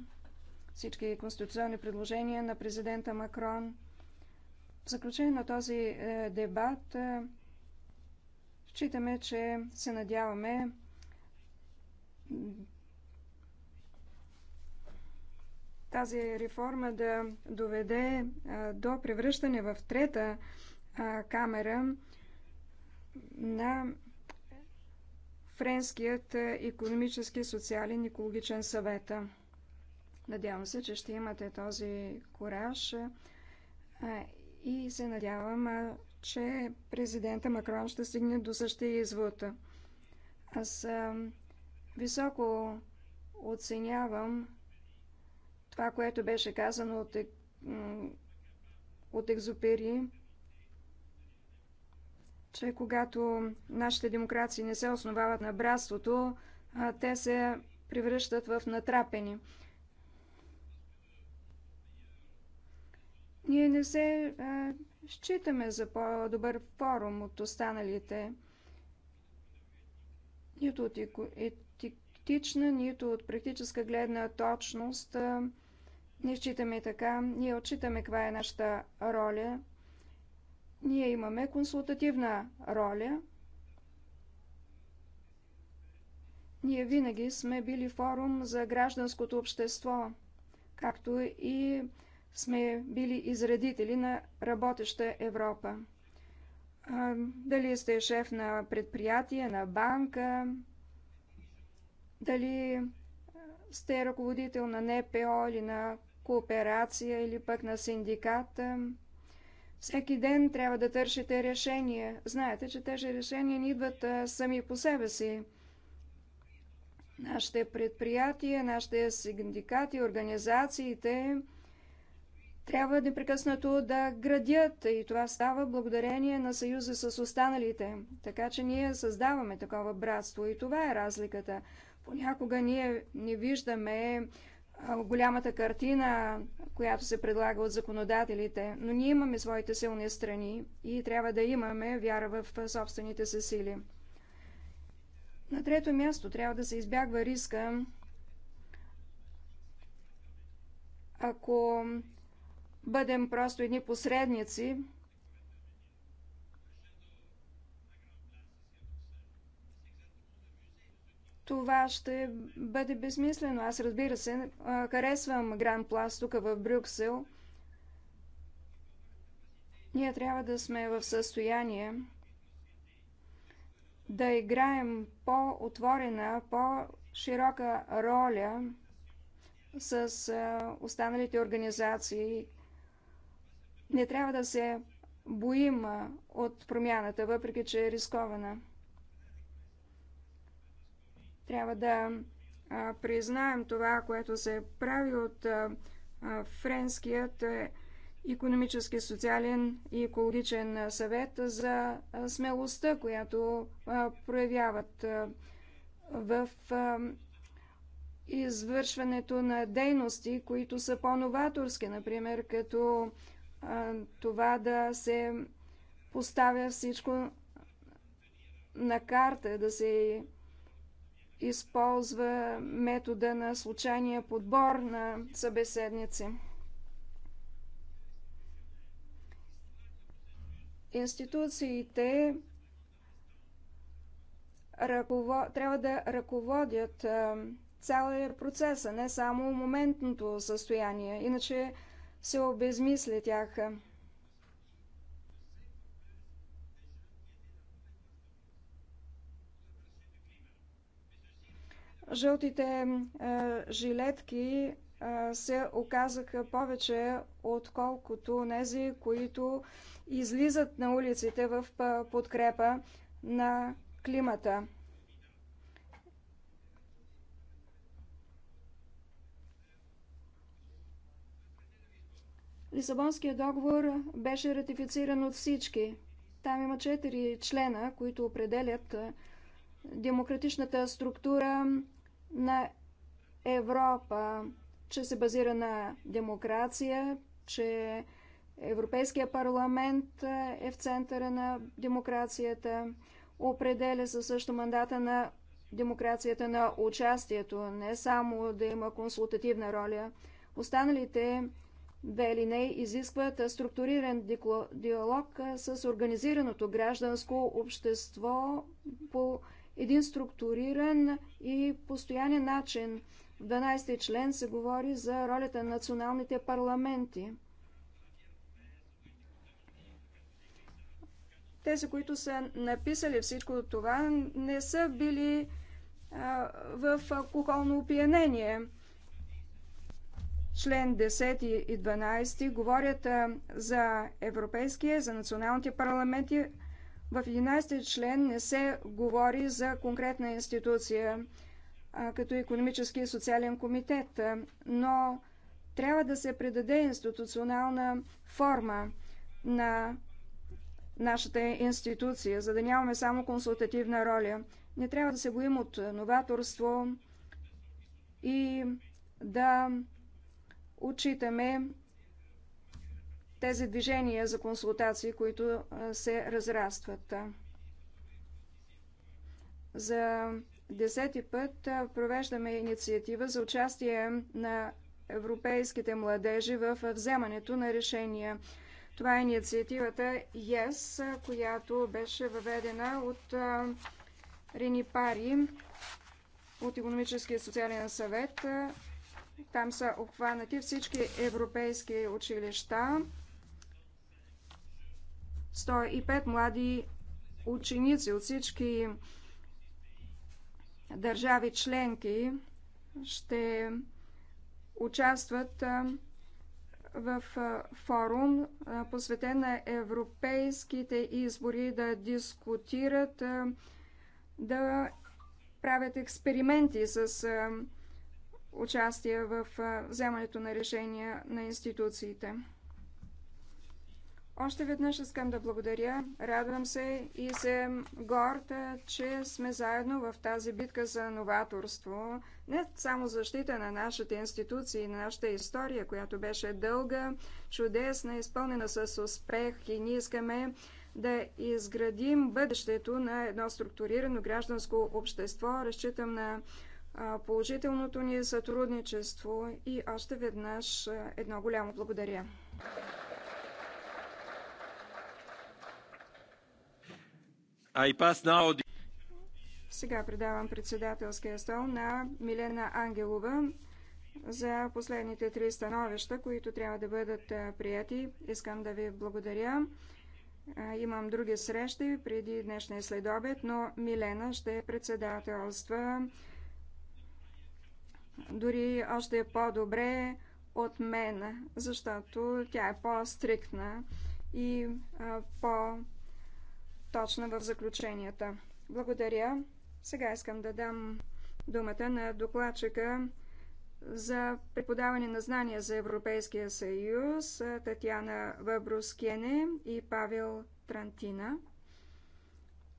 всички конституционни предложения на президента Макрон. В заключение на този е, дебат е, считаме, че се надяваме тази реформа да доведе до превръщане в трета камера на Френският економически, социален и екологичен съвет. Надявам се, че ще имате този кураж и се надявам, че президента Макрон ще стигне до същия извод. Аз високо оценявам това, което беше казано от, от Екзопери, че когато нашите демокрации не се основават на братството, те се превръщат в натрапени. Ние не се а, считаме за по-добър форум от останалите, нито от етиктична, нито от практическа гледна точност. А, не считаме така. Ние отчитаме каква е нашата роля. Ние имаме консултативна роля. Ние винаги сме били форум за гражданското общество, както и сме били изредители на работеща Европа. Дали сте шеф на предприятие, на банка, дали сте ръководител на НПО или на кооперация или пък на синдиката. Всеки ден трябва да търсите решения. Знаете, че тези решения не идват е, сами по себе си. Нашите предприятия, нашите синдикати, организациите трябва непрекъснато да градят и това става благодарение на съюза с останалите. Така че ние създаваме такова братство и това е разликата. Понякога ние не виждаме голямата картина, която се предлага от законодателите, но ние имаме своите силни страни и трябва да имаме вяра в собствените си сили. На трето място трябва да се избягва риска, ако бъдем просто едни посредници това ще бъде безмислено. Аз разбира се, харесвам Гран Пласт тук в Брюксел. Ние трябва да сме в състояние да играем по-отворена, по-широка роля с останалите организации. Не трябва да се боим от промяната, въпреки че е рискована. Трябва да признаем това, което се прави от френският економически, социален и екологичен съвет за смелостта, която проявяват в извършването на дейности, които са по-новаторски, например, като това да се поставя всичко на карта, да се използва метода на случайния подбор на събеседници. Институциите трябва да ръководят цялия процес, а не само моментното състояние, иначе се обезмисля тяха. Жълтите е, жилетки е, се оказаха повече, отколкото нези, които излизат на улиците в е, подкрепа на климата. Лисабонския договор беше ратифициран от всички. Там има четири члена, които определят демократичната структура, на Европа, че се базира на демокрация, че Европейския парламент е в центъра на демокрацията, определя се също мандата на демокрацията на участието, не само да има консултативна роля. Останалите две линии изискват структуриран диалог с организираното гражданско общество по един структуриран и постоянен начин. В 12 член се говори за ролята на националните парламенти. Тези, които са написали всичко това, не са били а, в алкохолно опиянение. Член 10 и 12 говорят а, за европейския, за националните парламенти, в 11 член не се говори за конкретна институция като економически и социален комитет, но трябва да се предаде институционална форма на нашата институция, за да нямаме само консултативна роля. Не трябва да се боим от новаторство и да отчитаме тези движения за консултации, които се разрастват. За десети път провеждаме инициатива за участие на европейските младежи в вземането на решения. Това е инициативата ЕС, която беше въведена от Рени Пари от Економическия социален съвет. Там са обхванати всички европейски училища 105 млади ученици от всички държави членки ще участват в форум, посветен на европейските избори, да дискутират, да правят експерименти с участие в вземането на решения на институциите. Още веднъж искам да благодаря. Радвам се и се горда, че сме заедно в тази битка за новаторство. Не само защита на нашите институции и на нашата история, която беше дълга, чудесна, изпълнена с успех и ние искаме да изградим бъдещето на едно структурирано гражданско общество. Разчитам на положителното ни сътрудничество и още веднъж едно голямо благодаря. Сега предавам председателския стол на Милена Ангелова за последните три становища, които трябва да бъдат прияти. Искам да ви благодаря. Имам други срещи преди днешния следобед, но Милена ще председателства дори още по-добре от мен, защото тя е по-стриктна и по-стриктна точна в заключенията. Благодаря. Сега искам да дам думата на докладчика за преподаване на знания за Европейския съюз Татьяна Въбрускене и Павел Трантина.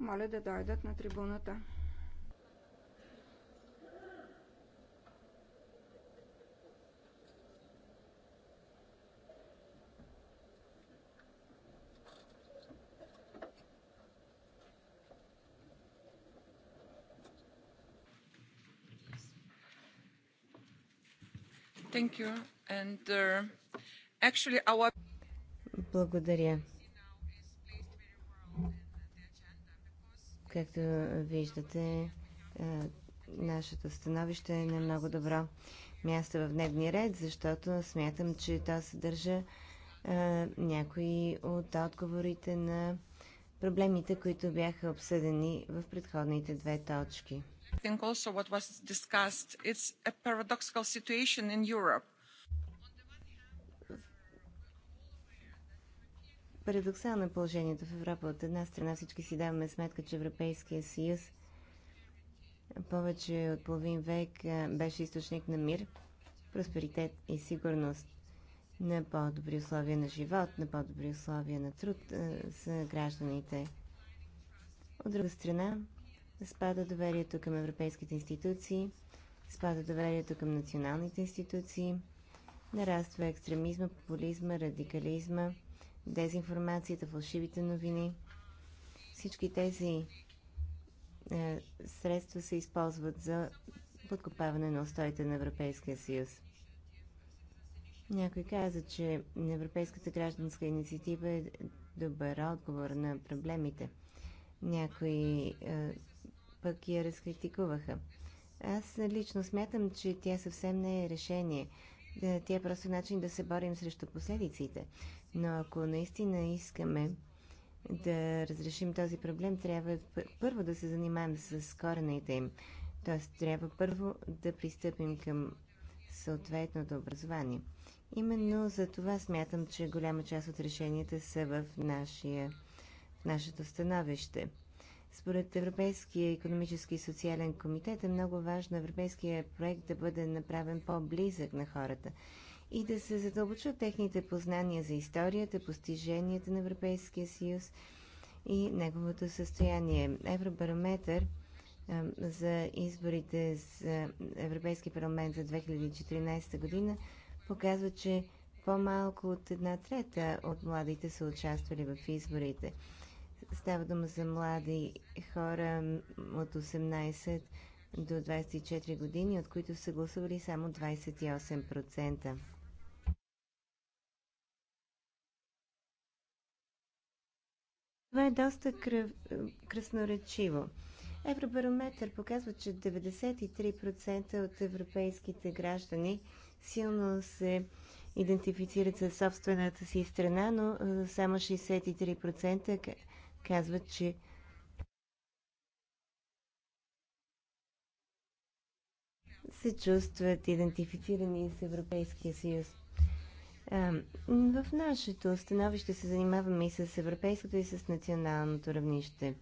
Моля да дойдат на трибуната. Uh, Благодаря. Както виждате, нашето становище е на много добро място в дневния ред, защото смятам, че то съдържа някои от отговорите на проблемите, които бяха обсъдени в предходните две точки think also what was discussed, it's a paradoxical situation in Europe. Парадоксално е положението в Европа. От една страна всички си даваме сметка, че Европейския съюз повече от половин век беше източник на мир, просперитет и сигурност на по-добри условия на живот, на по-добри условия на труд за гражданите. От друга страна, спада доверието към европейските институции, спада доверието към националните институции, нараства екстремизма, популизма, радикализма, дезинформацията, фалшивите новини. Всички тези е, средства се използват за подкопаване на устоите на Европейския съюз. Някой каза, че Европейската гражданска инициатива е добър отговор на проблемите. Някои е, пък я разкритикуваха. Аз лично смятам, че тя съвсем не е решение. Е, тя е просто начин да се борим срещу последиците. Но ако наистина искаме да разрешим този проблем, трябва първо да се занимаем с корените им. Тоест, трябва първо да пристъпим към съответното образование. Именно за това смятам, че голяма част от решенията са в, нашия, в нашето становище – според Европейския економически и социален комитет е много важно европейския проект да бъде направен по-близък на хората и да се задълбочат техните познания за историята, постиженията на Европейския съюз и неговото състояние. Евробарометър за изборите за Европейски парламент за 2014 година показва, че по-малко от една трета от младите са участвали в изборите. Става дума за млади хора от 18 до 24 години, от които са гласували само 28%. Това е доста кръв, красноречиво. Евробарометър показва, че 93% от европейските граждани силно се идентифицират със собствената си страна, но само 63% Казва, че се чувстват идентифицирани с Европейския съюз. В нашето становище се занимаваме и с европейското, и с националното равнище.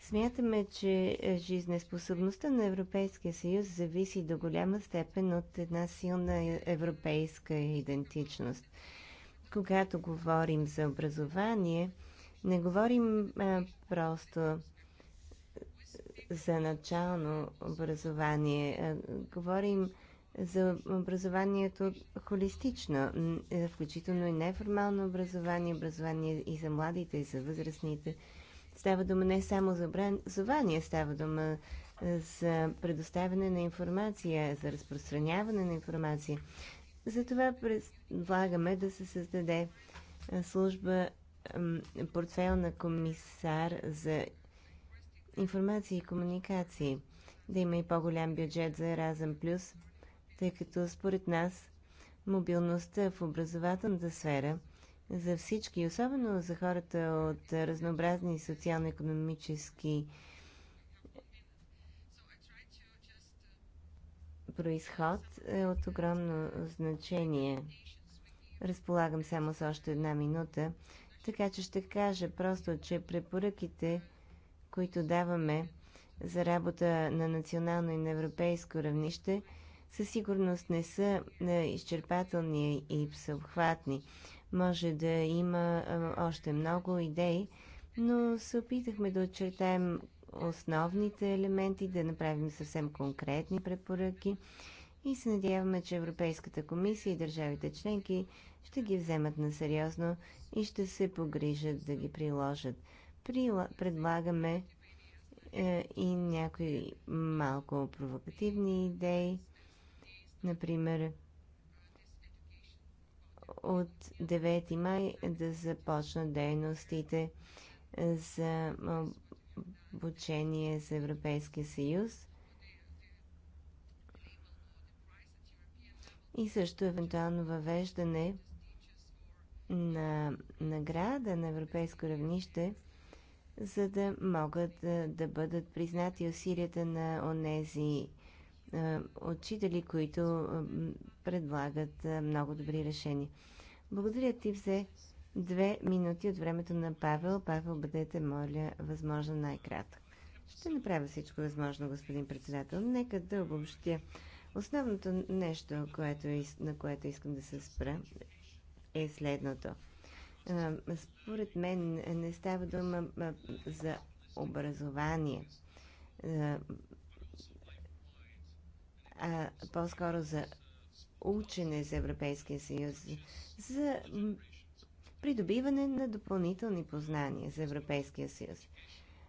Смятаме, че жизнеспособността на Европейския съюз зависи до голяма степен от една силна европейска идентичност. Когато говорим за образование, не говорим а, просто за начално образование. А, говорим за образованието холистично, е, включително и неформално образование, образование и за младите, и за възрастните. Става дума не само за образование, става дума за предоставяне на информация, за разпространяване на информация. Затова предлагаме да се създаде служба портфел на комисар за информация и комуникации, да има и по-голям бюджет за Еразъм Плюс, тъй като според нас мобилността в образователната сфера за всички, особено за хората от разнообразни социално-економически происход е от огромно значение. Разполагам само с още една минута. Така че ще кажа просто, че препоръките, които даваме за работа на национално и на европейско равнище, със сигурност не са е, изчерпателни и всеобхватни. Може да има е, още много идеи, но се опитахме да очертаем основните елементи, да направим съвсем конкретни препоръки и се надяваме, че Европейската комисия и държавите членки ще ги вземат на сериозно и ще се погрижат да ги приложат. Предлагаме е, и някои малко провокативни идеи, например от 9 май да започнат дейностите за обучение за Европейския съюз – и също евентуално въвеждане на награда на европейско равнище, за да могат да, да бъдат признати усилията на онези е, учители, които предлагат много добри решения. Благодаря ти взе две минути от времето на Павел. Павел, бъдете, моля, възможно най-кратък. Ще направя всичко възможно, господин председател. Нека да обобщя. Основното нещо, което, е на което искам да се спра, е следното. Според мен не става дума за образование, а по-скоро за учене за Европейския съюз, за придобиване на допълнителни познания за Европейския съюз.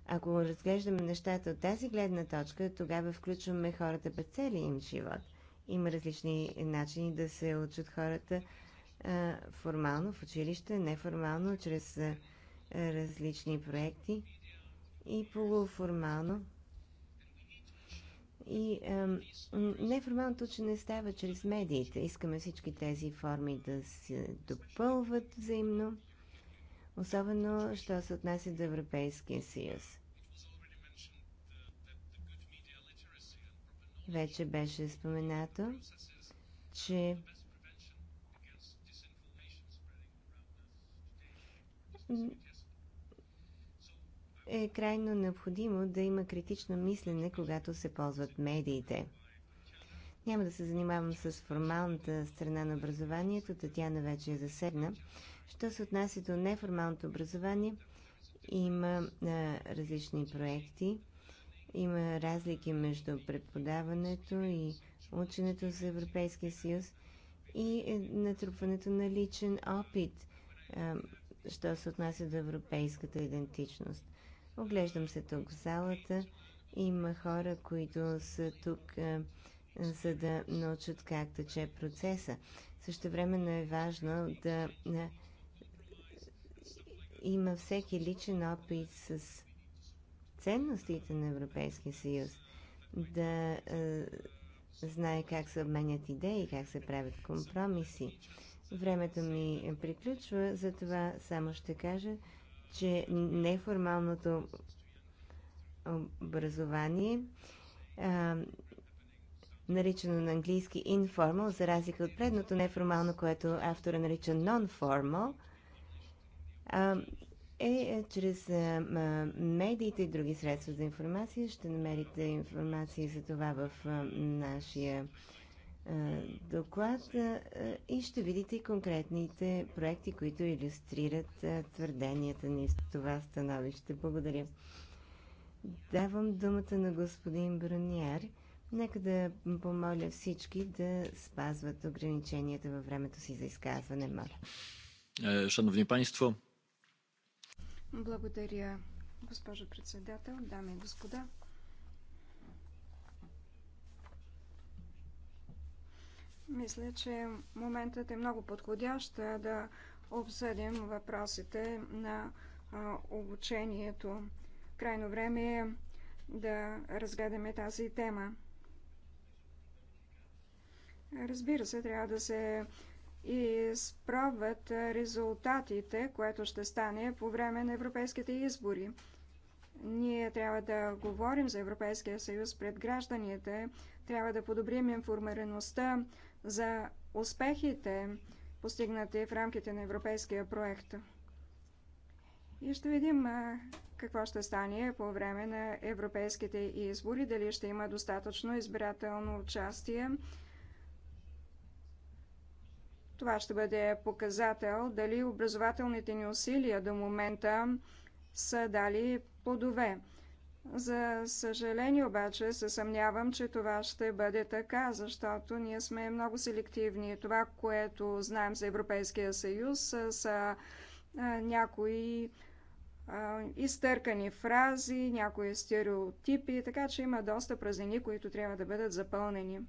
Ако разглеждаме нещата от тази гледна точка, тогава включваме хората през целия им живот. Има различни начини да се учат хората а, формално в училище, неформално, чрез а, различни проекти и полуформално. И а, неформалното учене става чрез медиите. Искаме всички тези форми да се допълват взаимно особено, що се отнася до Европейския съюз. Вече беше споменато, че е крайно необходимо да има критично мислене, когато се ползват медиите. Няма да се занимавам с формалната страна на образованието, Татьяна вече е засегна, Що се отнася до неформалното образование, има а, различни проекти. Има разлики между преподаването и ученето за Европейския съюз и е, натрупването на личен опит, а, що се отнася до европейската идентичност. Оглеждам се тук в залата. Има хора, които са тук, а, за да научат как тече процеса. Също времено е важно да. А, има всеки личен опит с ценностите на Европейския съюз, да е, знае как се обменят идеи, как се правят компромиси. Времето ми приключва, затова само ще кажа, че неформалното образование, а, наричано на английски informal, за разлика от предното неформално, което автора нарича non-formal, е, е чрез медиите и други средства за информация. Ще намерите информация за това в нашия доклад и ще видите конкретните проекти, които иллюстрират твърденията ни с това становище. Благодаря. Давам думата на господин Броняр. Нека да помоля всички да спазват ограниченията във времето си за изказване. Моля. Е, шановни панство, благодаря, госпожо председател, дами и господа. Мисля, че моментът е много подходящ да обсъдим въпросите на обучението. Крайно време е да разгледаме тази тема. Разбира се, трябва да се и спробват резултатите, което ще стане по време на европейските избори. Ние трябва да говорим за Европейския съюз пред гражданите, трябва да подобрим информираността за успехите, постигнати в рамките на европейския проект. И ще видим какво ще стане по време на европейските избори, дали ще има достатъчно избирателно участие. Това ще бъде показател дали образователните ни усилия до момента са дали плодове. За съжаление обаче се съмнявам, че това ще бъде така, защото ние сме много селективни. Това, което знаем за Европейския съюз, са някои изтъркани фрази, някои стереотипи, така че има доста празнини, които трябва да бъдат запълнени.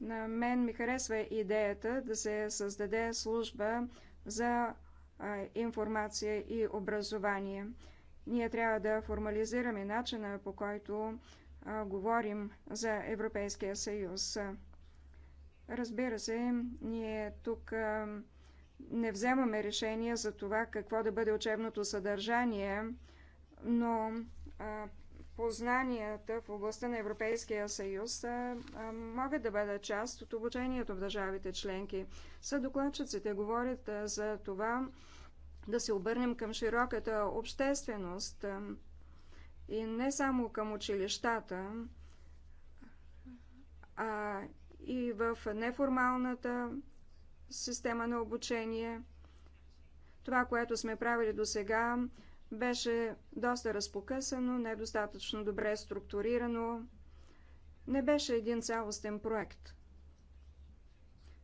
На мен ми харесва идеята да се създаде служба за информация и образование. Ние трябва да формализираме начина по който а, говорим за Европейския съюз. Разбира се, ние тук а, не вземаме решение за това какво да бъде учебното съдържание, но а, познанията в областта на Европейския съюз а, а, могат да бъдат част от обучението в държавите членки. Съдокладчиците говорят а, за това да се обърнем към широката общественост а, и не само към училищата, а и в неформалната система на обучение. Това, което сме правили до сега, беше доста разпокъсано, недостатъчно добре структурирано. Не беше един цялостен проект.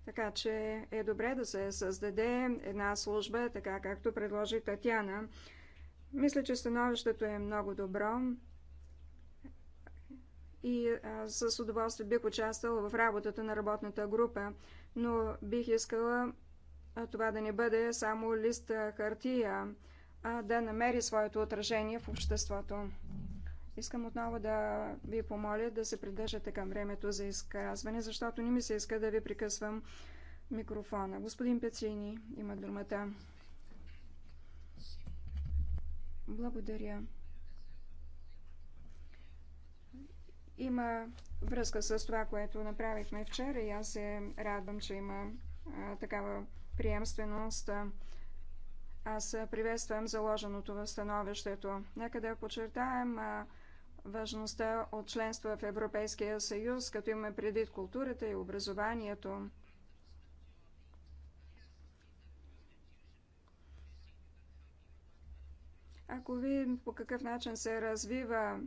Така че е добре да се създаде една служба, така както предложи Татяна. Мисля, че становището е много добро и а, с удоволствие бих участвала в работата на работната група, но бих искала а, това да не бъде само листа хартия, а да намери своето отражение в обществото. Искам отново да ви помоля да се придържате към времето за изказване, защото не ми се иска да ви прекъсвам микрофона. Господин Пецини има думата. Благодаря. Има връзка с това, което направихме вчера и аз се радвам, че има а, такава приемственост. Аз приветствам заложеното в становището. Нека да подчертаем важността от членство в Европейския съюз, като имаме предвид културата и образованието. Ако видим по какъв начин се развива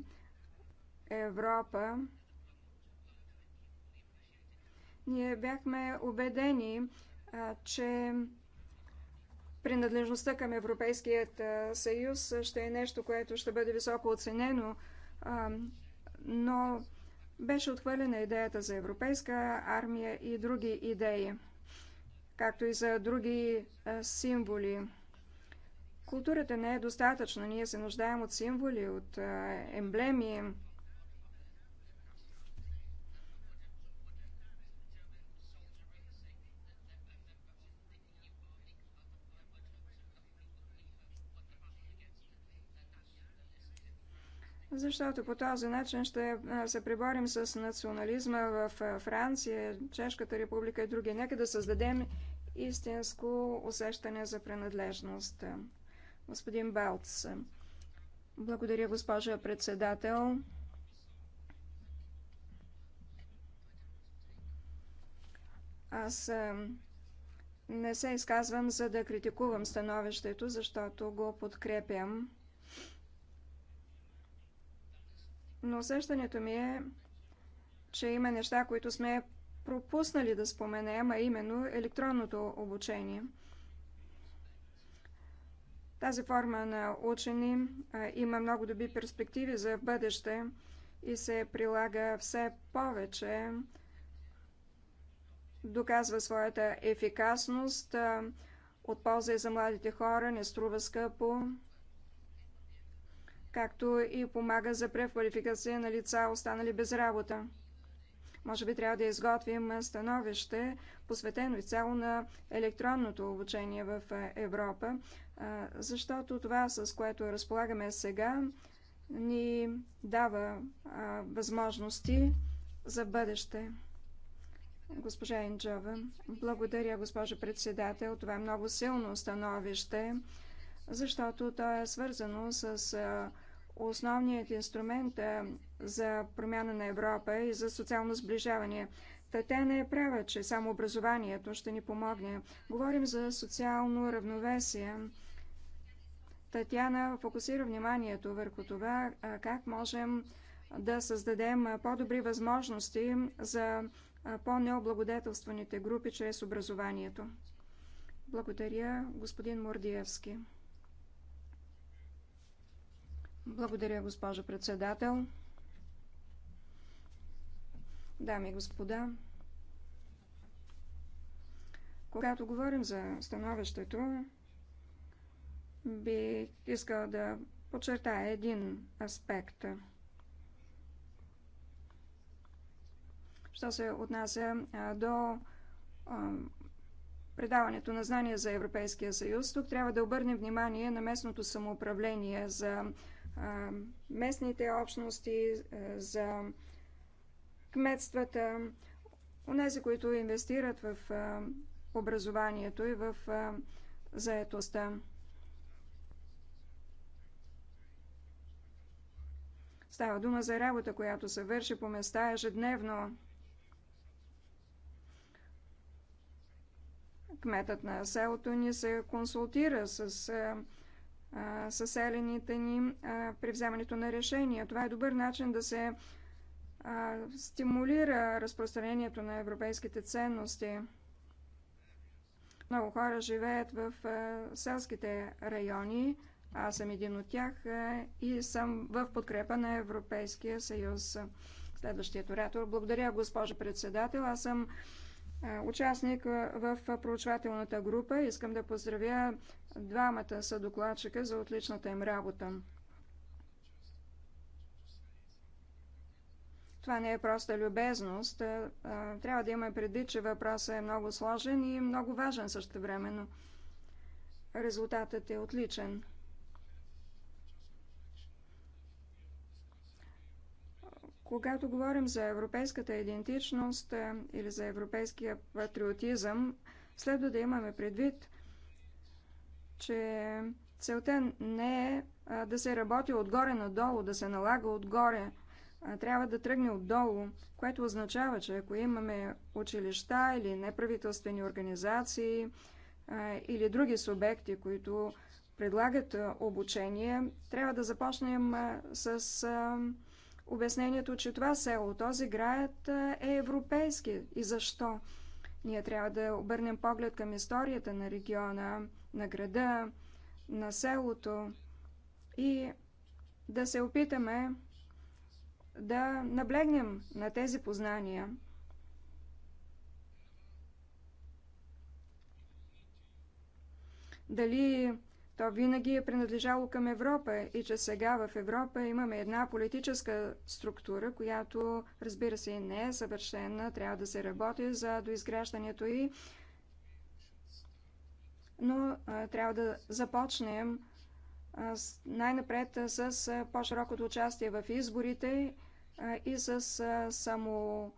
Европа, ние бяхме убедени, че принадлежността към Европейският съюз ще е нещо, което ще бъде високо оценено, но беше отхвърлена идеята за европейска армия и други идеи, както и за други символи. Културата не е достатъчна. Ние се нуждаем от символи, от емблеми, защото по този начин ще се приборим с национализма в Франция, Чешката република и други. Нека да създадем истинско усещане за принадлежност. Господин Балц. Благодаря, госпожа председател. Аз не се изказвам, за да критикувам становището, защото го подкрепям. но усещането ми е, че има неща, които сме пропуснали да споменем, а именно електронното обучение. Тази форма на учени има много добри перспективи за бъдеще и се прилага все повече. Доказва своята ефикасност, от полза и за младите хора, не струва скъпо както и помага за преквалификация на лица, останали без работа. Може би трябва да изготвим становище, посветено изцяло на електронното обучение в Европа, защото това, с което разполагаме сега, ни дава възможности за бъдеще. Госпожа Енджова, благодаря, госпожа председател. Това е много силно становище, защото то е свързано с основният инструмент за промяна на Европа и за социално сближаване. Та не е права, че само образованието ще ни помогне. Говорим за социално равновесие. Татяна фокусира вниманието върху това как можем да създадем по-добри възможности за по-необлагодетелстваните групи чрез образованието. Благодаря, господин Мордиевски. Благодаря, госпожо председател. Дами и господа, когато говорим за становището, бих искал да подчертая един аспект. Що се отнася до предаването на знания за Европейския съюз, тук трябва да обърнем внимание на местното самоуправление за местните общности, за кметствата, онези, които инвестират в образованието и в заетостта. Става дума за работа, която се върши по места ежедневно. Кметът на селото ни се консултира с с елените ни при вземането на решения. Това е добър начин да се стимулира разпространението на европейските ценности. Много хора живеят в селските райони. Аз съм един от тях и съм в подкрепа на Европейския съюз. Следващият оратор. Благодаря, госпожо председател. Аз съм участник в проучвателната група. Искам да поздравя двамата са докладчика за отличната им работа. Това не е просто любезност. Трябва да имаме предвид, че въпросът е много сложен и много важен също времено. Резултатът е отличен. Когато говорим за европейската идентичност или за европейския патриотизъм, следва да имаме предвид, че целта не е да се работи отгоре надолу, да се налага отгоре, а трябва да тръгне отдолу, което означава, че ако имаме училища или неправителствени организации или други субекти, които предлагат обучение, трябва да започнем с обяснението, че това село, този град е европейски. И защо? Ние трябва да обърнем поглед към историята на региона, на града, на селото и да се опитаме да наблегнем на тези познания. Дали то винаги е принадлежало към Европа и че сега в Европа имаме една политическа структура, която, разбира се, не е съвършена, трябва да се работи за доизграждането и но а, трябва да започнем най-напред с а, по-широкото участие в изборите а, и с а, само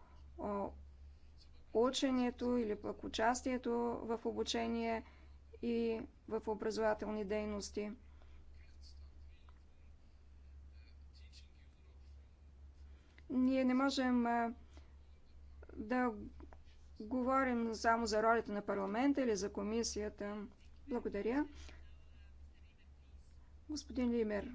ученето или пък участието в обучение и в образователни дейности. Ние не можем да говорим само за ролята на парламента или за комисията. Благодаря. Господин Лимер.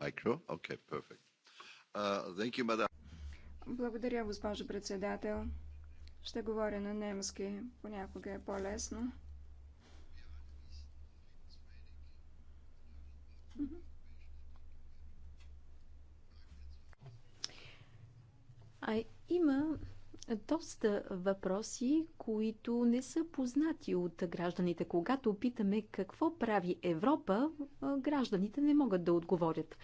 Micro? Okay, perfect. Uh, thank you, madam. Благодаря, госпожо председател. Ще говоря на немски, понякога е по-лесно. Mm-hmm. А има доста въпроси, които не са познати от гражданите. Когато питаме какво прави Европа, гражданите не могат да отговорят.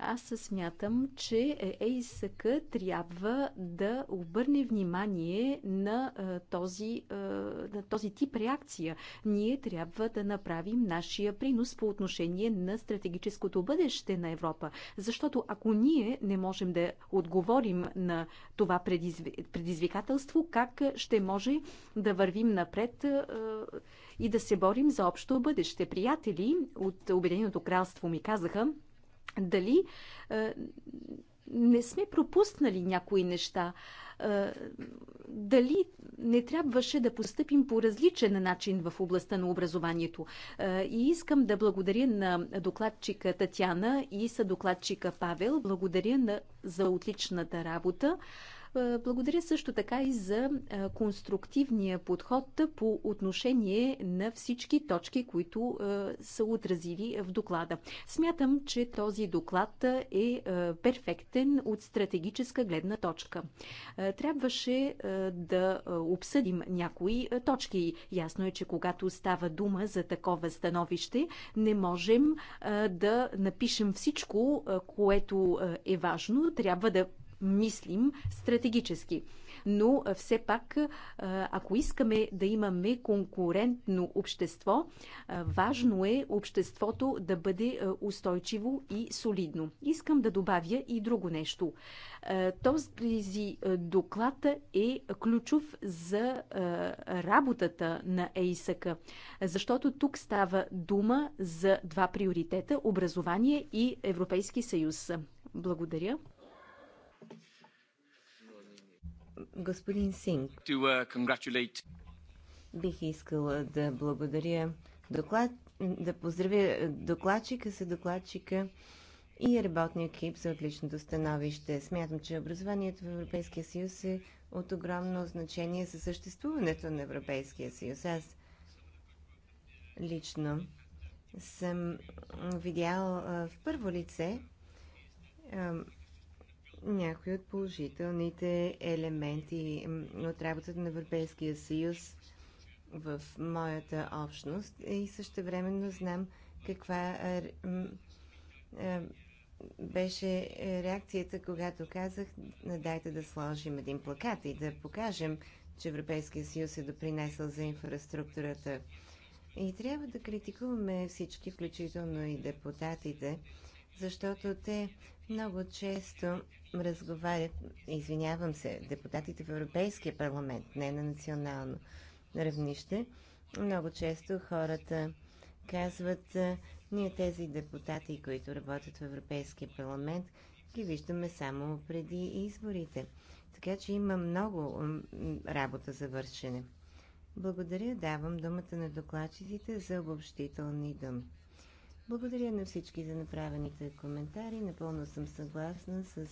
Аз смятам, че ЕИСК трябва да обърне внимание на този, на този тип реакция. Ние трябва да направим нашия принос по отношение на стратегическото бъдеще на Европа. Защото ако ние не можем да отговорим на това предизвикателство, как ще може да вървим напред и да се борим за общо бъдеще? Приятели от Обединеното кралство ми казаха, дали не сме пропуснали някои неща, дали не трябваше да постъпим по различен начин в областта на образованието. И искам да благодаря на докладчика Татяна и съдокладчика Павел. Благодаря за отличната работа. Е, благодаря също така и за е, конструктивния подход по отношение на всички точки, които е, са отразили в доклада. Смятам, че този доклад е перфектен от стратегическа гледна точка. Трябваше да обсъдим някои точки. Ясно е, че когато става дума за такова становище, не можем да напишем всичко, което е важно. Трябва да мислим стратегически. Но все пак, ако искаме да имаме конкурентно общество, важно е обществото да бъде устойчиво и солидно. Искам да добавя и друго нещо. Този доклад е ключов за работата на ЕИСК, защото тук става дума за два приоритета – образование и Европейски съюз. Благодаря. Господин Синг, uh, бих искала да благодаря доклад, да поздравя докладчика, се докладчика и работния екип за отличното становище. Смятам, че образованието в Европейския съюз е от огромно значение за съществуването на Европейския съюз. Аз лично съм видял в първо лице някои от положителните елементи от работата на Европейския съюз в моята общност и също времено знам каква е, беше реакцията, когато казах дайте да сложим един плакат и да покажем, че Европейския съюз е допринесъл за инфраструктурата. И трябва да критикуваме всички, включително и депутатите, защото те много често разговарят, извинявам се, депутатите в Европейския парламент, не на национално равнище, много често хората казват, ние тези депутати, които работят в Европейския парламент, ги виждаме само преди изборите. Така че има много работа за вършене. Благодаря, давам думата на докладчиците за обобщителни думи. Благодаря на всички за направените коментари. Напълно съм съгласна с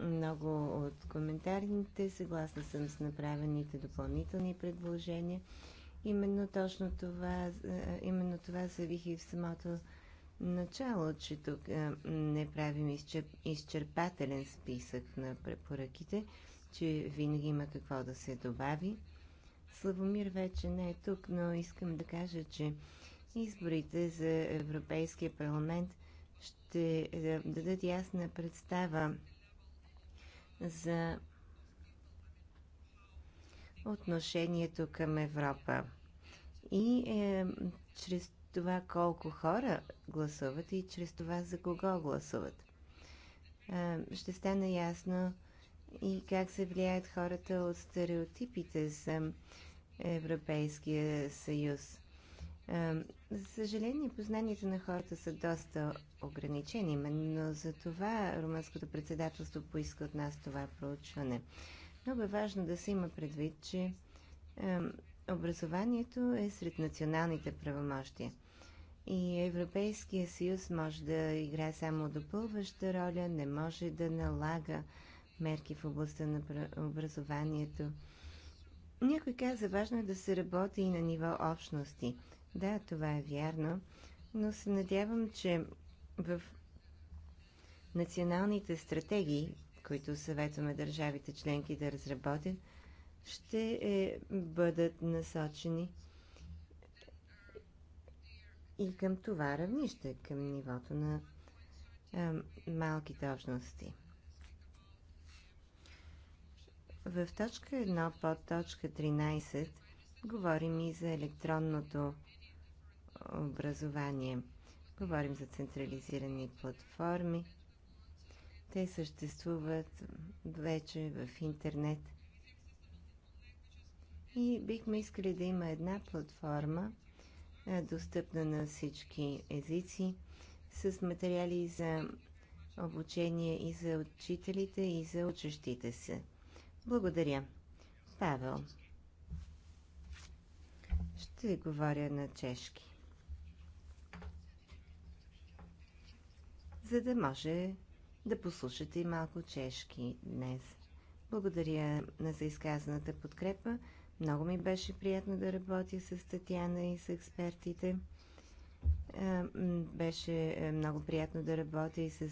много от коментарите. Съгласна съм с направените допълнителни предложения. Именно точно това, е, именно това завих и в самото начало, че тук е, не правим изчерпателен списък на препоръките, че винаги има какво да се добави. Славомир вече не е тук, но искам да кажа, че изборите за Европейския парламент ще е, дадат ясна представа за отношението към Европа. И е, чрез това колко хора гласуват и чрез това за кого гласуват. Е, ще стане ясно и как се влияят хората от стереотипите за Европейския съюз. За съжаление, познанията на хората са доста ограничени, но за това румънското председателство поиска от нас това проучване. Много е важно да се има предвид, че образованието е сред националните правомощия. И Европейския съюз може да играе само допълваща роля, не може да налага мерки в областта на образованието. Някой каза, важно е да се работи и на ниво общности. Да, това е вярно, но се надявам, че в националните стратегии, които съветваме държавите членки да разработят, ще е, бъдат насочени и към това равнище, към нивото на е, малките общности. В точка 1 под точка 13 говорим и за електронното образование. Говорим за централизирани платформи. Те съществуват вече в интернет. И бихме искали да има една платформа, достъпна на всички езици, с материали за обучение и за учителите, и за учещите се. Благодаря. Павел. Ще говоря на чешки. за да може да послушате и малко чешки днес. Благодаря за изказаната подкрепа. Много ми беше приятно да работя с Татьяна и с експертите. Беше е, много приятно да работя и с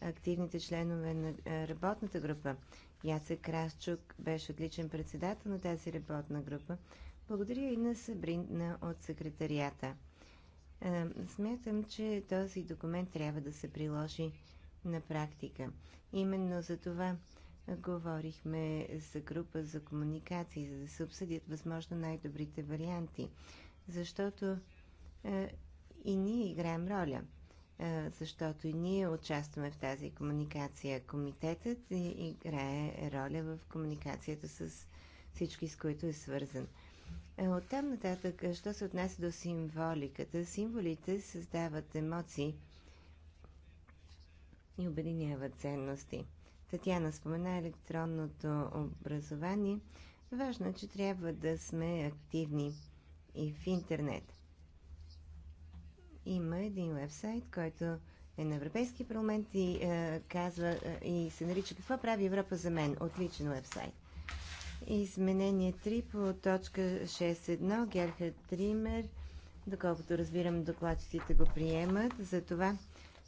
активните членове на е, работната група. Яцек Красчук беше отличен председател на тази работна група. Благодаря и на Сабрина от секретарията. Е, смятам, че този документ трябва да се приложи на практика. Именно за това е, говорихме за група за комуникации, за да се обсъдят възможно най-добрите варианти. Защото е, и ние играем роля. Е, защото и ние участваме в тази комуникация. Комитетът играе роля в комуникацията с всички, с които е свързан. Е, От там нататък, що се отнася до символиката, символите създават емоции и обединяват ценности. Татьяна спомена електронното образование. Важно е, че трябва да сме активни и в интернет. Има един вебсайт, който е на Европейски парламент и е, казва е, и се нарича Какво прави Европа за мен? Отличен вебсайт. Изменение 3 по точка 6.1 Герхард Тример. Доколкото разбирам, докладчиците го приемат. Затова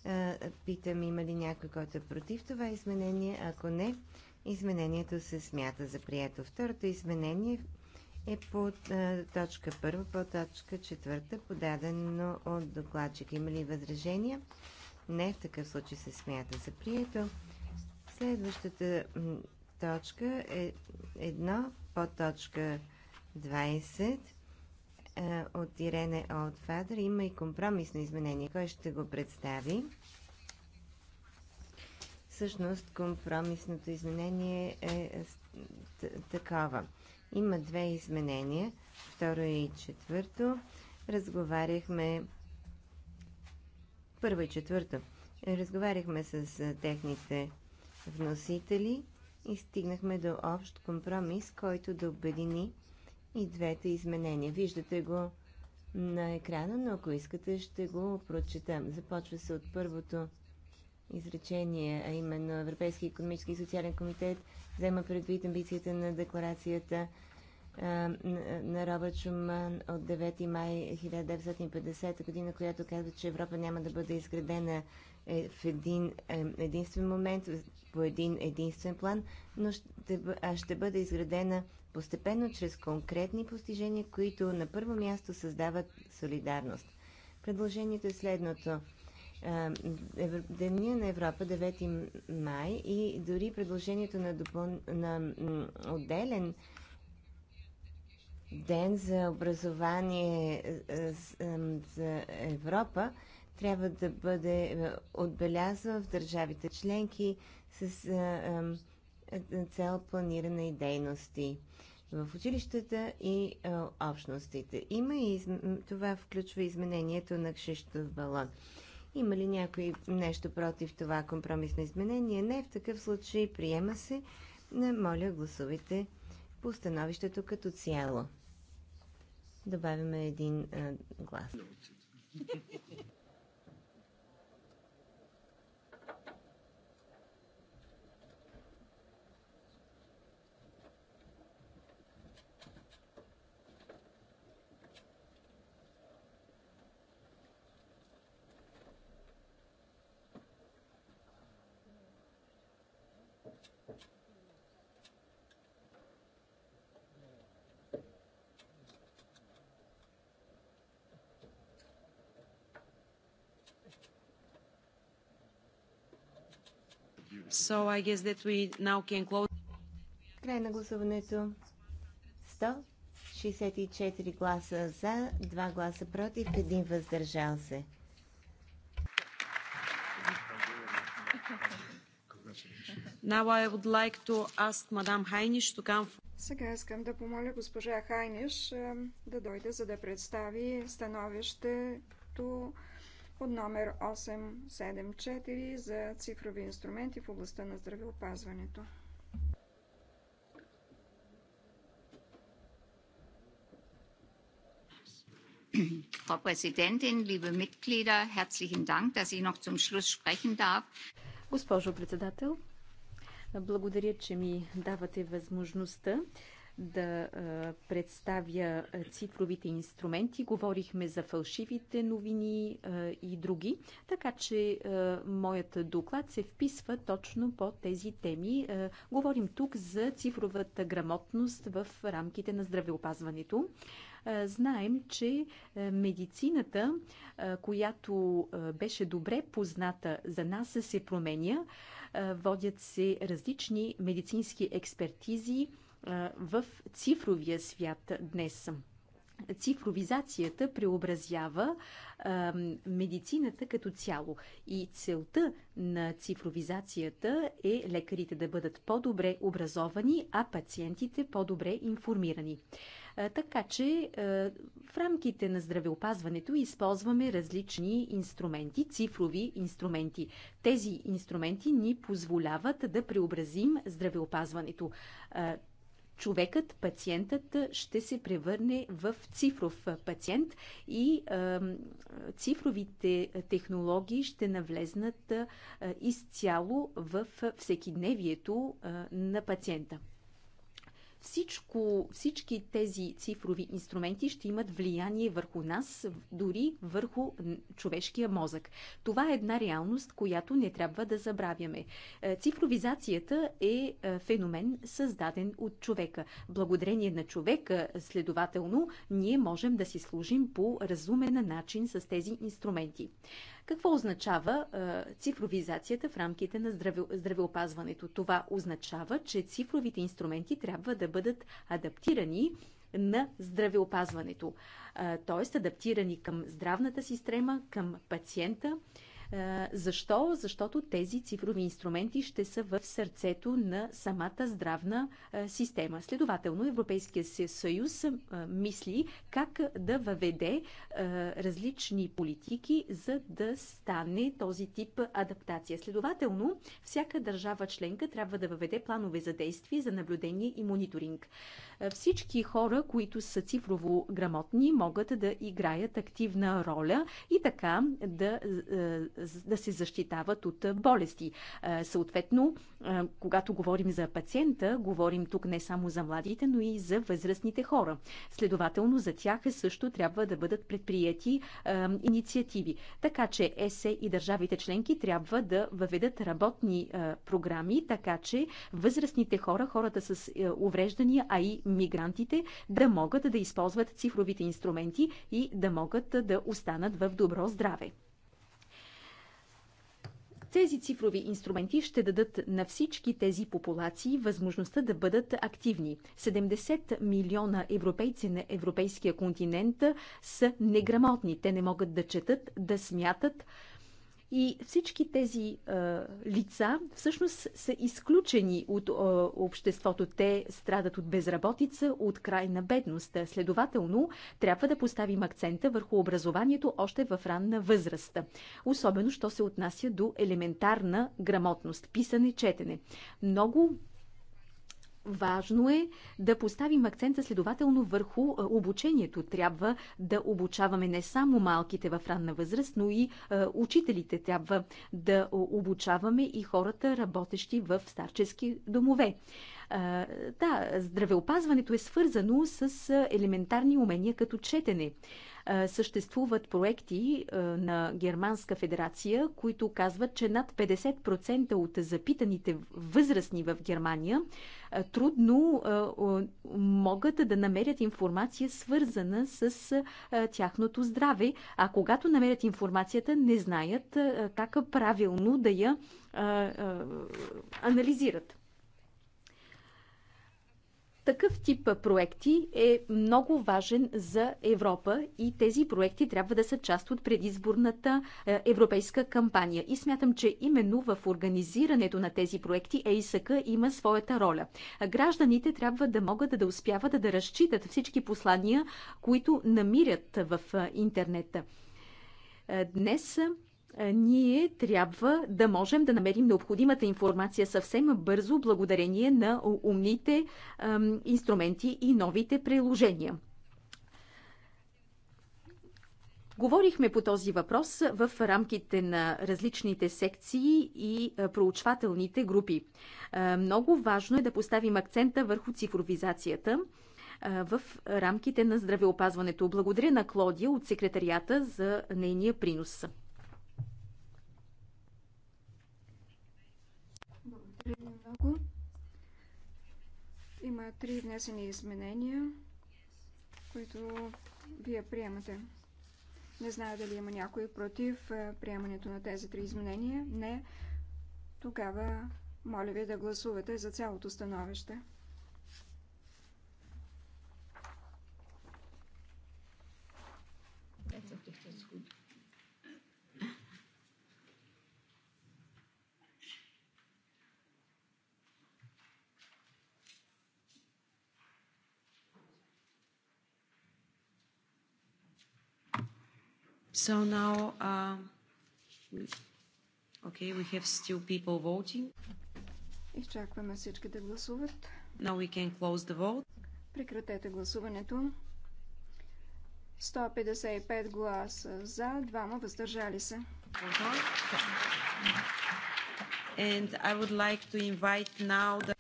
това питам има ли някой, който е против това изменение. Ако не, изменението се смята за прието. Второто изменение е по точка 1, по точка 4, подадено от докладчик. Има ли възражения? Не, в такъв случай се смята за прието. Следващата точка 1, по точка 20 от Ирене Олдфадър. Има и компромисно изменение. Кой ще го представи? Всъщност, компромисното изменение е такова. Има две изменения, второ и четвърто. Разговаряхме първо и четвърто. Разговаряхме с техните вносители и стигнахме до общ компромис, който да обедини и двете изменения. Виждате го на екрана, но ако искате, ще го прочетам. Започва се от първото изречение, а именно Европейски економически и социален комитет взема предвид амбицията на декларацията на Робърт Шуман от 9 май 1950 година, която казва, че Европа няма да бъде изградена е в един е, единствен момент, по един единствен план, но ще, а ще бъде изградена постепенно чрез конкретни постижения, които на първо място създават солидарност. Предложението е следното. Деня на Европа, 9 май и дори предложението на, допъл... на отделен ден за образование за Европа трябва да бъде е, отбелязва в държавите членки с е, е, цел планиране и дейности в училищата и общностите. Има и изм... това включва изменението на Кшиштов балон. Има ли някой нещо против това компромисно изменение? Не, в такъв случай приема се. Не, моля, гласувайте по становището като цяло. Добавяме един а, глас. So I guess that we now can close. Край на гласуването. 164 гласа за, 2 гласа против, 1 въздържал се. Now I would like to ask Madame Heinisch to come. Сега искам да помоля госпожа Хайниш да дойде, за да представи становището под номер 874 за цифрови инструменти в областта на здравеопазването. Frau Präsidentin, liebe Mitglieder, herzlichen Dank, dass ich noch zum Schluss sprechen darf. Госпожо председател, благодаря, че ми давате възможността да представя цифровите инструменти. Говорихме за фалшивите новини и други, така че моят доклад се вписва точно по тези теми. Говорим тук за цифровата грамотност в рамките на здравеопазването знаем, че медицината, която беше добре позната за нас, се променя. Водят се различни медицински експертизи, в цифровия свят днес. Цифровизацията преобразява а, медицината като цяло. И целта на цифровизацията е лекарите да бъдат по-добре образовани, а пациентите по-добре информирани. А, така че а, в рамките на здравеопазването използваме различни инструменти, цифрови инструменти. Тези инструменти ни позволяват да преобразим здравеопазването. А, човекът, пациентът ще се превърне в цифров пациент и цифровите технологии ще навлезнат изцяло в всекидневието на пациента. Всичко, всички тези цифрови инструменти ще имат влияние върху нас, дори върху човешкия мозък. Това е една реалност, която не трябва да забравяме. Е, цифровизацията е, е феномен създаден от човека. Благодарение на човека, следователно, ние можем да си служим по разумен начин с тези инструменти. Какво означава е, цифровизацията в рамките на здраве, здравеопазването? Това означава, че цифровите инструменти трябва да бъдат адаптирани на здравеопазването, т.е. адаптирани към здравната система, към пациента е, защо? Защото тези цифрови инструменти ще са в сърцето на самата здравна е, система. Следователно, Европейския съюз е, мисли как да въведе различни политики, за да стане този тип адаптация. Следователно, всяка държава членка трябва да въведе планове за действие, за наблюдение и мониторинг. Всички хора, които са цифрово грамотни, могат да играят активна роля и така да да се защитават от болести. Съответно, когато говорим за пациента, говорим тук не само за младите, но и за възрастните хора. Следователно, за тях е също трябва да бъдат предприяти инициативи. Така че ЕСЕ и държавите членки трябва да въведат работни програми, така че възрастните хора, хората с е, увреждания, а и мигрантите да могат да използват цифровите инструменти и да могат да останат в добро здраве. Тези цифрови инструменти ще дадат на всички тези популации възможността да бъдат активни. 70 милиона европейци на европейския континент са неграмотни. Те не могат да четат, да смятат, и всички тези а, лица всъщност са изключени от а, обществото. Те страдат от безработица, от край на бедност. Следователно, трябва да поставим акцента върху образованието още в ранна възраст. Особено, що се отнася до елементарна грамотност, писане, четене. Много Важно е да поставим акцента следователно върху обучението. Трябва да обучаваме не само малките в ранна възраст, но и учителите. Трябва да обучаваме и хората, работещи в старчески домове. Да, здравеопазването е свързано с елементарни умения като четене съществуват проекти на Германска федерация, които казват, че над 50% от запитаните възрастни в Германия трудно могат да намерят информация свързана с тяхното здраве, а когато намерят информацията, не знаят как правилно да я анализират. Такъв тип проекти е много важен за Европа и тези проекти трябва да са част от предизборната е, европейска кампания. И смятам, че именно в организирането на тези проекти ЕИСК има своята роля. Гражданите трябва да могат да успяват да разчитат всички послания, които намират в е, интернета. Е, днес е, ние трябва да можем да намерим необходимата информация съвсем бързо, благодарение на умните инструменти и новите приложения. Говорихме по този въпрос в рамките на различните секции и е, проучвателните групи. Е, много важно е да поставим акцента върху цифровизацията в рамките на здравеопазването. Благодаря на Клодия от секретарията за нейния принос. Благодаря много. Има три внесени изменения, които вие приемате. Не знаю дали има някой против е, приемането на тези три изменения. Не. Тогава моля ви да гласувате за цялото становище. So now, uh, okay, we have still people voting. Изчакваме всички да гласуват. Now we can close the vote. Прекратете гласуването. 155 гласа за, двама въздържали се. Uh-huh. And I would like to invite now the...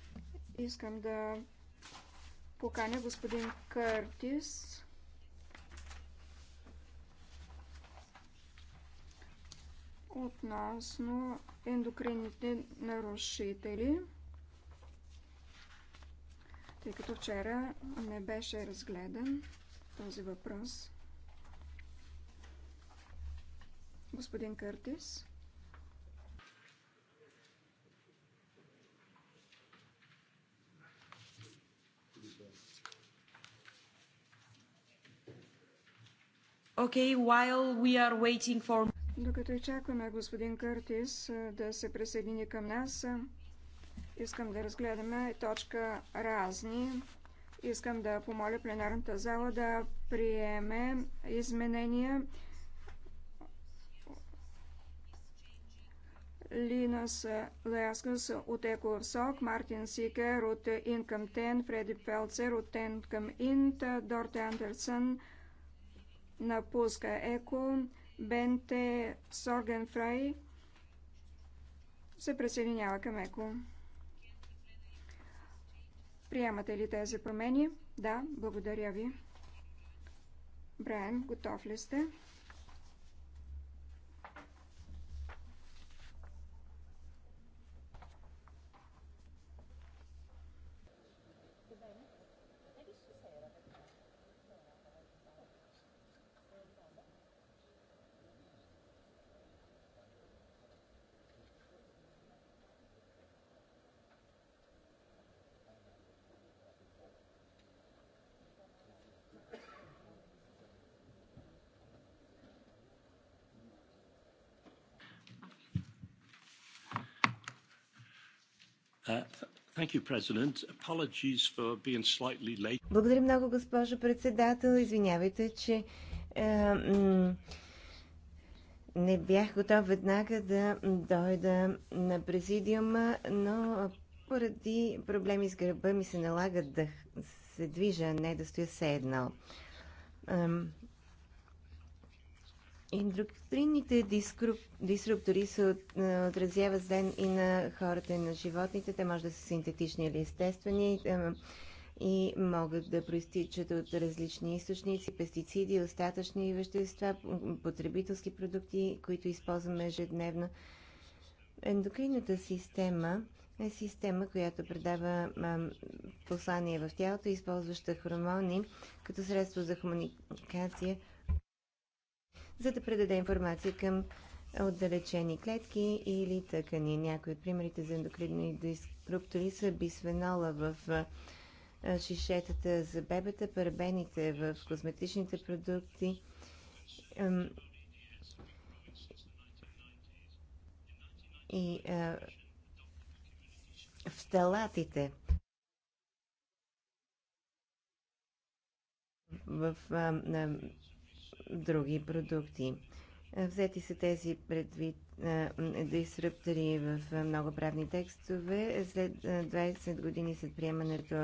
Искам да поканя господин Къртис относно ендокрините нарушители, тъй като вчера не беше разгледан този въпрос. Господин Къртис. Okay, while we are waiting for докато изчакваме господин Къртис да се присъедини към нас, искам да разгледаме точка разни. Искам да помоля пленарната зала да приеме изменения. Линас Леаскас от Ековсок, Мартин Сикер от Ин към Тен, Фреди Пелцер от Тен към Инт, Дорте Андерсън напуска Еко. Бенте Соргенфрай се присъединява към ЕКО. Приемате ли тези промени? Да, благодаря ви. Брайан, готов ли сте? Uh, Благодаря много, госпожо председател. Извинявайте, че е, не бях готов веднага да дойда на президиума, но поради проблеми с гърба ми се налага да се движа, а не да стоя все едно. Е, Индоктринните дисруптори се е, отразяват ден и на хората, и на животните. Те може да са синтетични или естествени е, и могат да проистичат от различни източници, пестициди, остатъчни вещества, потребителски продукти, които използваме ежедневно. Ендокринната система е система, която предава е, послания в тялото, използваща хормони като средство за комуникация за да предаде информация към отдалечени клетки или тъкани. Някои от примерите за ендокринни дискруптори са бисфенола в шишетата за бебета, парабените в козметичните продукти. И фталатите. В а, други продукти. Взети са тези предвид дисруптори в много правни текстове. След 20 години след приемането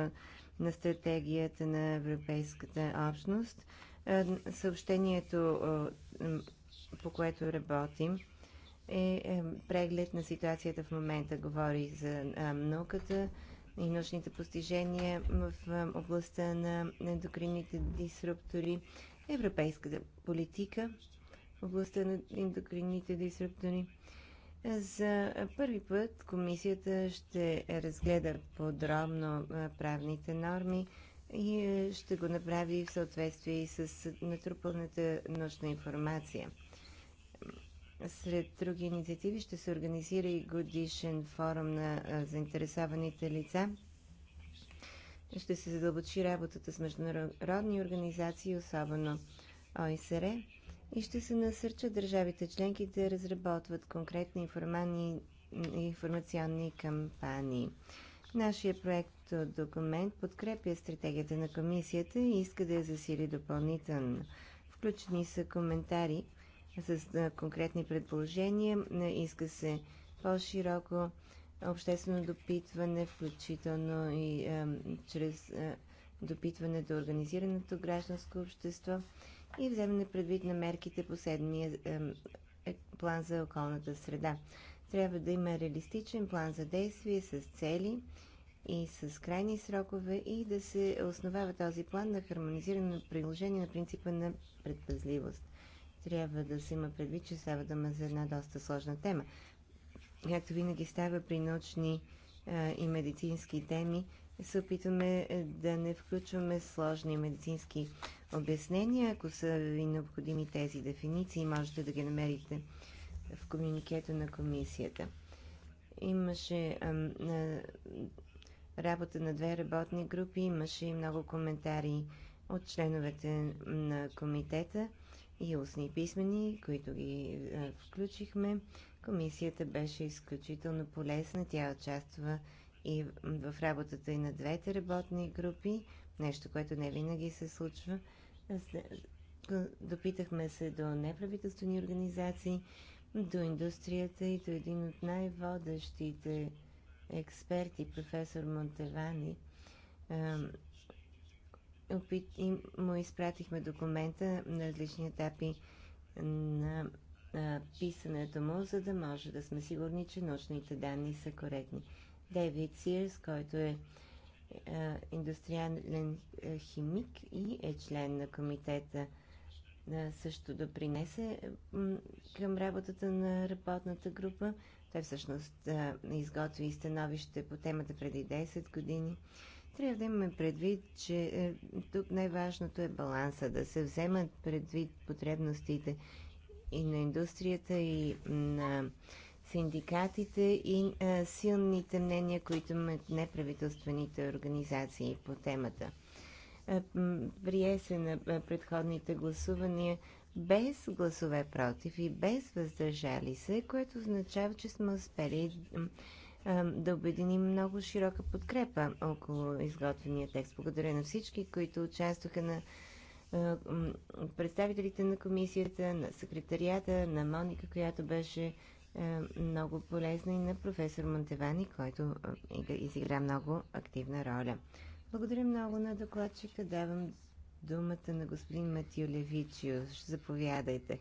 на стратегията на Европейската общност, съобщението, по което работим, е, е преглед на ситуацията в момента. Говори за науката и научните постижения в областта на ендокринните дисруптори европейската политика в областта на индокрините дисруптори. За първи път комисията ще разгледа подробно правните норми и ще го направи в съответствие с натрупаната научна информация. Сред други инициативи ще се организира и годишен форум на заинтересованите лица ще се задълбочи работата с международни организации, особено ОИСР, и ще се насърчат държавите членки да разработват конкретни информационни кампании. Нашия проект документ подкрепя стратегията на комисията и иска да я засили допълнително. Включени са коментари с конкретни предположения, иска се по-широко обществено допитване, включително и а, чрез а, допитване до организираното гражданско общество и вземане предвид на мерките по седмия а, е, план за околната среда. Трябва да има реалистичен план за действие с цели и с крайни срокове и да се основава този план на хармонизирано приложение на принципа на предпазливост. Трябва да се има предвид, че става дума за една доста сложна тема както винаги става при научни а, и медицински теми, се опитваме е, да не включваме сложни медицински обяснения. Ако са ви необходими тези дефиниции, можете да ги намерите в комуникето на комисията. Имаше а, работа на две работни групи, имаше и много коментари от членовете на комитета и устни писмени, които ги е, включихме. Комисията беше изключително полезна. Тя участва и в работата и на двете работни групи, нещо, което не винаги се случва. Е, допитахме се до неправителствени организации, до индустрията и до един от най-водещите експерти, професор Монтевани, опит, му изпратихме документа на различни етапи на а, писането му, за да може да сме сигурни, че научните данни са коректни. Дейвид Сирс, който е а, индустриален химик и е член на комитета също допринесе към работата на работната група. Той всъщност изготви становище по темата преди 10 години. Трябва да имаме предвид, че е, тук най-важното е баланса, да се вземат предвид потребностите и на индустрията, и на синдикатите, и а, е, силните мнения, които имат неправителствените организации по темата. Е, прие се на предходните гласувания без гласове против и без въздържали се, което означава, че сме успели да обединим много широка подкрепа около изготвения текст. Благодаря на всички, които участваха на представителите на комисията, на секретарията, на Моника, която беше много полезна и на професор Монтевани, който изигра много активна роля. Благодаря много на докладчика. Давам думата на господин Матио Левичиус. Заповядайте.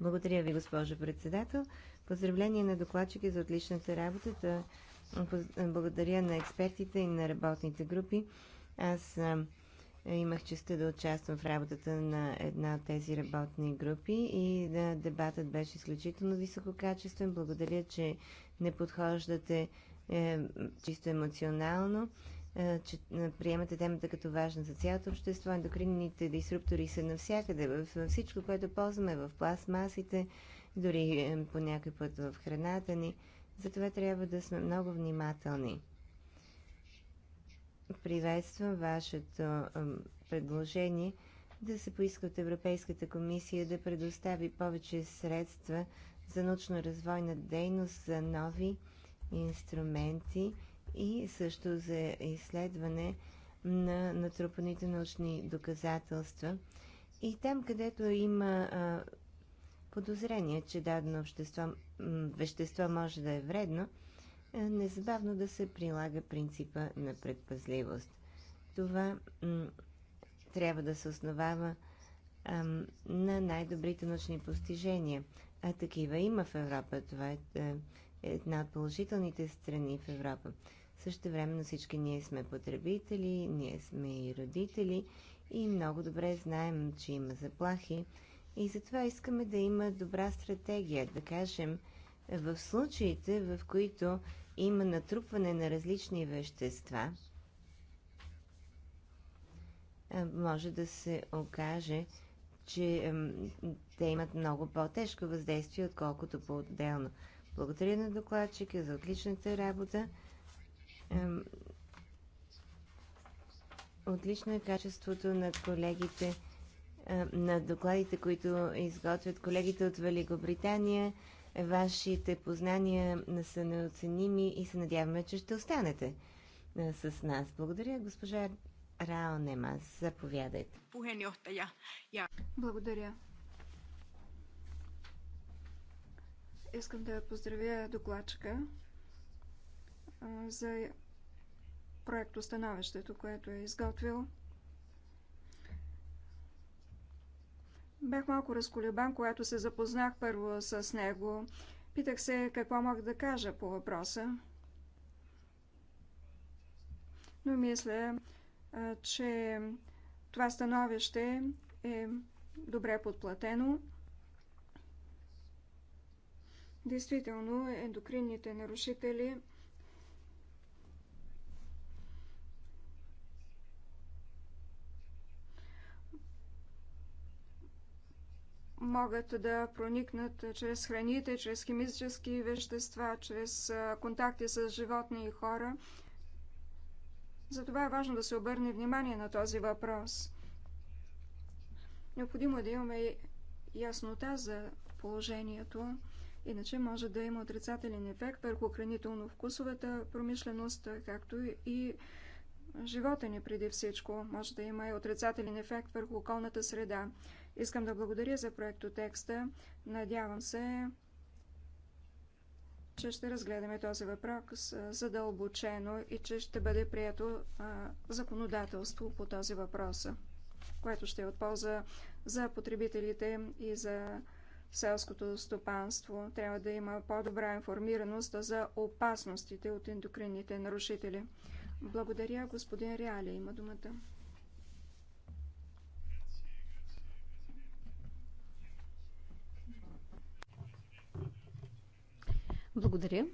Благодаря ви, госпожо председател. Поздравление на докладчики за отличната работа. Благодаря на експертите и на работните групи. Аз имах честа да участвам в работата на една от тези работни групи и да, дебатът беше изключително висококачествен. Благодаря, че не подхождате е, чисто емоционално, е, че е, приемате темата като важна за цялото общество. Ендокринните дисруптори са навсякъде, във всичко, което ползваме, в пластмасите, дори е, по някой път в храната ни. Затова трябва да сме много внимателни. Приветствам вашето предложение да се поиска от Европейската комисия да предостави повече средства за научно-развойна дейност, за нови инструменти и също за изследване на натрупаните научни доказателства. И там, където има а, подозрение, че дадено общество, вещество може да е вредно, е, незабавно да се прилага принципа на предпазливост. Това трябва да се основава на най-добрите научни постижения. А такива има в Европа. Това е, е една от положителните страни в Европа. Също на всички ние сме потребители, ние сме и родители и много добре знаем, че има заплахи и затова искаме да има добра стратегия, да кажем, в случаите, в които има натрупване на различни вещества, може да се окаже, че те имат много по-тежко въздействие, отколкото по-отделно. Благодаря на докладчика за отличната работа. Отлично е качеството на колегите е, на докладите, които изготвят колегите от Великобритания. Вашите познания са неоценими и се надяваме, че ще останете е, с нас. Благодаря, госпожа Раонемас. Заповядайте. Благодаря. Искам да поздравя докладчика е, за проектостановището, което е изготвил. Бях малко разколебан, когато се запознах първо с него. Питах се какво мога да кажа по въпроса. Но мисля, че това становище е добре подплатено. Действително, ендокринните нарушители могат да проникнат чрез храните, чрез химически вещества, чрез контакти с животни и хора. Затова е важно да се обърне внимание на този въпрос. Необходимо е да имаме яснота за положението, иначе може да има отрицателен ефект върху хранително-вкусовата промишленост, както и живота ни преди всичко. Може да има и отрицателен ефект върху околната среда. Искам да благодаря за проектотекста. Надявам се, че ще разгледаме този въпрос задълбочено и че ще бъде прието законодателство по този въпрос, което ще е от полза за потребителите и за селското стопанство. Трябва да има по-добра информираност за опасностите от ендокринните нарушители. Благодаря, господин Реали. Има думата. Благодаря.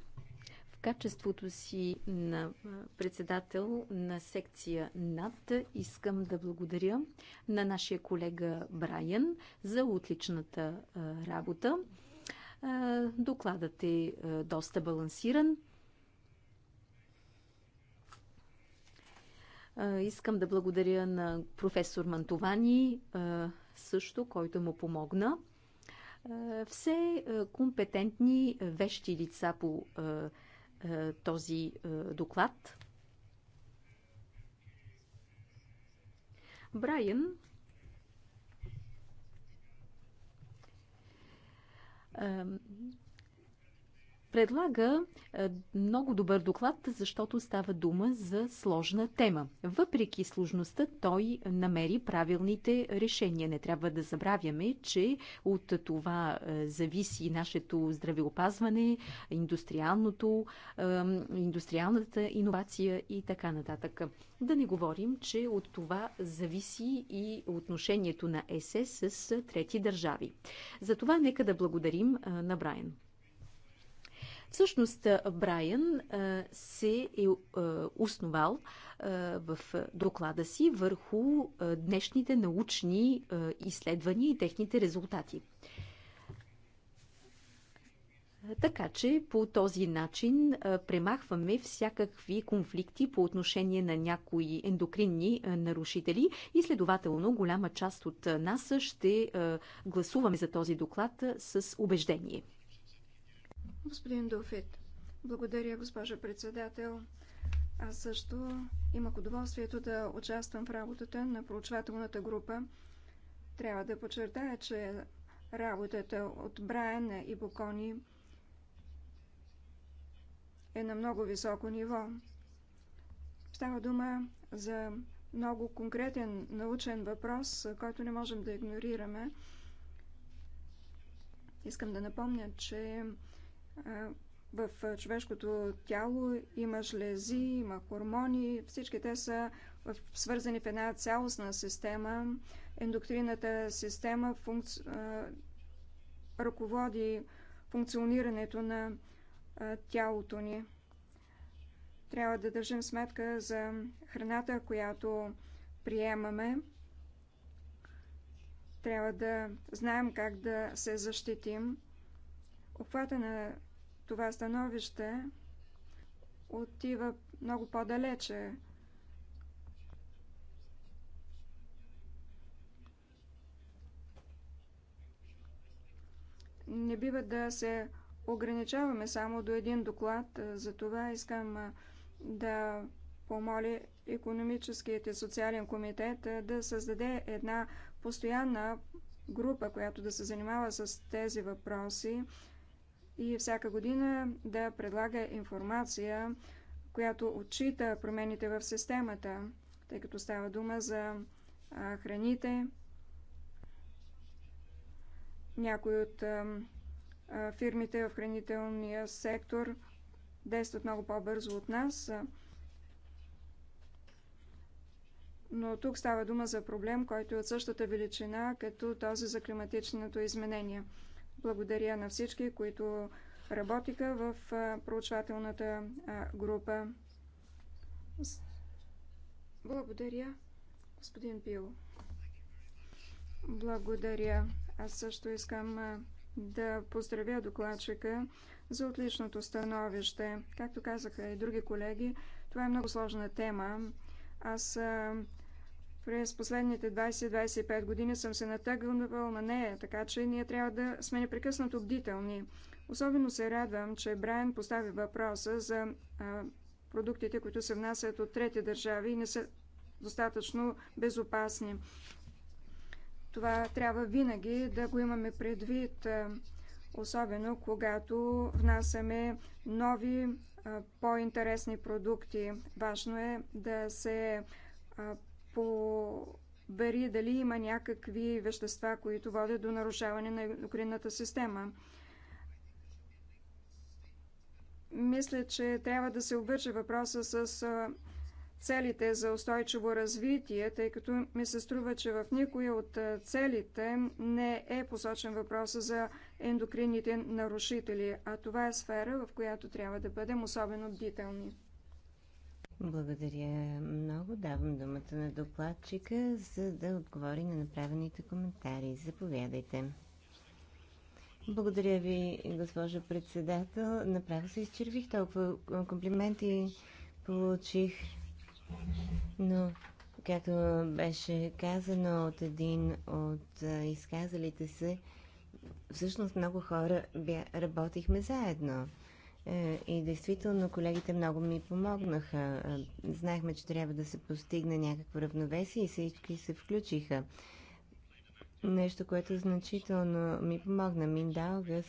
В качеството си на председател на секция НАД искам да благодаря на нашия колега Брайан за отличната работа. Докладът е доста балансиран. Искам да благодаря на професор Мантовани също, който му помогна все е, компетентни е, вещи лица по е, този доклад. Брайан предлага е, много добър доклад, защото става дума за сложна тема. Въпреки сложността, той намери правилните решения. Не трябва да забравяме, че от това е, зависи нашето здравеопазване, индустриалното, е, индустриалната иновация и така нататък. Да не говорим, че от това зависи и отношението на ЕСЕ с трети държави. Затова нека да благодарим на Брайан. Всъщност Брайан се е основал в доклада си върху днешните научни изследвания и техните резултати. Така че по този начин премахваме всякакви конфликти по отношение на някои ендокринни нарушители и следователно голяма част от нас ще гласуваме за този доклад с убеждение. Господин Дуфит, благодаря, госпожа председател. Аз също имах удоволствието да участвам в работата на проучвателната група. Трябва да подчертая, че работата от Брайан и Бокони е на много високо ниво. Става дума за много конкретен научен въпрос, който не можем да игнорираме. Искам да напомня, че в човешкото тяло има жлези, има хормони, всички те са свързани в една цялостна система. Ендоктрината система функци... ръководи функционирането на тялото ни. Трябва да държим сметка за храната, която приемаме. Трябва да знаем как да се защитим. Обхвата на това становище отива много по-далече. Не бива да се ограничаваме само до един доклад. За това искам да помоли економическият и социален комитет да създаде една постоянна група, която да се занимава с тези въпроси и всяка година да предлага информация, която отчита промените в системата, тъй като става дума за храните. Някои от фирмите в хранителния сектор действат много по-бързо от нас. Но тук става дума за проблем, който е от същата величина, като този за климатичното изменение. Благодаря на всички, които работиха в проучвателната група. Благодаря, господин Пил. Благодаря. Аз също искам да поздравя докладчика за отличното становище. Както казаха и други колеги, това е много сложна тема. Аз през последните 20-25 години съм се натъгвал на нея, така че ние трябва да сме непрекъснато бдителни. Особено се радвам, че Брайан постави въпроса за а, продуктите, които се внасят от трети държави и не са достатъчно безопасни. Това трябва винаги да го имаме предвид, особено когато внасяме нови, по-интересни продукти. Важно е да се побери дали има някакви вещества, които водят до нарушаване на ендокринната система. Мисля, че трябва да се обърже въпроса с целите за устойчиво развитие, тъй като ми се струва, че в никоя от целите не е посочен въпроса за ендокринните нарушители, а това е сфера, в която трябва да бъдем особено бдителни. Благодаря много. Давам думата на докладчика, за да отговори на направените коментари. Заповядайте. Благодаря ви, госпожо председател. Направо се изчервих толкова комплименти получих. Но, както беше казано от един от изказалите се, всъщност много хора работихме заедно. Е, и действително колегите много ми помогнаха. Е, знаехме, че трябва да се постигне някакво равновесие и всички се включиха. Нещо, което значително ми помогна. Миндалгас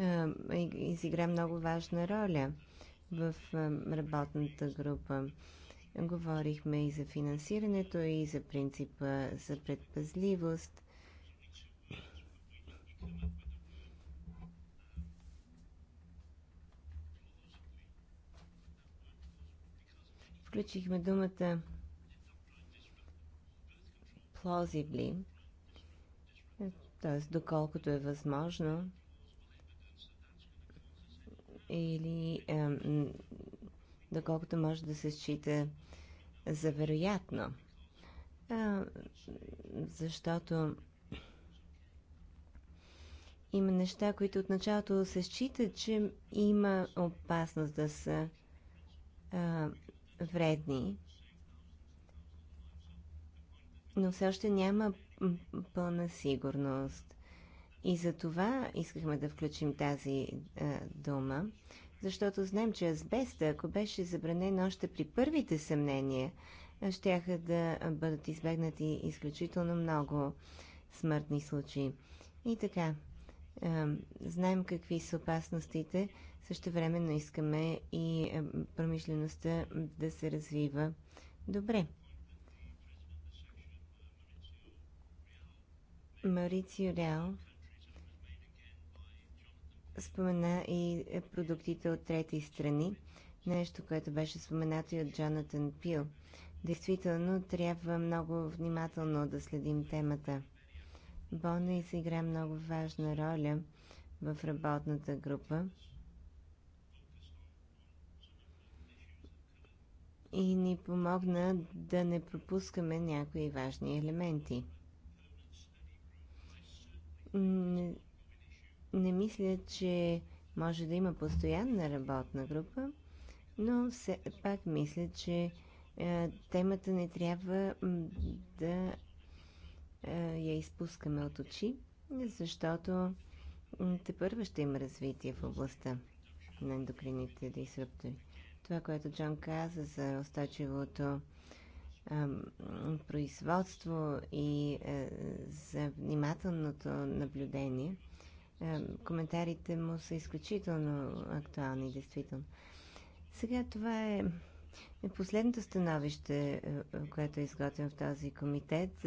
е, изигра много важна роля в работната група. Говорихме и за финансирането, и за принципа за предпазливост. включихме думата plausibly, т.е. доколкото е възможно, или е, доколкото може да се счита за вероятно. Е, защото има неща, които от началото се считат, че има опасност да са вредни, но все още няма пълна сигурност. И за това искахме да включим тази а, дума, защото знаем, че азбеста, ако беше забранен още при първите съмнения, щяха да бъдат избегнати изключително много смъртни случаи. И така, а, знаем какви са опасностите, също времено искаме и е, промишлеността да се развива добре. Марици Реал спомена и е, продуктите от трети страни, нещо, което беше споменато и от Джонатан Пил. Действително, трябва много внимателно да следим темата. Бона изигра много важна роля в работната група. и ни помогна да не пропускаме някои важни елементи. Не, не мисля, че може да има постоянна работна група, но все пак мисля, че е, темата не трябва да е, я изпускаме от очи, защото те първо ще има развитие в областта на ендокрините дисруптори това, което Джон каза за устойчивото производство и е, за внимателното наблюдение, коментарите му са изключително актуални, действително. Сега това е, е последното становище, е, което е изготвено в този комитет.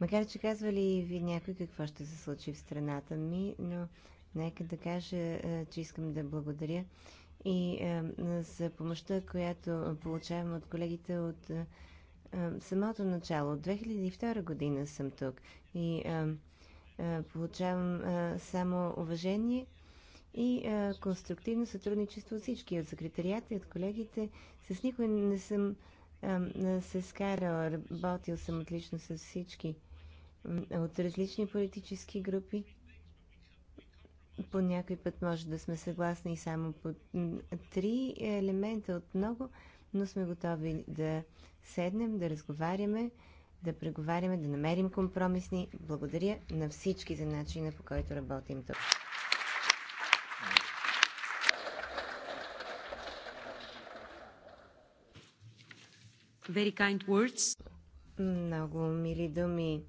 Макар, че казвали и ви някой какво ще се случи в страната ми, но нека да кажа, че искам да благодаря и е, за помощта, която получавам от колегите от е, е, самото начало. От 2002 година съм тук и получавам само уважение и конструктивно сътрудничество от всички, от секретарията и от колегите. С никой не съм се скарала, работил съм отлично с всички от различни политически групи по някой път може да сме съгласни само по три елемента от много, но сме готови да седнем, да разговаряме, да преговаряме, да намерим компромисни. Благодаря на всички за начина по който работим тук. Very kind words. Много мили думи.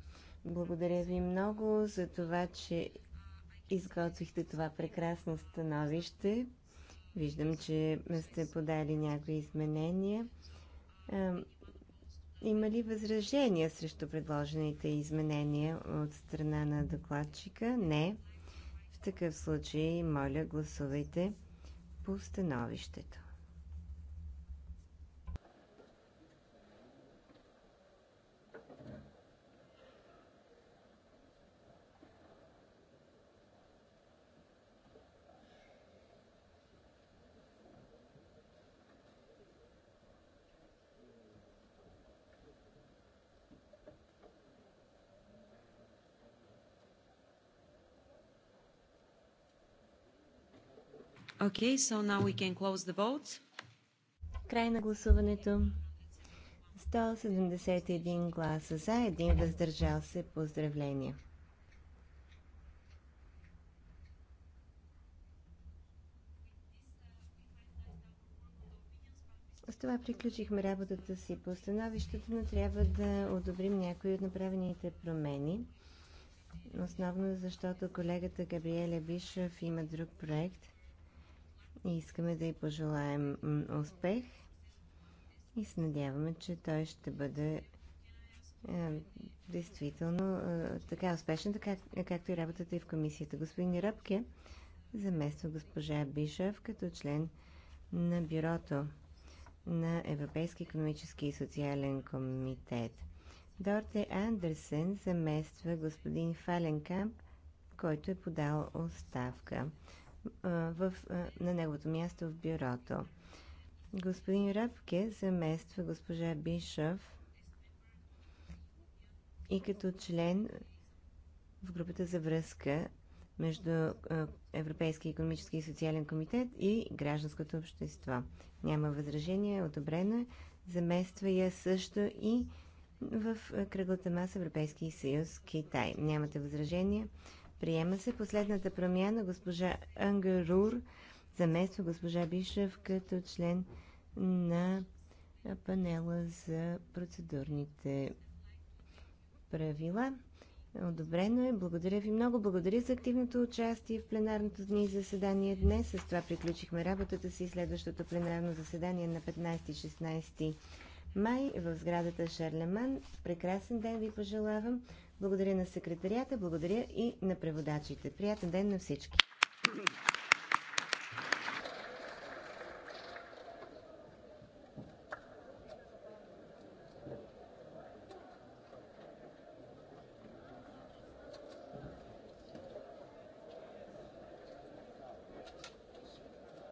Благодаря ви много за това, че изготвихте това прекрасно становище. Виждам, че сте подали някои изменения. Има ли възражения срещу предложените изменения от страна на докладчика? Не. В такъв случай, моля, гласувайте по становището. Okay, so now we can close the vote. Край на гласуването. 171 гласа за, един въздържал се. Поздравления! С това приключихме работата си по становището, но трябва да одобрим някои от направените промени. Основно защото колегата Габриеля Бишев има друг проект – и искаме да й пожелаем успех и се надяваме, че той ще бъде е, действително е, така успешен, така, както и работата и в комисията. Господин Ръбке замества госпожа Бишев като член на бюрото на Европейски економически и социален комитет. Дорте Андерсен замества господин Фаленкамп, който е подал оставка в, на неговото място в бюрото. Господин Рапке замества госпожа Бишов и като член в групата за връзка между Европейския економически и социален комитет и гражданското общество. Няма възражение, одобрена. Е. Замества я също и в кръглата маса Европейски съюз Китай. Нямате възражение. Приема се последната промяна госпожа Ангарур замества госпожа Бишев като член на панела за процедурните правила. Одобрено е. Благодаря ви много. Благодаря за активното участие в пленарното дни заседание днес. С това приключихме работата си. Следващото пленарно заседание е на 15-16 май в сградата Шарлеман. Прекрасен ден ви пожелавам. Благодаря на секретарията, благодаря и на преводачите. Приятен ден на всички!